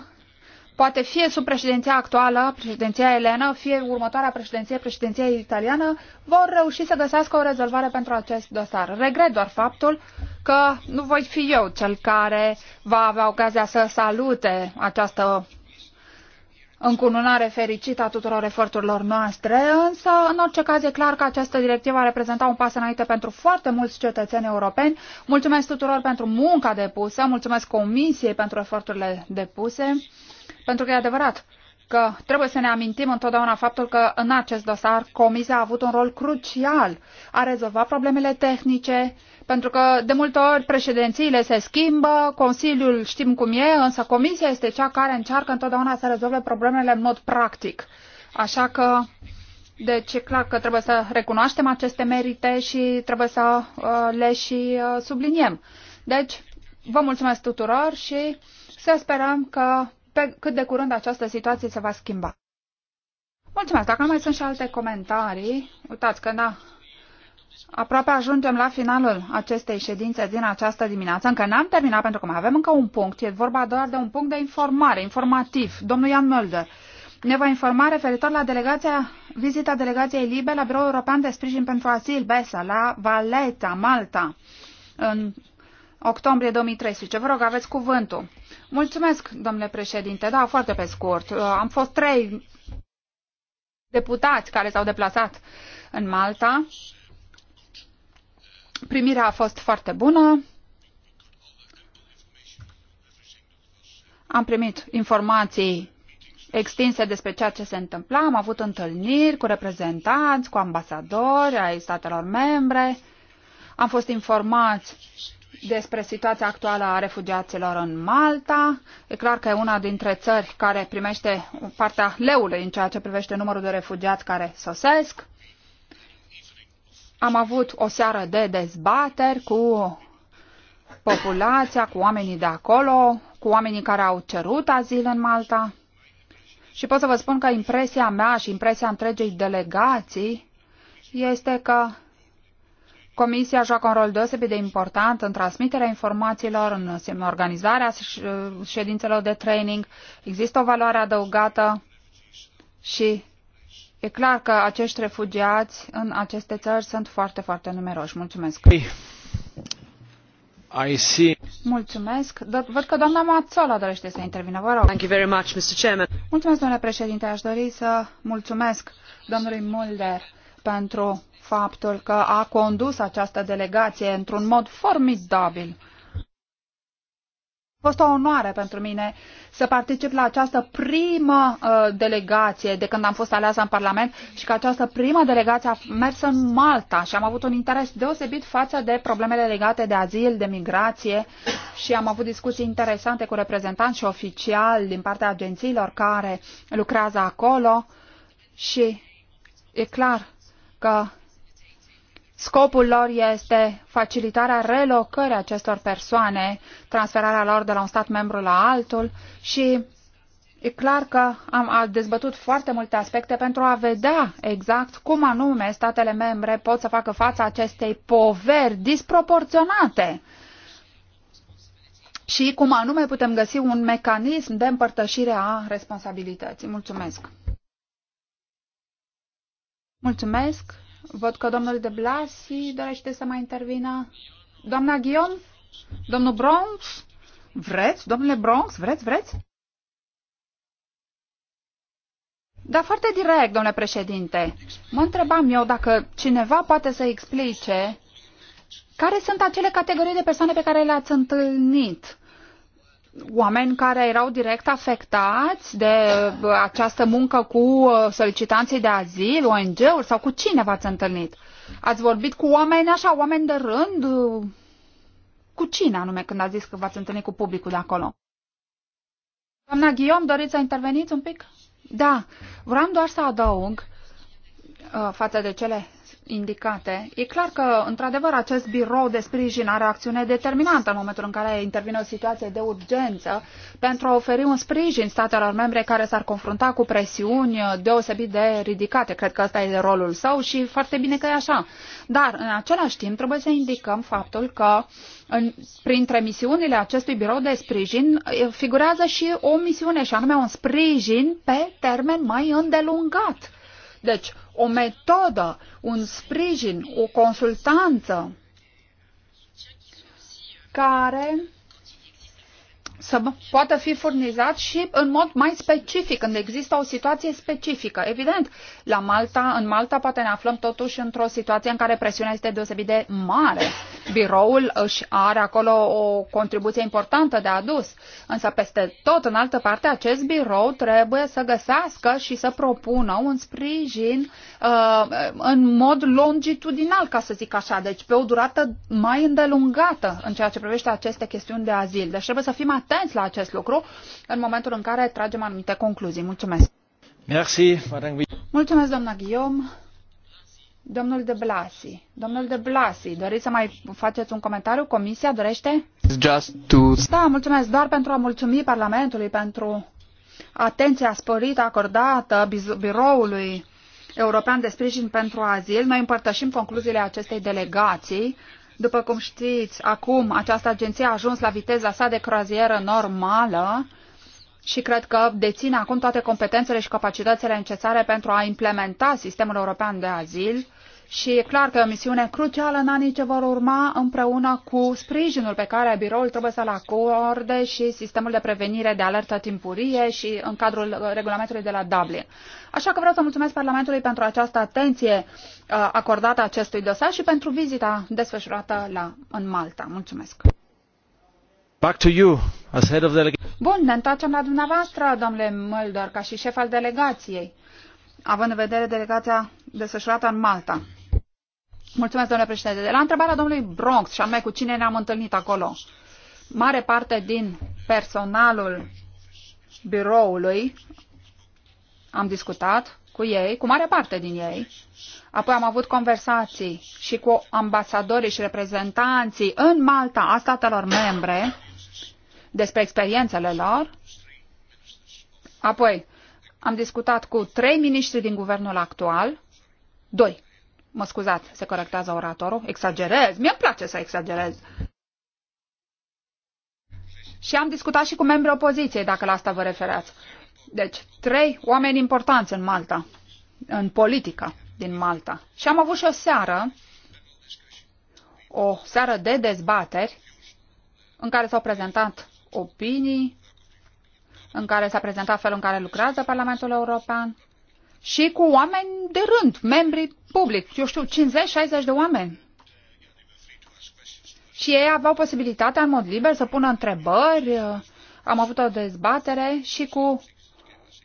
poate fie sub președinția actuală, președinția Elena, fie următoarea președinție, președinția italiană, vor reuși să găsească o rezolvare pentru acest dosar. Regret doar faptul că nu voi fi eu cel care va avea ocazia să salute această încununare fericită a tuturor eforturilor noastre, însă, în orice caz, e clar că această directivă a reprezentat un pas înainte pentru foarte mulți cetățeni europeni. Mulțumesc tuturor pentru munca depusă, mulțumesc Comisiei pentru eforturile depuse, pentru că e adevărat că trebuie să ne amintim întotdeauna faptul că în acest dosar Comisia a avut un rol crucial. A rezolvat problemele tehnice, pentru că de multe ori președințiile se schimbă, Consiliul știm cum e, însă Comisia este cea care încearcă întotdeauna să rezolve problemele în mod practic. Așa că, deci e clar că trebuie să recunoaștem aceste merite și trebuie să uh, le și uh, subliniem. Deci, vă mulțumesc tuturor și să sperăm că pe cât de curând această situație se va schimba. Mulțumesc. Dacă mai sunt și alte comentarii, uitați că na. Aproape ajungem la finalul acestei ședințe din această dimineață. Încă n-am terminat pentru că mai avem încă un punct. E vorba doar de un punct de informare, informativ. Domnul Ian Mulder ne va informa referitor la delegația, vizita delegației Libe la Biroul European de Sprijin pentru Asil, BESA, la Valeta, Malta, în octombrie 2013. Vă rog, aveți cuvântul. Mulțumesc, domnule președinte. Da, foarte pe scurt. Uh, am fost trei deputați care s-au deplasat în Malta Primirea a fost foarte bună. Am primit informații extinse despre ceea ce se întâmpla. Am avut întâlniri cu reprezentanți, cu ambasadori ai statelor membre. Am fost informați despre situația actuală a refugiaților în Malta. E clar că e una dintre țări care primește partea leului în ceea ce privește numărul de refugiați care sosesc. Am avut o seară de dezbateri cu populația, cu oamenii de acolo, cu oamenii care au cerut azil în Malta. Și pot să vă spun că impresia mea și impresia întregei delegații este că Comisia joacă un rol deosebit de important în transmiterea informațiilor, în organizarea ședințelor de training. Există o valoare adăugată și E clar că acești refugiați în aceste țări sunt foarte, foarte numeroși. Mulțumesc. Păi, I see. Mulțumesc. Văd că doamna Mazzola dorește să intervină. Vă rog. Thank you very much, Mr. Chairman. Mulțumesc, domnule președinte. Aș dori să mulțumesc domnului Mulder pentru faptul că a condus această delegație într-un mod formidabil a fost o onoare pentru mine să particip la această primă uh, delegație de când am fost aleasă în Parlament și că această primă delegație a mers în Malta și am avut un interes deosebit față de problemele legate de azil, de migrație și am avut discuții interesante cu reprezentanți și oficiali din partea agențiilor care lucrează acolo și e clar că Scopul lor este facilitarea relocării acestor persoane, transferarea lor de la un stat membru la altul și e clar că am dezbătut foarte multe aspecte pentru a vedea exact cum anume statele membre pot să facă fața acestei poveri disproporționate și cum anume putem găsi un mecanism de împărtășire a responsabilității. Mulțumesc! Mulțumesc! Văd că domnul de Blasi dorește să mai intervină. Doamna Ghion? Domnul Bronx? Vreți, domnule Bronx? Vreți, vreți? Da, foarte direct, domnule președinte. Mă întrebam eu dacă cineva poate să explice care sunt acele categorii de persoane pe care le-ați întâlnit oameni care erau direct afectați de uh, această muncă cu uh, solicitanții de azil, ONG-uri sau cu cine v-ați întâlnit? Ați vorbit cu oameni așa, oameni de rând? Cu cine anume când ați zis că v-ați întâlnit cu publicul de acolo? Doamna Ghiom, doriți să interveniți un pic? Da, vreau doar să adaug uh, față de cele indicate. E clar că, într-adevăr, acest birou de sprijin are acțiune determinantă în momentul în care intervine o situație de urgență pentru a oferi un sprijin statelor membre care s-ar confrunta cu presiuni deosebit de ridicate. Cred că ăsta e rolul său și foarte bine că e așa. Dar, în același timp, trebuie să indicăm faptul că în, printre misiunile acestui birou de sprijin figurează și o misiune, și anume un sprijin pe termen mai îndelungat. Deci, o metodă, un sprijin, o consultanță care să poată fi furnizat și în mod mai specific, când există o situație specifică. Evident, la Malta, în Malta poate ne aflăm totuși într-o situație în care presiunea este deosebit de mare. Biroul își are acolo o contribuție importantă de adus, însă peste tot, în altă parte, acest birou trebuie să găsească și să propună un sprijin uh, în mod longitudinal, ca să zic așa, deci pe o durată mai îndelungată în ceea ce privește aceste chestiuni de azil. Deci trebuie să fim atenți atenți la acest lucru în momentul în care tragem anumite concluzii. Mulțumesc! Merci, Madame. Mulțumesc, doamna Guillaume. Domnul de Blasi. Domnul de Blasi, doriți să mai faceți un comentariu? Comisia dorește? Just to... Da, mulțumesc. Doar pentru a mulțumi Parlamentului pentru atenția sporită acordată biroului european de sprijin pentru azil. Noi împărtășim concluziile acestei delegații după cum știți, acum această agenție a ajuns la viteza sa de croazieră normală și cred că deține acum toate competențele și capacitățile necesare pentru a implementa sistemul european de azil și e clar că e o misiune crucială în anii ce vor urma împreună cu sprijinul pe care biroul trebuie să-l acorde și sistemul de prevenire de alertă timpurie și în cadrul uh, regulamentului de la Dublin. Așa că vreau să mulțumesc Parlamentului pentru această atenție uh, acordată acestui dosar și pentru vizita desfășurată la, în Malta. Mulțumesc! Back to you, as head of Bun, ne întoarcem la dumneavoastră, domnule Mulder, ca și șef al delegației, având în vedere delegația desfășurată în Malta. Mulțumesc, domnule președinte. La întrebarea domnului Bronx, și anume cu cine ne-am întâlnit acolo, mare parte din personalul biroului am discutat cu ei, cu mare parte din ei. Apoi am avut conversații și cu ambasadorii și reprezentanții în Malta a statelor membre despre experiențele lor. Apoi am discutat cu trei miniștri din guvernul actual, doi, Mă scuzați, se corectează oratorul. Exagerez. Mie îmi place să exagerez. Și am discutat și cu membrii opoziției, dacă la asta vă referați. Deci, trei oameni importanți în Malta, în politica din Malta. Și am avut și o seară, o seară de dezbateri, în care s-au prezentat opinii, în care s-a prezentat felul în care lucrează Parlamentul European, și cu oameni de rând, membri public, eu știu, 50-60 de oameni. Și ei aveau posibilitatea în mod liber să pună întrebări. Uh, am avut o dezbatere și cu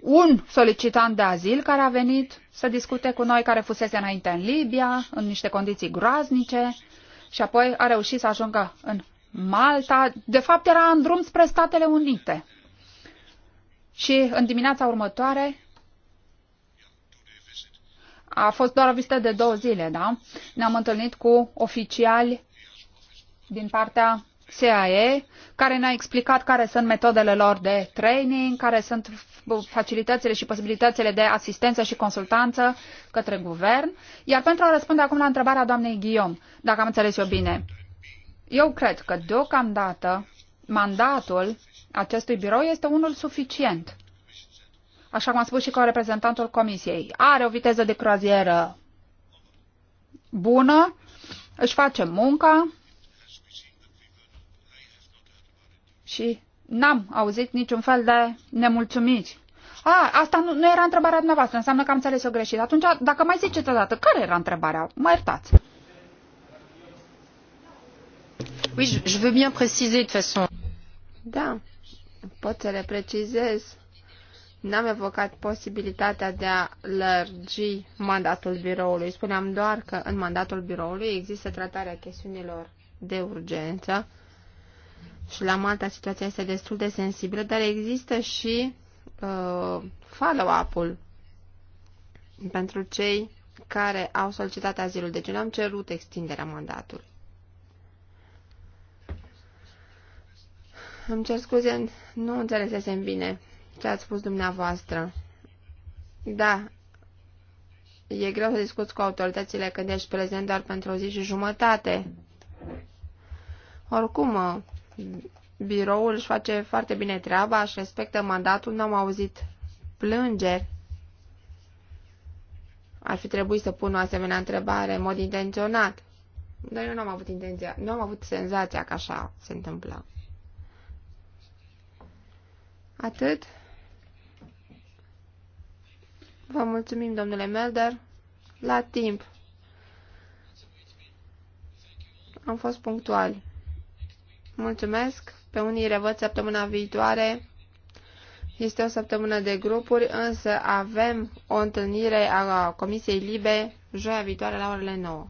un solicitant de azil care a venit să discute cu noi, care fusese înainte în Libia, în niște condiții groaznice, și apoi a reușit să ajungă în Malta. De fapt, era în drum spre Statele Unite. Și în dimineața următoare a fost doar o vizită de două zile, da? Ne-am întâlnit cu oficiali din partea CAE, care ne-a explicat care sunt metodele lor de training, care sunt facilitățile și posibilitățile de asistență și consultanță către guvern. Iar pentru a răspunde acum la întrebarea doamnei Guillaume, dacă am înțeles eu bine, eu cred că deocamdată mandatul acestui birou este unul suficient așa cum am spus și ca reprezentantul Comisiei, are o viteză de croazieră bună, își face munca și n-am auzit niciun fel de nemulțumiri. A, asta nu, nu era întrebarea dumneavoastră, înseamnă că am înțeles-o greșit. Atunci, dacă mai ziceți o dată, care era întrebarea? Mă iertați. Oui, je veux bien préciser de façon. Da, pot să le precizez N-am evocat posibilitatea de a lărgi mandatul biroului. Spuneam doar că în mandatul biroului există tratarea chestiunilor de urgență și la Malta situația este destul de sensibilă, dar există și uh, follow-up-ul pentru cei care au solicitat azilul. Deci nu am cerut extinderea mandatului. Îmi cer scuze, nu înțelesesem bine ce ați spus dumneavoastră. Da, e greu să discuți cu autoritățile când ești prezent doar pentru o zi și jumătate. Oricum, biroul își face foarte bine treaba, și respectă mandatul, n-am auzit plângeri. Ar fi trebuit să pun o asemenea întrebare în mod intenționat. Dar eu nu am avut intenția, nu am avut senzația că așa se întâmplă. Atât. Vă mulțumim, domnule Melder. La timp. Am fost punctuali. Mulțumesc. Pe unii revăd săptămâna viitoare. Este o săptămână de grupuri, însă avem o întâlnire a Comisiei Libe joia viitoare la orele 9.